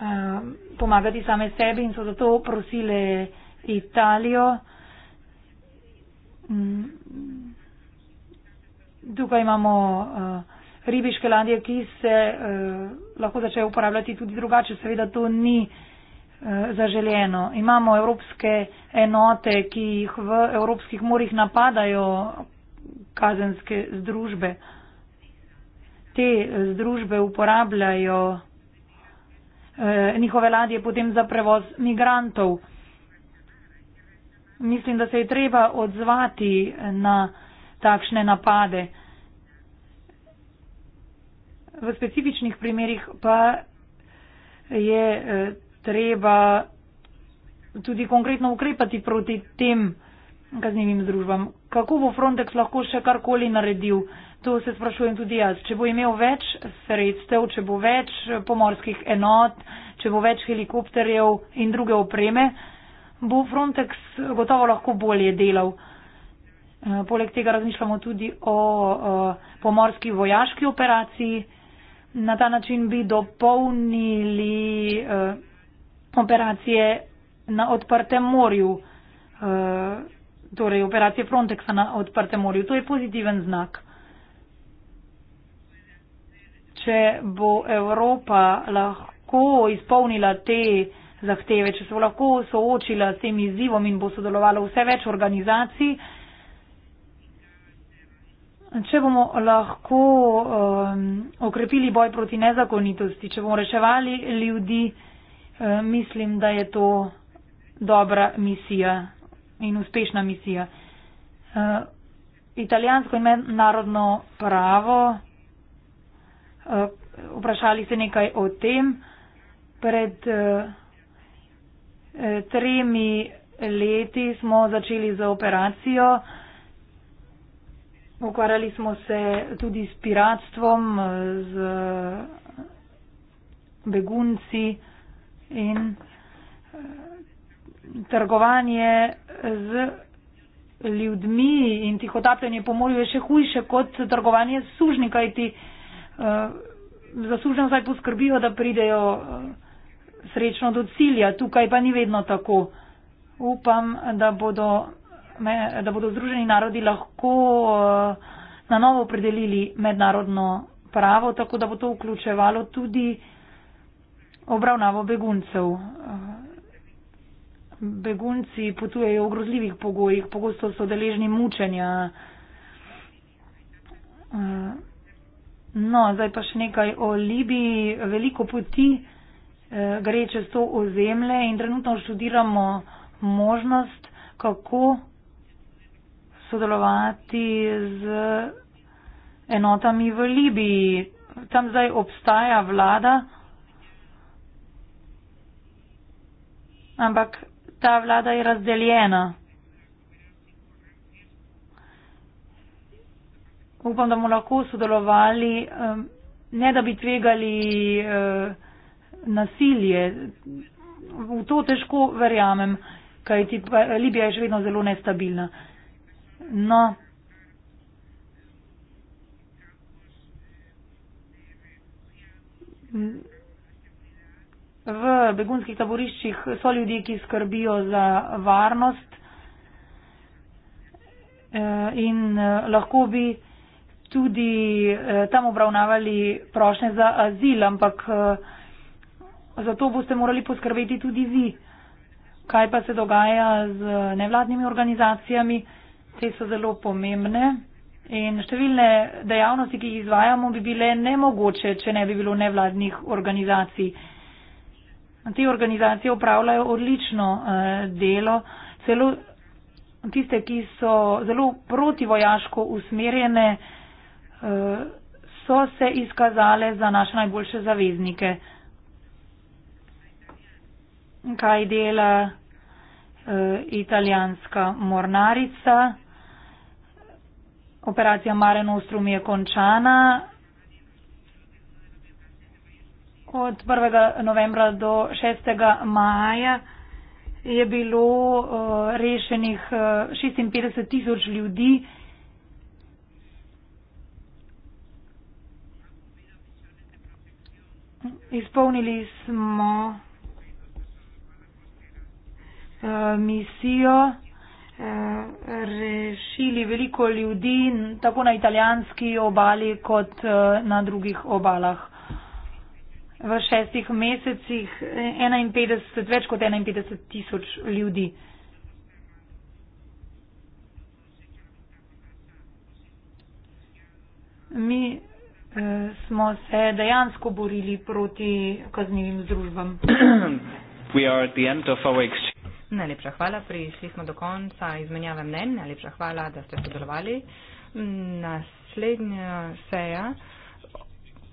eh, pomagati same sebi in so zato prosile Italijo. Mm. Tukaj imamo eh, ribiške ladje, ki se lahko začnejo uporabljati tudi drugače. Seveda to ni eh, zaželjeno. Imamo evropske enote, ki jih v evropskih morjih napadajo kazenske združbe. Te eh, združbe uporabljajo eh, njihove ladje potem za prevoz migrantov. Mislim, da se je treba odzvati na takšne napade. V specifičnih primerjih pa je eh, treba tudi konkretno ukrepati proti tem kaznjivim družbam. Kako bo Frontex lahko še karkoli naredil? To se sprašujem tudi jaz. Če bo imel več sredstev, če bo več pomorskih enot, če bo več helikopterjev in druge opreme, bo Frontex gotovo lahko bolje delal. Eh, poleg tega razmišljamo tudi o, o eh, pomorski vojaški operaciji na ta način bi dopolnili uh, operacije na odprtem morju, uh, torej operacije Frontexa na odprtem morju. To je pozitiven znak. Če bo Evropa lahko izpolnila te zahteve, če se bo lahko soočila s tem izzivom in bo sodelovala vse več organizacij, uh, Če bomo lahko um, okrepili boj proti nezakonitosti, če bomo reševali ljudi, um, mislim, da je to dobra misija in uspešna misija. Um, italijansko ime narodno pravo. Um, vprašali ste nekaj o tem. Pred um, tremi leti smo začeli z operacijo. Um, Ukvarjali smo se tudi s piratstvom, z begunci in eh, trgovanje z ljudmi in tihotapljanje po morju je še hujše kot trgovanje s sužnji, kaj ti eh, za sužnjo zdaj poskrbijo, da pridejo eh, srečno do cilja. Tukaj pa ni vedno tako. Upam, da bodo da bodo Združeni narodi lahko eh, na novo opredelili mednarodno pravo, tako da bo to vključevalo tudi obravnavo beguncev. Eh, begunci potujejo v grozljivih pogojih, pogosto so deležni mučenja. Eh, no, zdaj pa še nekaj o Libiji. Veliko poti gre čez to ozemlje in trenutno študiramo možnost, kako sodelovati z enotami v Libiji. Tam zdaj obstaja vlada, ampak ta vlada je razdeljena. Upam, da bomo lahko sodelovali, ne da bi tvegali eh, nasilje. V to težko verjamem, kajti Libija je še vedno zelo nestabilna. No. V begunskih taboriščih so ljudje, ki skrbijo za varnost eh, in eh, lahko bi tudi eh, tam obravnavali prošnje za azil, ampak za to boste morali poskrbeti tudi vi. Kaj pa se dogaja z nevladnimi organizacijami? te so zelo pomembne. In številne dejavnosti, ki jih izvajamo, bi bile nemogoče, če ne bi bilo nevladnih organizacij. Te organizacije upravljajo odlično eh, delo, celo tiste, ki so zelo protivojaško usmerjene, eh, so se izkazale za naše najboljše zaveznike. Kaj dela eh, italijanska mornarica? Operacija Mare Nostrum je končana. Od 1. novembra do 6. maja je bilo uh, rešenih uh, eh, 56 tisoč ljudi. Izpolnili smo uh, misijo rešili veliko ljudi, tako na italijanski obali, kot e, na drugih obalah. V šestih mesecih 51, e, več kot 51 tisoč ljudi. Mi eh, smo se dejansko borili proti kaznjivim združbam. Najlepša hvala. Prišli smo do konca izmenjave mnen. Najlepša hvala, da ste sodelovali. Naslednja seja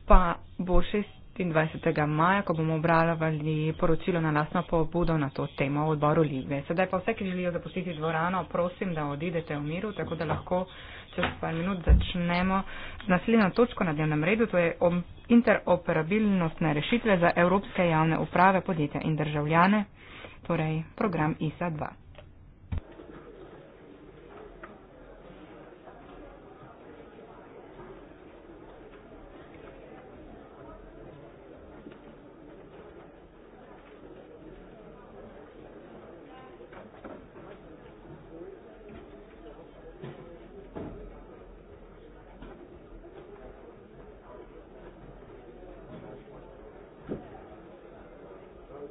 pa bo 26. maja, ko bomo obravnavali poročilo na lasno pobudo na to temo v odboru Libe. Sedaj pa vse, ki želijo zapustiti dvorano, prosim, da odidete v miru, tako da lahko čez par minut začnemo naslednjo točko na dnevnem redu, to je interoperabilnostne rešitve za evropske javne uprave, podjetja in državljane torej program ISA 2.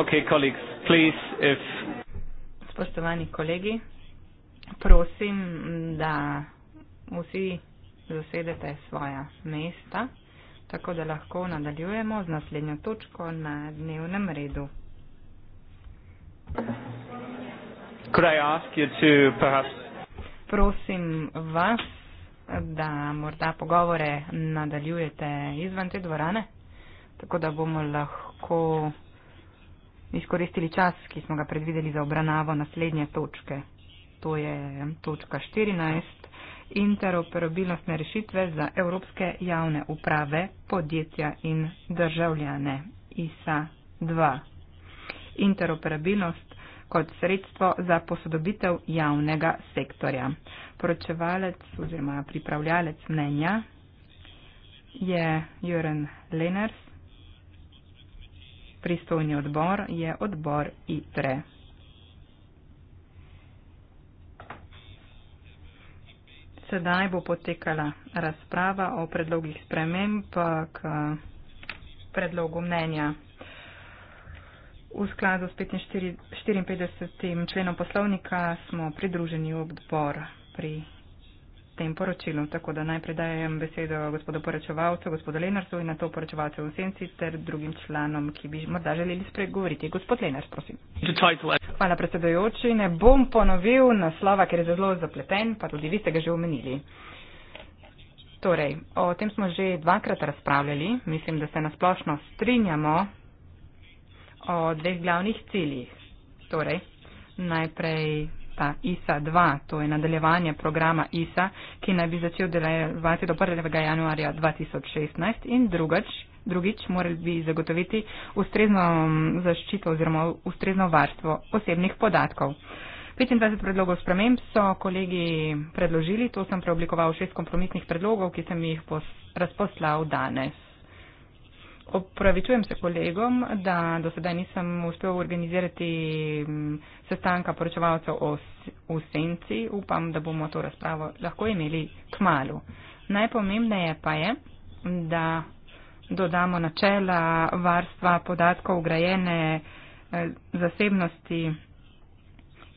Okay, colleagues, please, if... Spoštovani kolegi, prosim, da vsi zasedete svoja mesta, tako da lahko nadaljujemo z naslednjo točko na dnevnem redu. Prosim vas, da morda pogovore nadaljujete izven te dvorane, tako da bomo lahko izkoristili čas, ki smo ga predvideli za obravnavo naslednje točke. To je točka 14. Interoperabilnostne rešitve za evropske javne uprave, podjetja in državljane. ISA 2. Interoperabilnost kot sredstvo za posodobitev javnega sektorja. Poročevalec oziroma pripravljalec mnenja je Jürgen Leners, Pristojni odbor je odbor ITRE. Sedaj bo potekala razprava o predlogih sprememb k predlogu mnenja. V skladu s 54. členom poslovnika smo pridruženi v odbor pri tem poročilu. Tako da najprej dajem besedo gospodu poročevalcu, gospodu Lenarsu in na to poročevalcu v senci ter drugim članom, ki bi morda želeli spregovoriti. Gospod Lenars, prosim. Hvala predsedojoči. Ne bom ponovil naslova, ker je zelo zapleten, pa tudi vi ste ga že omenili. Torej, o tem smo že dvakrat razpravljali. Mislim, da se nasplošno strinjamo o dveh glavnih ciljih. Torej, najprej projekta ISA 2, to je nadaljevanje programa ISA, ki naj bi začel delovati do 1. januarja 2016 in drugač, drugič morali bi zagotoviti ustrezno um, zaščito oziroma ustrezno varstvo osebnih podatkov. 25 predlogov sprememb so kolegi predložili, to sem preoblikoval v šest kompromisnih predlogov, ki sem jih razposlal danes. Opravičujem se kolegom, da do sedaj nisem uspel organizirati mm, sestanka poročevalcev v senci. Upam, da bomo to razpravo lahko imeli k malu. Najpomembneje pa je, da dodamo načela varstva podatkov ugrajene eh, zasebnosti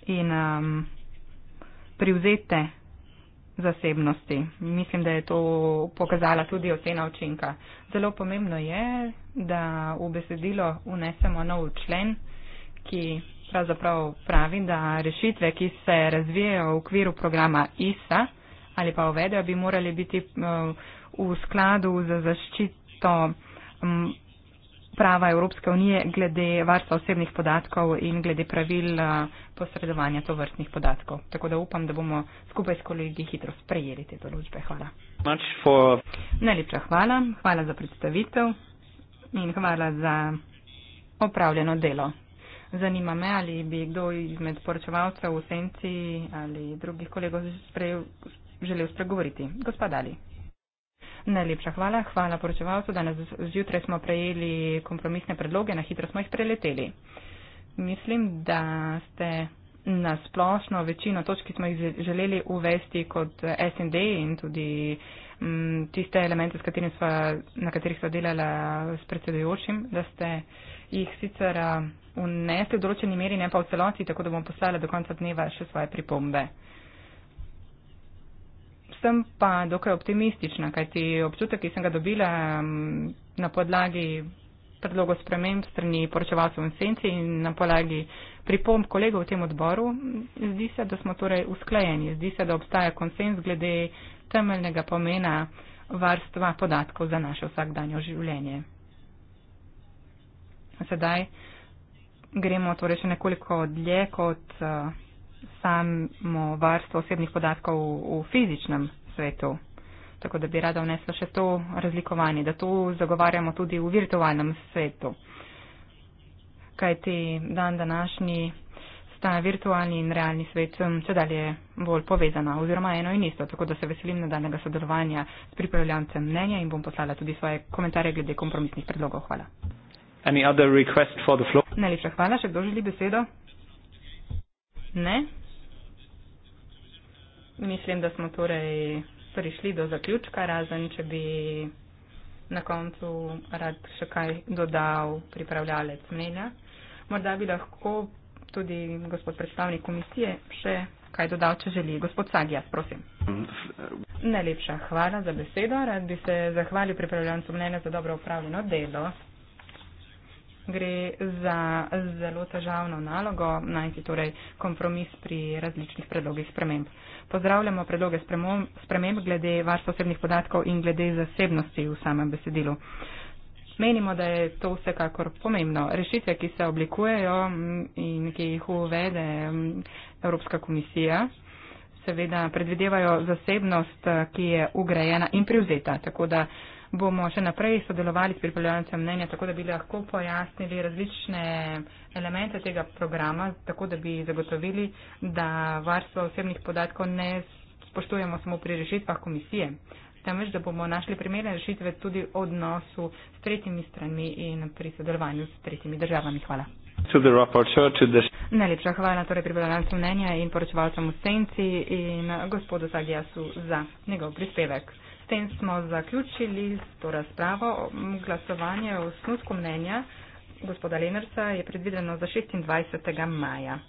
in um, privzete zasebnosti. Mislim, da je to pokazala tudi ocena učinka. Zelo pomembno je, da v besedilo unesemo nov člen, ki pravzaprav pravi, da rešitve, ki se razvijajo v okviru programa ISA ali pa uvedejo, bi morali biti eh, v skladu za zaščito mm, prava Evropske unije glede varstva osebnih podatkov in glede pravil eh, posredovanja tovrstnih podatkov. Tako da upam, da bomo skupaj s kolegi hitro sprejeli te določbe. Hvala. For... Najlepša hvala. Hvala za predstavitev in hvala za opravljeno delo. Zanima me, ali bi kdo izmed poročevalcev v senci ali drugih kolegov sprejel, želel spregovoriti. Gospodali. Najlepša hvala. Hvala poročevalcu. Danes zjutraj smo prejeli kompromisne predloge, na hitro smo jih preleteli. Mislim, da ste na splošno večino točk, ki smo jih želeli uvesti kot SND in tudi m, mm, tiste elemente, sva, na katerih sva delala s predsedujočim, da ste jih sicer unesli v določeni meri, ne pa v celoti, tako da bom poslala do konca dneva še svoje pripombe sem pa dokaj optimistična, kajti občutek, ki sem ga dobila na podlagi predlogo sprememb strani poročevalcev in senci in na podlagi pripomb kolegov v tem odboru, zdi se, da smo torej usklajeni. Zdi se, da obstaja konsens glede temeljnega pomena varstva podatkov za naše vsakdanje življenje. Sedaj gremo torej še nekoliko dlje kot. Uh, samo varstvo osebnih podatkov v, v fizičnem svetu. Tako da bi rada vnesla še to razlikovanje, da to zagovarjamo tudi v virtualnem svetu. Kaj ti dan današnji sta virtualni in realni svet če dalje bolj povezana oziroma eno in isto. Tako da se veselim nadaljnega sodelovanja s pripravljalcem mnenja in bom poslala tudi svoje komentarje glede kompromisnih predlogov. Hvala. Najlepša hvala, še kdo želi besedo? Ne. Mislim, da smo torej prišli do zaključka, razen če bi na koncu rad še kaj dodal pripravljalec mnenja. Morda bi lahko tudi gospod predstavnik komisije še kaj dodal, če želi. Gospod Sagija, prosim. Najlepša hvala za besedo. Rad bi se zahvalil pripravljalcu mnenja za dobro upravljeno delo gre za zelo težavno nalogo najti torej kompromis pri različnih predlogih sprememb. Pozdravljamo predloge sprememb glede varstva osebnih podatkov in glede zasebnosti v samem besedilu. Menimo, da je to vsekakor pomembno. Rešitve, ki se oblikujejo mm, in ki jih uvede mm, Evropska komisija, seveda predvidevajo zasebnost, ki je ugrajena in privzeta. Tako da bomo še naprej sodelovali s pripravljalcem mnenja, tako da bi lahko pojasnili različne elemente tega programa, tako da bi zagotovili, da varstvo osebnih podatkov ne spoštujemo samo pri rešitvah komisije, temveč da bomo našli primerne rešitve tudi v odnosu s tretjimi stranmi in pri sodelovanju s tretjimi državami. Hvala. Najlepša hvala torej pripravljalcu mnenja in poročevalcem v senci in gospodu Sagijasu za njegov prispevek tem smo zaključili to razpravo. Glasovanje o snutku mnenja gospoda Lenarca je predvideno za 26. maja.